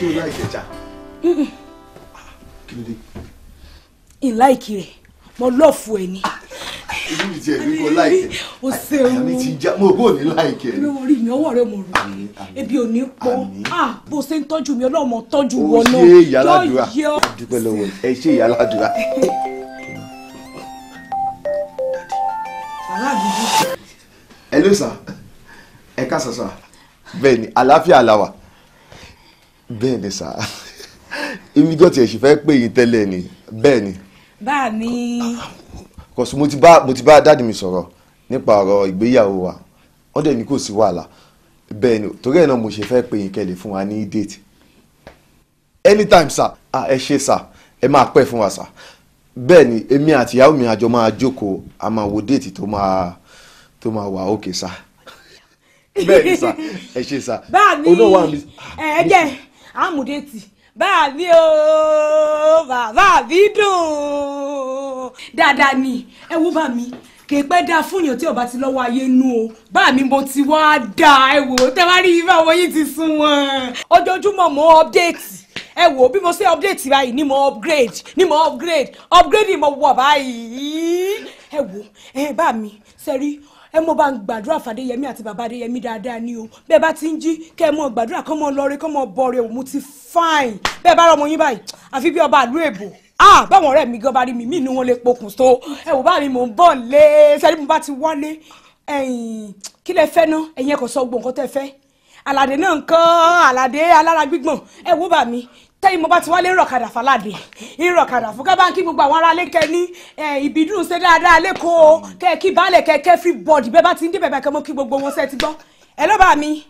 ṣé o láì kẹjà kí ló dé. ìláìkì rẹ̀ mo lọ́ọ̀fù ẹ̀ ni ìlú ah, ìtì ẹ̀ wípé láìkẹ́ o ṣeun àmì ti já mo kò ní láìkẹ́ mi ò rí mi ọwọ́ rẹ mo rò ebi ò ní pọ̀ ah, bó ṣe ń tọ́jú mi ọlọ́mọ tọ́jú wọ náà yóò yẹ ọ́. o ṣe ìyálàdúrà ẹ ṣe ìyálàdúrà. hello sir ẹ ká sàn sà bẹ́ẹ̀ ni àlàáfíà làwà bẹ́ẹ̀ ni sà ibi jọ́ tiẹ̀ sì fẹ́ pè yín tẹ́lẹ̀ ni bẹ́ẹ̀ ni. bá a ní. kọ̀sùn mo ti bá mo ti bá dáàdì mi sọ̀rọ̀ nípa ọ̀rọ̀ ìgbéyàwó wa wọ́n dẹ̀ ní kò sí wàhálà bẹ́ẹ̀ torí ẹ̀ náà mo ṣe fẹ́ pè yín kẹ́lẹ̀ fún wa ní date anytime sir ah ẹ ṣe sir ẹ máa pẹ́ fún wa sir bẹ́ẹ̀ ni èmi àtìyàwó mi àjọ máa jókòó a máa wo déètì tó máa tó máa wà ókè sá bẹ́ẹ̀ ni sá ẹ ṣe sá olówó àmì. ẹ jẹ́ àmúdétì bá mi o bàbá mi dùn dáadáa ni ẹ wo bá mi kì í pẹ́ da fúnyàn tí ọba ti lọ́wọ́ ayé nu o bá mi mo ti wá da ẹ wò ó tẹ́ wá rí ibà wọ́n yìí ti sún wọn. ojoojúmọ́ mo update ẹ wò ó bí mo ṣe update báyìí ni mo upgrade ni mo upgrade upgrade ni mo wọ̀ báyìí ẹ wò ẹ bá mi sẹ́rí ẹ mọ bá ń gbàdúrà fàdéyẹmí àti bàbá adéyẹmí dáadáa ni o bẹ́ẹ̀ bá ti ń jí kẹ́ ẹ mọ gbàdúrà kọ́ mọ lọrẹ kọ́ mọ bọrẹ òun ti fáìn bẹ́ẹ̀ bá rọmọ yín báyìí àfi bí ọba àlú èbò ah báwọn ọ̀rẹ́ mi gan bá rí mi mí inú wọn lè pokùn so ẹ wò bá mi mò ń bọ̀ lé sẹ́ni mo bá ti wálé kí lẹ fẹ́ ná ẹ̀yin ẹ̀kọ́ sọ gbọ̀ǹkan tẹ́ fẹ́ àlàdé náà ń kọ́ àlàdé alára gbígbọ̀n ẹ wò bá mi tẹ́yìn mo bá ti wálé rọ̀kadà fàlàdé ìrọ̀kadà fún ká bá ń kí gbogbo àwọn aráalé kẹ ní ìbídùn ṣe dáadáa lẹ́kọ̀ọ́ kẹ kí baálẹ̀ kẹ kẹ fi bọ́ọ̀dì bẹ́ẹ̀ bá ti ń dé bẹ̀bẹ̀ kẹ mo kí gbogbo wọn ṣe ti gbọ́ ẹ ló mi.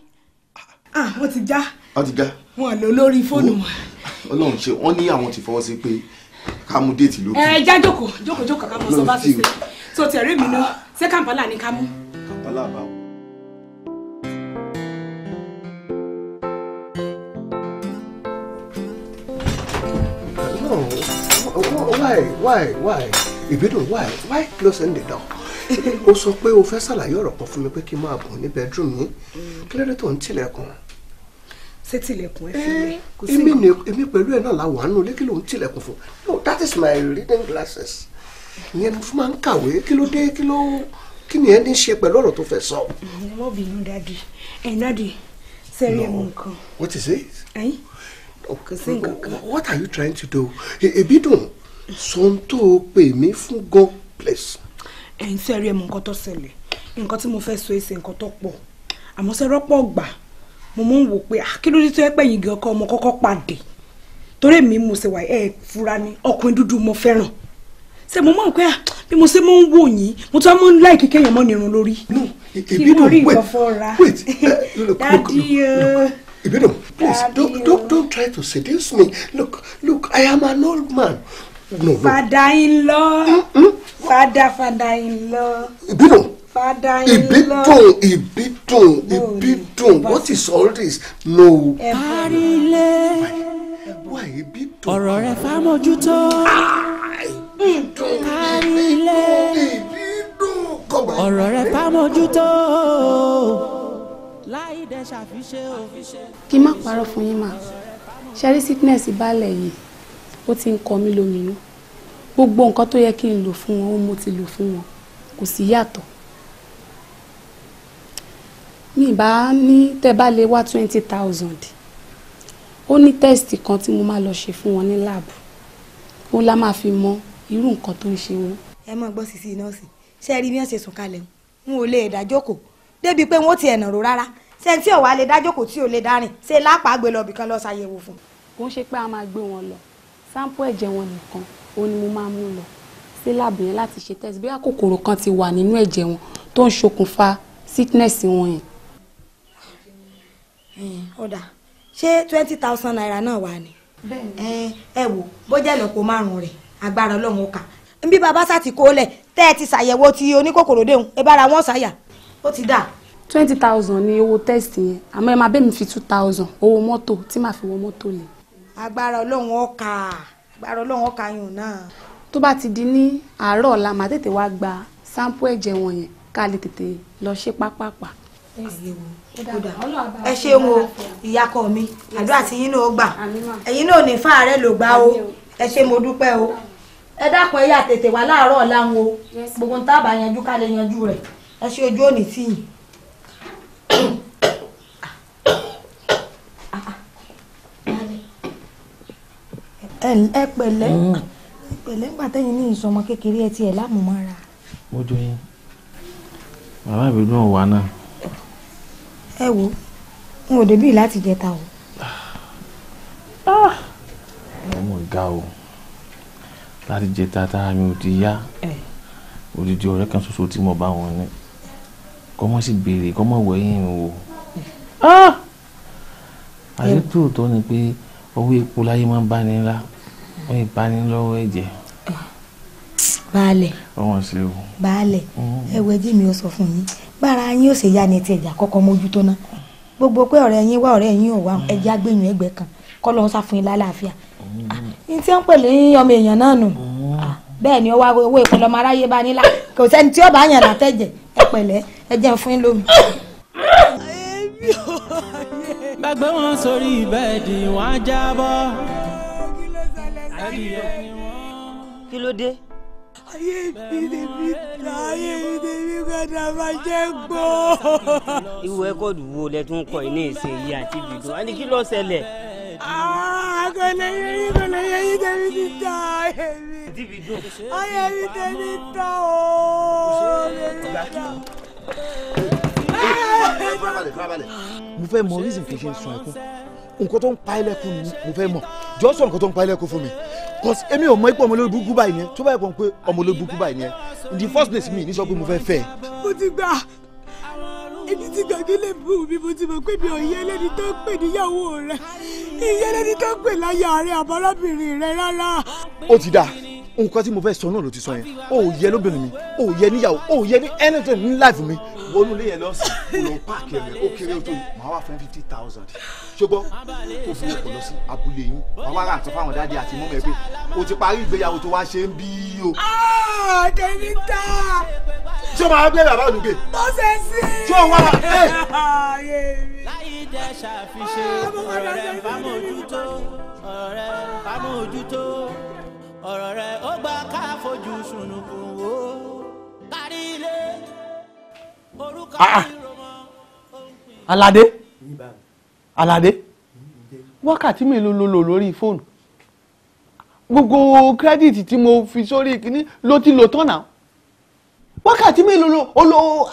Ah, wọ́n ti já wọn lò lórí fóònù wọn. ọlọ́run ṣe wọ́n ní àwọn ti fọwọ́ sí pé ká mú déètì lókè. ẹ já jókòó jókòó jókòó kàkà mọ sọ bá ti ṣe tó tẹ̀rí mi náà ṣé kàǹpálà ni ká mú. kàǹpálà bá wọ why why why ìbídùn why why closing the door o sọ pé o fẹ́ ṣàlàyé ọ̀rọ̀ kan fún mi pé kí n máa bọ̀ ní bedroom mi kí lóde tó ń tilẹ̀kùn. ṣé tilẹ̀kùn ẹ fi mi eh, kò sí nǹkan. èmi pẹ̀lú ẹ̀ náà làwọn àánú ilé kí ló ń tilẹ̀kùn fún no that is my reading glasses ìyẹn fún máa ń kàwé kí ló dé kí ló kí ni ẹ ní ṣe pẹ̀lú ọ̀rọ̀ tó fẹ́ sọ. wọ́n mm, bínú dadi ẹ̀ dadi sẹ́rí ẹ̀ mú nǹkan. what is it? ẹyin oh, kò sí nǹkan kan. what are you trying to do? ebi dùn sọ́n tó o pè mí fún gan please. ẹ̀yin tí ẹ rí ẹ mọ nǹkan tó ṣẹlẹ̀ nǹkan tí mo fẹ́ sọ èsì nǹkan tó pọ̀ àmọ́ ṣe rọ́pọ̀ gbà mo mọ̀ ń wò pé akíndúndín ah, tó yẹ pé yìngì ọkọ ọmọ kọ́kọ́ pàdé torí èmi mo ṣe wà ẹ fura ni ọkùnrin dúdú mo fẹ́ràn ṣe mo mọ̀ pé ah, bí mo ṣe mọ̀ ń wò yín mo tún mọ̀ ń láì kíkẹ́ yẹn mọ́ nírun lórí. nínú e-, rí nǹkan fọ́ra dádì o. Ibido, please don't, don't, uh. don't try to seduce me. Look, look, I am an old man. No, father-in-law. Mm -hmm. Father, father-in-law. Ibidun. Father-in-law. Ibidun, Ibidun, Ibidun. What is all this? No. Parile. Why Ibidun? Ọ̀rọ̀ rẹ̀ fámójútó. Ibidun, Ibidun, Ibidun. Ọ̀rọ̀ rẹ̀ fámójútó. Láìdẹ ṣàfiṣe o. Kí n má parọ́ fún yín mà, ṣẹ́rí sickness ìbálẹ̀ yìí ó ti ń kọ mí lóminú gbogbo nǹkan tó yẹ kí n lò fún wọn ó mo ti lò fún wọn kò sí yàtọ̀ mi bá ní tẹ́ bá lè wá twenty thousand ó ní tẹ́sítì kan tí mo máa lọ ṣe fún wọn ní láàbù ó la máa fi mọ irú nǹkan tó ń ṣe wọn. ẹ mọ gbọ́ sísí nọ́ọ̀sì ṣé ẹ rí bí wọ́n ṣe sùn kalẹ̀ n ò lè dájókòó débi pé wọ́n ti ẹ̀nà rò rárá ṣé tí ò wá lè dájókòó tí ò lè dárìn ṣé lápá gbé lọ bìkan lọ ṣàyẹ̀wò fún. kò ń ṣe pé a máa gbé wọn lọ sampo ẹ̀jẹ̀ wọn nìkan òun ni mo máa mú lọ sí láàbù yẹn láti ṣe test bóyá kòkòrò kan ti wà nínú ẹ̀jẹ̀ wọn tó ń ṣokùnfà sickness wọn yẹn. ọ̀dà ṣé twenty thousand naira náà wà ní. ẹ wò bójá ìlọ́po márùn-ún rẹ̀ agbára ọlọ́run ó kà ń bí baba sá ti kó lẹ̀ tẹ́ ẹ ti ṣàyẹ̀wò ti oníkòkòrò déhùn ẹ bára wọn ṣàyà ó ti dà twenty thousand ni owó test yẹn àmọ́ ẹ máa bẹ́ẹ̀ mi fi two thousand owó mọ́tò tí màá fi wọ mọ́tò lè agbára ọlọ́run ọkà agbára ọlọ́run ọkà yùn náà. tó bá ti di ní àárọ̀ ọ̀la màá tètè wá gba sáǹpù ẹ̀jẹ̀ wọn yẹn ká lè tètè lọ ṣe pápápá. ẹ ṣeun o ìyàkọ mi àdúrà tí yín náà gbà ẹ̀yin náà ní fàárẹ̀ ló gbà o ẹ ṣe mo dúpẹ́ o ẹ dákun ẹ yà tètè wá láàárọ̀ ọ̀la ń wo gbogbo ń tábà yanjú ká lè yanjú rẹ̀ ẹ ṣe ojú òní tì ẹ pẹ̀lẹ́ mm. pẹ̀lẹ́ ńgbà tẹ́yìn ní ìsọmọ kékeré ẹ ti ẹ̀ lámùmọ́ra. mo jọ yín bàbá mi náà wà náà. ẹ wo n ò débí láti jẹta o. Ah! ọmọ ga o láti jẹta tára mi ò ti yá odidi ọ̀rẹ́ kan ṣoṣo tí mo bá wọn ní kọ́mọ́ sì béèrè kọ́mọ́ wẹ̀yìn mi wò. àyètò tó ni pé owó epo láyé máa ń bá ní ńlá. wọ́n ìpanilọ́wọ́ ẹ̀jẹ̀. baálẹ̀ ọmọ sí o. baálẹ̀ ẹ̀wẹ̀ jí mi ò sọ fún yín bára yín ò sì yá ni ti ẹ̀jà kọ́kọ́ mójútó ná gbogbo pé ọ̀rẹ́ yín wá ọ̀rẹ́ yín ò wá mm. ẹ̀jẹ̀ kan kọ́ lọ́n sá fún yín lálàáfíà mm. ah, ní tí wọ́n pè lé ọmọ èèyàn náà nù mm. ah, bẹ́ẹ̀ ni owó aráyé bá nílá kò sẹ́ni tí ó kí ló dé. ayé mi tèmi ayé mi tèmi gbọdọ máa jẹ gbó. irú ẹkọọdù wo lẹ tún kọ iná ìṣe yìí àti ibùdó àní kí ló ṣẹlẹ̀. àgọlẹ yẹn yìí gọlẹ yẹn yìí tèmi ti ta ayé mi ayé mi tèmi ta ooo mo fẹ́ mọ reason kì í ṣe ń sun ẹkún nǹkan tó ń pa ẹlẹ́kùn ni mo fẹ́ mọ̀ jọ sọ̀rọ̀ kó tó ń pa ilé ẹ̀kọ́ fún mi cause èmi ò mọ ipò ọmọ olóògbé gúbà yẹn tó báyìí kàn pé ọmọ olóògbé gúbà yẹn the first place mi ní sọ pé mo fẹ́ fẹ́. mo ti gbà ẹni tí gbàgbé lè bù mí mo ti mọ̀ pé mi ò yẹ ẹlẹ́ni tó ń pè níyàwó rẹ̀ ìyẹn ẹlẹ́ni tó ń pè láyà rẹ̀ àbọ̀rọ̀bìnrin rẹ̀ rárá. ó ti dáa nǹkan tí mo fẹ́ sọ náà ló ti sọ yẹn ó yẹ lóbìnrin mi ó yẹ níyàwó ó yẹ ní anything ní life mi. wọnú ilé yẹn lọ sí olùpàkì rẹ ó kéré ó tó yìí màá wà fún fifty thousand ṣùgbọ́n kò fún ìyẹ̀kọ̀ lọ sí abúlé yín wọn wá rà ń sọ fáwọn dáadé àti mọ́mọ́ ẹ pé o ti parí ìgbéyàwó tó wá ṣe ń bí o. tèmi ah, ta. ṣé o máa gbé bàbá olùgbé. mo ṣe sí. ṣé o wá wá. Ah, láyé jẹ́ ṣàfihàn ah, ọ̀rẹ́ fámójútó ọ̀rẹ́ fámójútó ọ̀rọ̀ rẹ̀ ó gbà ká fojú sunukun wo kárí ilé orúkọ ìrọmọ. Aládé. Alade? wákàtí mélòó ló lò lórí fóònù gbogbo kírẹ́dìtì tí mo fi sórí kínní ló ti lò tán náà wákàtí mélòó ló ó lò ó.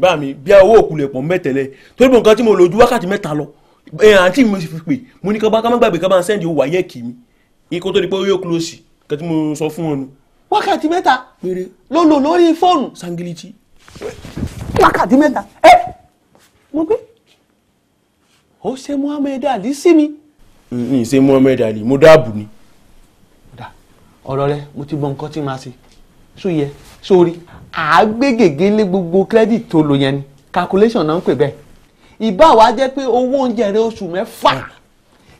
bá mi bí owó òkú lè pọ̀ mẹ́tẹ̀lẹ́ torí bó nǹkan tí mo lò ju wákàtí mẹ́ta lọ àǹtí mi fi pè mo ní ká má gbàgbé ká má sẹ́ndì owó ayé kì mí ikú tó di pé yóò kúlò sí kí tí mo sọ fún wọn nu. wákàtí mẹ́ta ló lò lórí fóònù. sangiliti. wákàtí mẹ́ta ẹ mo gbé ó ṣe Muhammed Ali sí mi. n ṣe Muhammed Ali mo dáàbò ni. ọ̀rọ̀ rẹ mo ti gbọ́ nǹkan tí màá ṣe sọ yẹ sórí àágbégègé lé gbogbo credit tó lò yẹn ni calculation náà ń pè bẹ́ẹ̀ ìbá wa jẹ́ pé owó oúnjẹ rẹ oṣù mẹ́fà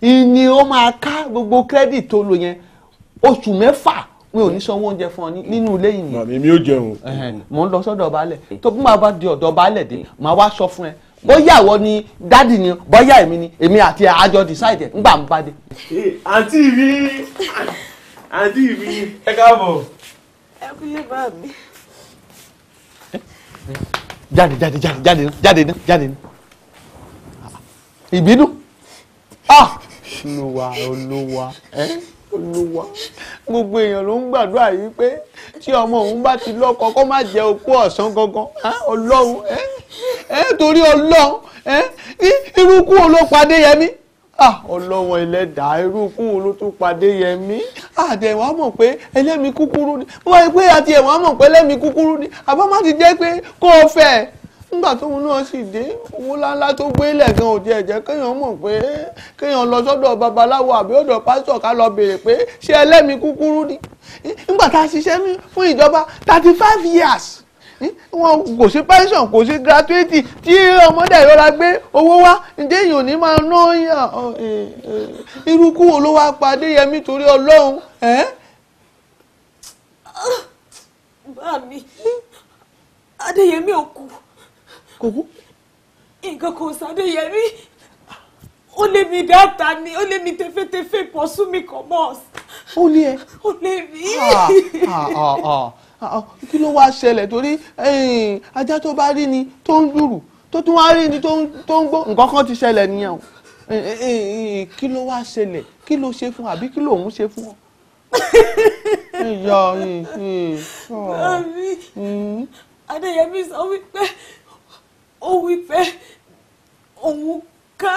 ìní ó máa ká gbogbo credit tó lò yẹn oṣù mẹ́fà mi ò ní sanwó oúnjẹ fún ọ nínú ilé yìí. màmí mi ò jẹun. mò ń lọ sọ́dọ̀ baálẹ̀ tó bí màá bá di ọ̀dọ̀ baálẹ̀ dé màá wá sọ fún ẹ bóyá ni dádì ni bóyá èmi ni èmi àti àjọ decide ńgbà ń bá dé. àǹtí mi àǹtí mi ẹ káàbọ̀. ẹ kú yé Eh? olúwa gbogbo èèyàn ló ń gbàdúrà yìí pé tí ọmọ òun bá ti lọ́kọ kó má jẹ opó ọ̀sán gangan ọlọ́run ẹ torí ọlọ́run ẹ irúkú olópadé yẹmí ọlọ́wọ́n ẹlẹ́dàá irúkú olótúpadé yẹmí àdẹ̀wà mọ̀ pé ẹlẹ́mi kúkúrú ni wọ́n wáyé pé àti ẹ̀wọ̀n mọ̀ pé ẹlẹ́mi kúkúrú ni àbámọ́ ti jẹ́ pé kó o fẹ́ ẹ̀ nígbà tóun náà sì dé owó láńlá tó gbé lẹ́gàn òdi ẹ̀jẹ̀ kéèyàn mọ̀ pé kéèyàn lọ sọ́dọ̀ babaláwo àbí ọ̀dọ̀ pásítọ̀ ká lọ béèrè pé ṣé ẹlẹ́mi kúkúrú ni nígbà tá a ṣiṣẹ́ fún ìjọba thirty five years wọn kò sí pension kò sí gratuity tí ọmọdé ìrora gbé owó wá ǹjẹ́ èèyàn ò ní máa ná irú kú wo ló wá pa Adéyẹmí torí Ọlọ́run. Ah, bá mi Adéyẹmí ò kú nǹkan kan ṣàdéyẹmí ó lé mi dáta ni ó lé mi tẹfẹtẹfẹ pọ̀ sún mi kàn mọ́ ọ. ó lé ẹ ó lé mi. Ah, ah, ah, kí ló wáá ṣẹlẹ̀ torí ajá tó bá rí ni tó ń lùrù tó tún wá rí ni tó ń gbó nǹkan kan ti ṣẹlẹ̀ nìyẹn o kí ló wáá ṣẹlẹ̀ kí ló ṣe fún àbí kí lòun ṣe fún ọ. ìyá Adéyẹmí sọ wípé ó wí pé òun ká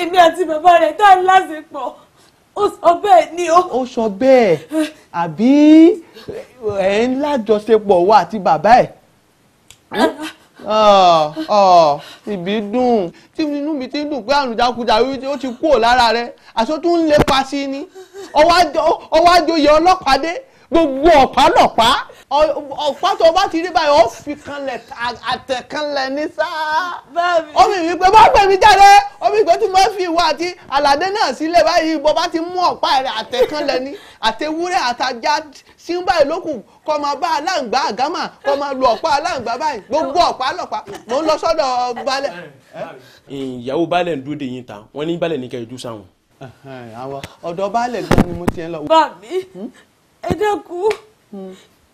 èmi àti bàbá rẹ̀ tá a láṣepọ̀ ó sọ bẹ́ẹ̀ ni ó. ó sọ bẹ́ẹ̀ àbí ẹ̀ ń lájọṣepọ̀ wa àti bàbá ẹ̀. ìbí dùn tí inú mi ti ń dùn pé àrùn jákujàre ó ti kúrò lára rẹ̀ àṣọ tó ń lépa sí i ni ọwájú yẹ ọlọ́pàá dé gbogbo ọ̀pá lọ̀pá ọ̀pá tó bá ti rí báyìí ó fi kanlẹ̀ àtẹ̀kanlẹ̀ ní sáà. omi mi pé bá gbèmí jáde omi pé tí mo fi ìwọ àti àlàdé náà sílẹ̀ báyìí bó bá ti mú ọ̀pá rẹ̀ àtẹ̀kanlẹ̀ ní àtẹwúrẹ́ àtajá sí báyìí lókùn kọ́ máa bá aláǹgbá àgámà kọ́ máa lu ọ̀pá aláǹgbá báyìí gbogbo ọ̀pá lọ̀pá mò ń lọ sọ́dọ̀ balẹ̀. ìyàwó balẹ̀ ń dúró de yín ta wọ́n ní balẹ̀ ní kẹ́ ọ̀dọ̀ baálẹ̀ gan ni mo ti ń lọ. bá mi hmm? ẹ dẹ́kun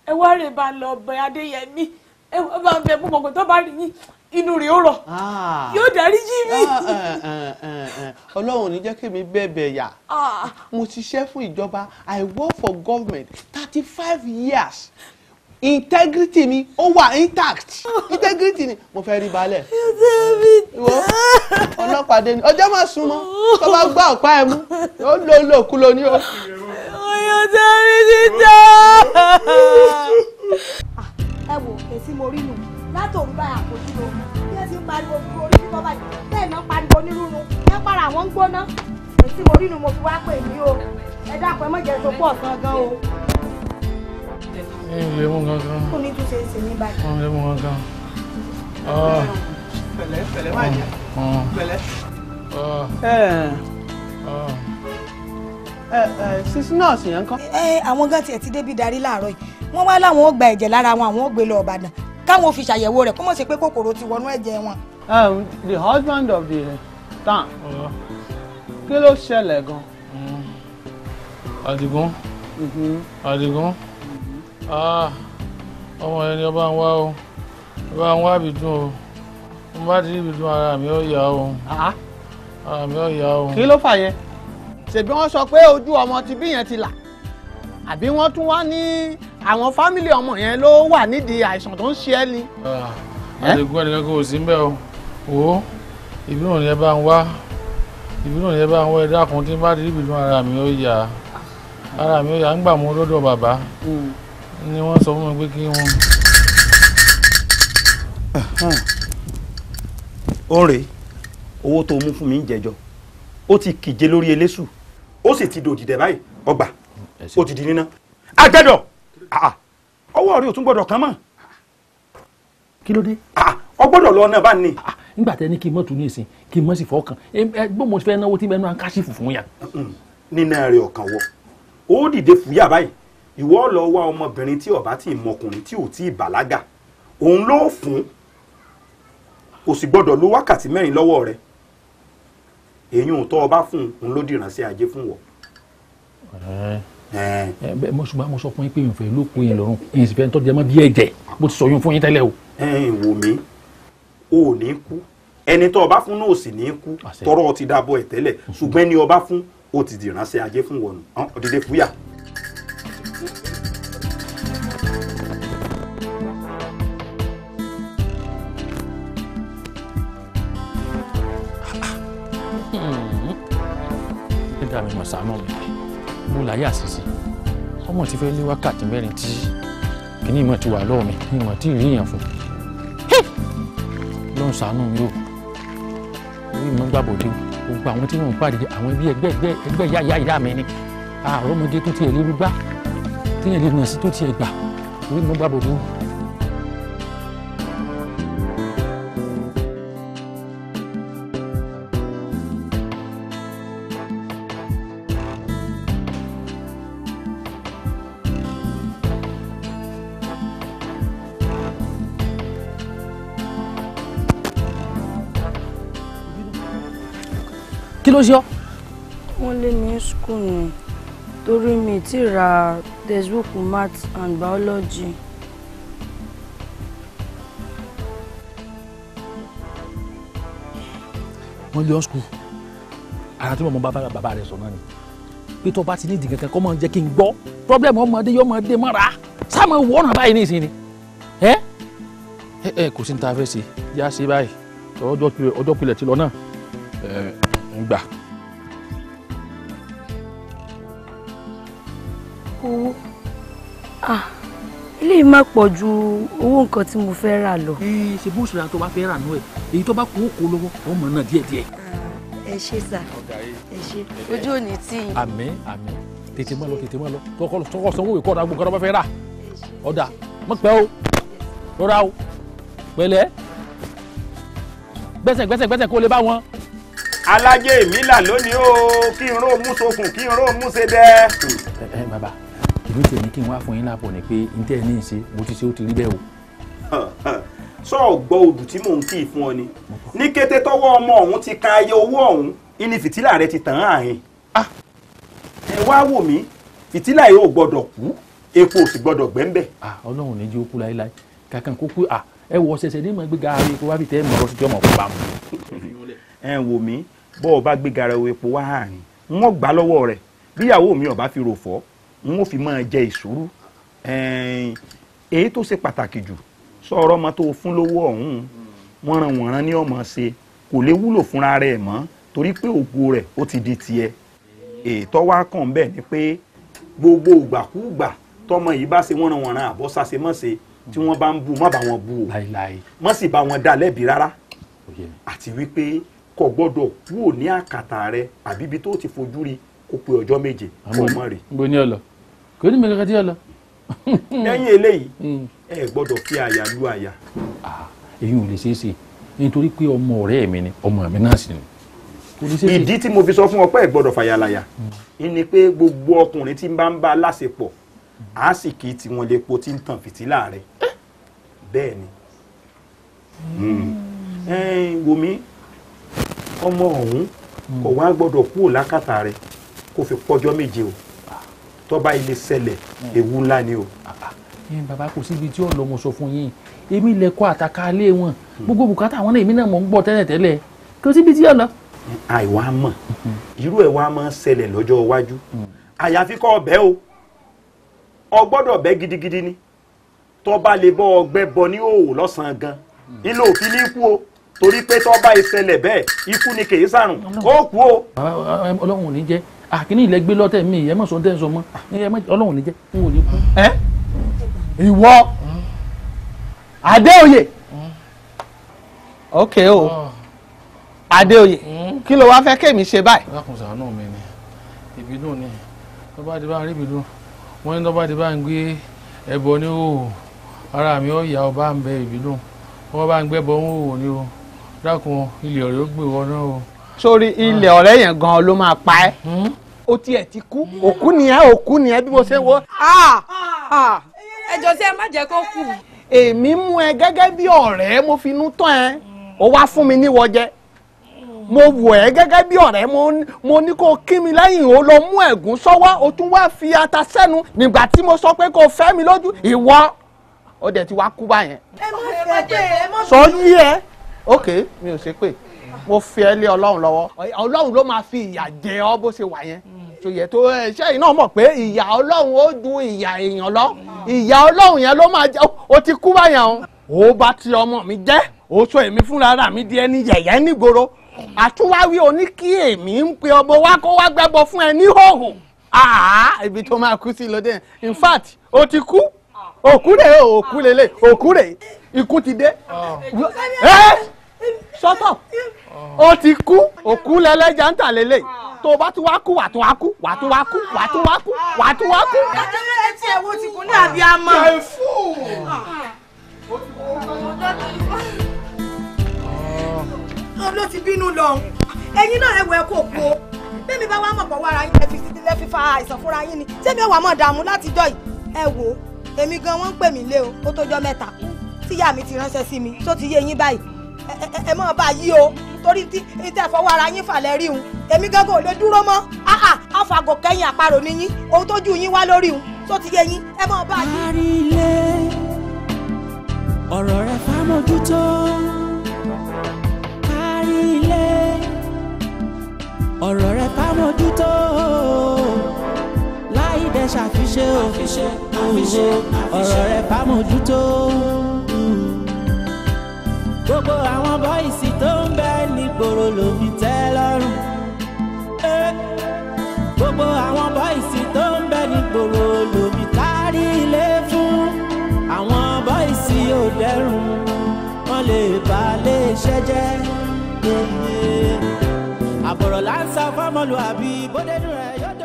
ẹ wá rè bá lọ bẹ adéyẹmí ẹ wá bá bẹ fún mọ̀gbọ́n tó bá rí yín inú rẹ̀ ó rọ̀ ah. yóò dárí jí mi. Ah, eh, eh, eh, ọlọ́run ò ní jẹ́ kí mi bẹ̀bẹ̀ yà ah. mo ṣiṣẹ́ fún ìjọba i work for government thirty five years integrity mi ó wà intact integrity ni mo fẹ́ rí balẹ̀. ìwọ ọlọ́pàá dé ni ọjọ́ máa sún mọ́ tó bá gbá ọ̀pá ẹ̀ mú ó lò ó lò kú lóní o sẹ́rí síta. Ah, ẹ wo èsì mo rí nù látòun bá àkójú lò bí ẹ ti ń pariwo fún orí fífọ́ báyìí bẹ́ẹ̀ náà pariwo onírúurú ẹ para àwọn ń gbóná èsì mo rí nù mo fi wá pè ní o ẹ dákun ẹ mọ̀jẹ̀ tó pọ̀ gan gan o. ẹ ìwé mú gangan. kò ní tún ṣe é ṣe ní báyìí. ẹ mú gangan. pẹ̀lẹ́ pẹ̀lẹ́ wáyé pẹ̀lẹ́ sísun náà sì yàn kán. àwọn gan tiẹ̀ ti débi darí láàárọ̀ yìí wọ́n wá láwọn ó gba ẹ̀jẹ̀ lára wọn àwọn ó gbé lọ Ìbàdàn káwọn fi ṣàyẹ̀wò rẹ̀ kó mọ̀ sí pé kòkòrò ti wọnú ẹ̀jẹ̀ wọn. the husband of the town kí ló ṣẹlẹ̀ gan. Àdìgún Àdìgún mm-hmm. mm-hmm. ah, ọmọ ẹni ọba ń wá o ọba ń wá Ìbídùn o mo bá ti rí Ìbídùn ara mi ó yá o ah. ara mi ó yá o. kí ló fà yẹn ṣèbí wọ́n sọ pé ojú ọmọ ti bí yẹn ti là àbí wọ́n tún wá ní àwọn fámìlì ọmọ yẹn ló wà nídìí àìsàn tó ń ṣe ẹ́ ni. àdìgún ah, ẹnìkan kò sí mbẹ o wo ìbí náà ni ẹ bá ń wá ìbí náà ni ẹ bá ń wá ẹ dákun tí n bá dìbò ìlú ara mi ó yà ara mi ó yà ń gbà mú lọ́dọ̀ bàbá hmm. ni wọ́n sọ fún mi pé kí wọ́n. ó rèé owó tó mú fún mi ń jẹjọ ó ti kìje lórí eléṣù ó sì ti dòdìdẹ̀ báyìí ọgbà ó ti di níná agbẹ́dọ̀ ah, ah. ọwọ́ rẹ ò tún gbọ́dọ̀ kàn mọ́. kí ló dé. Ah, ọgbọ́dọ̀ lọ náà bá ní. nígbà tẹ ní kí n mọ̀ tún ní ìsìn kí n mọ̀ sí fọ́ọ̀kan gbọ́n mo fẹ́ náwó tí mẹ́nu àǹkáṣì fùfún yà. nínà rẹ ọ̀kan wọ ó dìde fúyà báyìí ìwọ lọ wá ọmọbìnrin tí ọba tí mọkùnrin tí ò tí ì bàlágà òun ló fún kò sì gbọ́dọ̀ lo wákàtí mẹ́rin lọ́wọ́ rẹ̀ èyí ò tọ́ ọ bá fún un ló dìránṣẹ́ ajé fún wọ. ẹ mo ṣùgbọ́n mo sọ fún yín pé ìfẹ́ ló kó yín lọ́rùn yín sì fẹ́ ń tọ́jú ẹ mọ́ bí ẹ̀jẹ̀ mo ti sọ yín fún yín tẹ́lẹ̀ o. wò mí o ò ní kú ẹni tọ́ ọ bá fún náà ò sì ní kú tọ́rọ̀ ti dábọ̀ ẹ̀ tẹ́lẹ̀ mm-hmm. ṣùgbọ́n ẹni ọ bá fún o ti dìránṣẹ́ ajé fún wọnù ọ̀dẹ̀dẹ̀ fúyà. Hmm. nígbà mi mọ̀ sàánú mi mo láyé àṣìṣe ọmọ ti fẹ́ lé wákàtí mẹ́rin tí kìíní ìmọ̀ ti wà lọ́wọ́ mi ìmọ̀ tí ìrí èèyàn fún lọ́n sàánú mi o orí mi gbàgbọ́ dé gbogbo àwọn tí wọ́n ń pàdé àwọn ẹbí ẹgbẹ́ ẹgbẹ́ ẹgbẹ́ ìyá ìyá ìyá mi ni àròmọdé tó tiẹ̀ lérú gbá tí yẹn lè nà sí tó tiẹ̀ gbà orí mi gbàgbọ́ dé. ló ṣe ọ́. wọ́n lé ní skul nù torí mi ti ra textbook maths and biology. wọ́n lé ọ́ skul ara tí mo mọ bàbá rẹ̀ sọ náà ni pé tó bá ti ní ìdí kankan kó máa jẹ́ kí n gbọ́ problem ọmọdé yóò máa dé mọ́ra sáà máa wọ ọ̀nà báyìí ní ìsìn ni ẹ ẹ kò sí ní ta fẹ́ ṣe yá ṣe báyìí ọjọ́ pilẹ̀ ti lọ náà ń gbà. owó ah eléyìí má pọ̀ ju owó nǹkan tí mo fẹ́ rà lọ. ẹ ṣe bó ṣùgbọ́n tó bá fẹ́ rà nú ẹ èyí tó bá kó kó lọ́wọ́ ọmọ náà díẹ̀díẹ̀. ẹ ṣe sà ẹ ṣe ojú òní tí. àmín àmín tètè má lọ tètè má lọ tọkọ sanwó ìkọ́ ọ̀dà gbogbo ọ̀dà bá fẹ́ rà ọ̀dà mọ̀ pẹ́ o rọra o pẹ̀lẹ́ gbẹ́sẹ̀ gbẹ́sẹ̀ gbẹ́sẹ̀ kó lè bá wọn alájẹ èmi là lónìí o kí n ró mú sokùn kí n ró mú ṣe dẹ. ẹ ẹ bàbá ìlú tèmi kí n wá fún yín lápò ní pé n tẹ́ ẹ ní í bó ti ṣe ó ti rí bẹ́ẹ̀ o. sọ ọgbọ́ odù tí mò ń kí fún ọ ni ní kété tọwọ́ ọmọ ọ̀hún ti kan ayé owó ọ̀hún ìní fìtílà rẹ ti tàn án ah! ẹ wá wò mí fìtílà yìí ò gbọ́dọ̀ kú epo ò sì gbọ́dọ̀ gbẹ́ńbẹ́. Ah, ọlọ́run ní jí ó kú láéláé kankan kó kú ah, ẹ wọ ṣẹṣẹ ní ìmọ̀ gbéga ààrẹ kó wá fi tẹ́ ẹ mọ̀ ọ́ sí ọmọ ọ̀pọ̀ ẹ wò mí bọ́ ọ bá gbé garawo epo wá hàn ní n ó gbà lọ́wọ́ rẹ̀ bíyàwó mi ò bá fi rò fọ́ n ó fi máa jẹ ìṣòro èyí tó ṣe pàtàkì jù sọ̀rọ̀ ọmọ tó fún lówó ọ̀hún wọ́nran wọ̀nran ní ọmọ ṣe kò lè wúlò fúnra rẹ̀ mọ́ torí pé ògo rẹ̀ ó ti di tiẹ̀ ètò wa kàn bẹ́ẹ̀ ni pé gbogbo ìgbàkúgbà tọmọ yìí bá ṣe wọ́nran wọ̀nran àbọ̀sáṣemọ́ṣe tí wọ́n bá ń bu má bá wọn bu o má sì bá wọn dá lẹ́bi rárá àti wípé kò gbọ́dọ̀ kúrò ní àkàtà rẹ àbí ibi tó ti fojú rí kó pé ọjọ́ méje kó mọ̀ rí. bó ní ọlọ kò ní mẹlẹkẹ tí ọlọ. lẹ́yìn eléyìí hmm. ẹ gbọ́dọ̀ fi àyà lu àyà. èyí ò lè ṣeé ṣe nítorí pé ọmọ ọ̀rẹ́ mi ni ọmọ mi náà sì ni ìdí tí mo fi sọ fún ọ pé ìgbọ́dọ̀ fàyàlàyà hmm. ni pé gbogbo ọkùnrin tí ń bá ń bá láṣepọ̀ á hmm. sì kí tiwọn lè po tí ń tàn fìtílà rẹ̀ eh. bẹ́ẹ̀ ni wòmí ọmọ ọ̀hún hmm. kò wá gbọ́dọ̀ kúrò lákàtà rẹ̀ kó fi pọ́jọ́ méje o tó bá ilé ṣẹlẹ̀ hmm. ewu ńlá ni o. Ah, ah. bàbá kò síbi tí ọ̀lọ́ mo sọ fún yín èmi lẹ́kọ́ àtàkà ilé wọn hmm. gbogbo bùkátà àwọn èmi náà mọ̀ ń gbọ́ tẹ́lẹ̀tẹ́lẹ̀ kò síbi tí ọ̀lọ́. àìwá mọ̀ irú ẹ̀ wá máa ń ṣẹlẹ̀ lọ́jọ́ iwájú àyàfi kọ́ ọbẹ̀ o ọ gbọ́dọ̀ bẹ́ gidigidi ni tó bá lè bọ́ ọgbẹ́ bọ ní òòlù lọ́sàn-án gan ilé òfin ní kú o torí pé tó bá ìṣẹ̀lẹ̀ bẹ́ẹ̀ ikú ni kèé sàrùn ó kú o. ọlọ́run ò ní jẹ́ àkíní ilẹ̀ gbé lọ́tẹ̀ mi ẹ̀ mọ̀ sọ tẹ́ ẹ sọ mọ́ ọlọ́run ò ní jẹ́ n ò ní kú. ẹ ìwọ adéoyè ok o adéoyè kí ló wáá fẹ́ kémi ṣe báyìí. lákùnsà náà mi ni ìbínú ni tó bá rí ìbínú wọ́n ní tó bá ń gbé ẹbọ ní òòrùn ara mi ó yà ọ ń bẹ ìbínú wọ́n bá ń gbẹ́bọ ń òòrùn ní òòrùn dákun ilé ọ̀rẹ́ ó gbé wọnú o. sórí ilé ah. ọ̀rẹ́ yẹn gan-an ló máa pa ẹ́. ó hmm? tiẹ̀ ti kú òkú ni ẹ́ òkú ni ẹ́ bí mo ṣe wò. ẹjọ sí ẹ má jẹ́ kó kù. èmi mú ẹ gẹ́gẹ́ bí ọ̀rẹ́ mo fi inú tán ẹ o wá fún mi níwọ jẹ mo wò ẹ́ gẹ́gẹ́ bí ọ̀rẹ́ mo ní kó kí mi lẹ́yìn ó lọ mú ẹ̀gún sọ́wọ́ ó tún wá fi ata sẹ́nu nígbà tí mo sọ pé kó fẹ́ mi lójú ìwọ ó ti wá kú báyẹn. ẹ má fẹ́ pé ẹ má bínú. sọ yí ẹ ok mi ò ṣe pé mo fi ẹ lé ọlọ́run lọ́wọ́ ọlọ́run ló máa fi ìyà jẹ ọ bó ṣe wà yẹn tó mm. yẹ tó ṣe iná mọ̀ pé ìyà ọlọ́run ó ju ìyà èèyàn lọ mm. ìyà ọlọ́run yẹn ló máa jẹ ó ti kú báyàn o ó bá ti ọmọ mi jẹ́ ó sọ èmi fúnra mi di ẹni yẹ̀yẹ́ nígboro àtúwáwí oní kí èmi ń pe ọmọ wa kó wá gbẹ́bọ fún ẹ ní hòhò ibi tó máa kú sí lóde in fact ó ti kú ah. òkú rèé òkú lélẹ̀ òkú rèé ikú ti dé. Ah sọ́tọ̀ ó ti kú òkú lẹ́lẹ́jà ń tà lélẹ̀ tó bá tún wá kú wà tún wá kú wà tún wá kú wà tún wá kú wà tún wá kú. ìdájọ́ ẹ ti ẹ̀wọ́ ti kú ní àbí amọ̀. ló ti bínú lọ ẹ̀yin náà ẹwọ ẹ kò po bẹ́ẹ̀ mi bá wá mọ̀ pọ̀ wára yín ẹ̀fì sí ilé fífa àìsàn fúnra yín ni sẹ́mi ẹ̀wà mọ̀ dààmú láti jọ́ yìí ẹ wò ó èmi gan wọ́n ń pè mí lé o ó tó jọ́ mẹ́ta tíyá mi ti ránṣẹ́ sí mi tó ti yé yín báyìí ẹ mọ̀ bá yí o torí tí tẹ́ fọwọ́ ara yín falẹ̀ rí un èmi gángan ò lè dúró mọ́ áà àfàgò kẹ́yìn àparò ni yín ohun tójú yín wá lórí un tó ti yé yín ẹ mọ̀ bá yí. parí ilé ọ̀rọ̀ rẹ fámójútó parí ilé ọ̀rọ̀ rẹ fámójútó láì dẹ ṣàfiṣe ọ̀rọ̀ rẹ fámójútó gbogbo àwọn bọ́ìsì tó ń bẹ nígboro ló fi tẹ́ lọ́rùn. Eh, gbogbo àwọn bọ́ìsì tó ń bẹ nígboro ló fi kárí ilé fún. àwọn bọ́ìsì ò dẹrùn wọ́n lè bà lè ṣẹ́ jẹ́. Eh, eh. àbọ̀rọ̀ là ń sọ fọ́mọlúàbí bódé rẹ̀ yóò.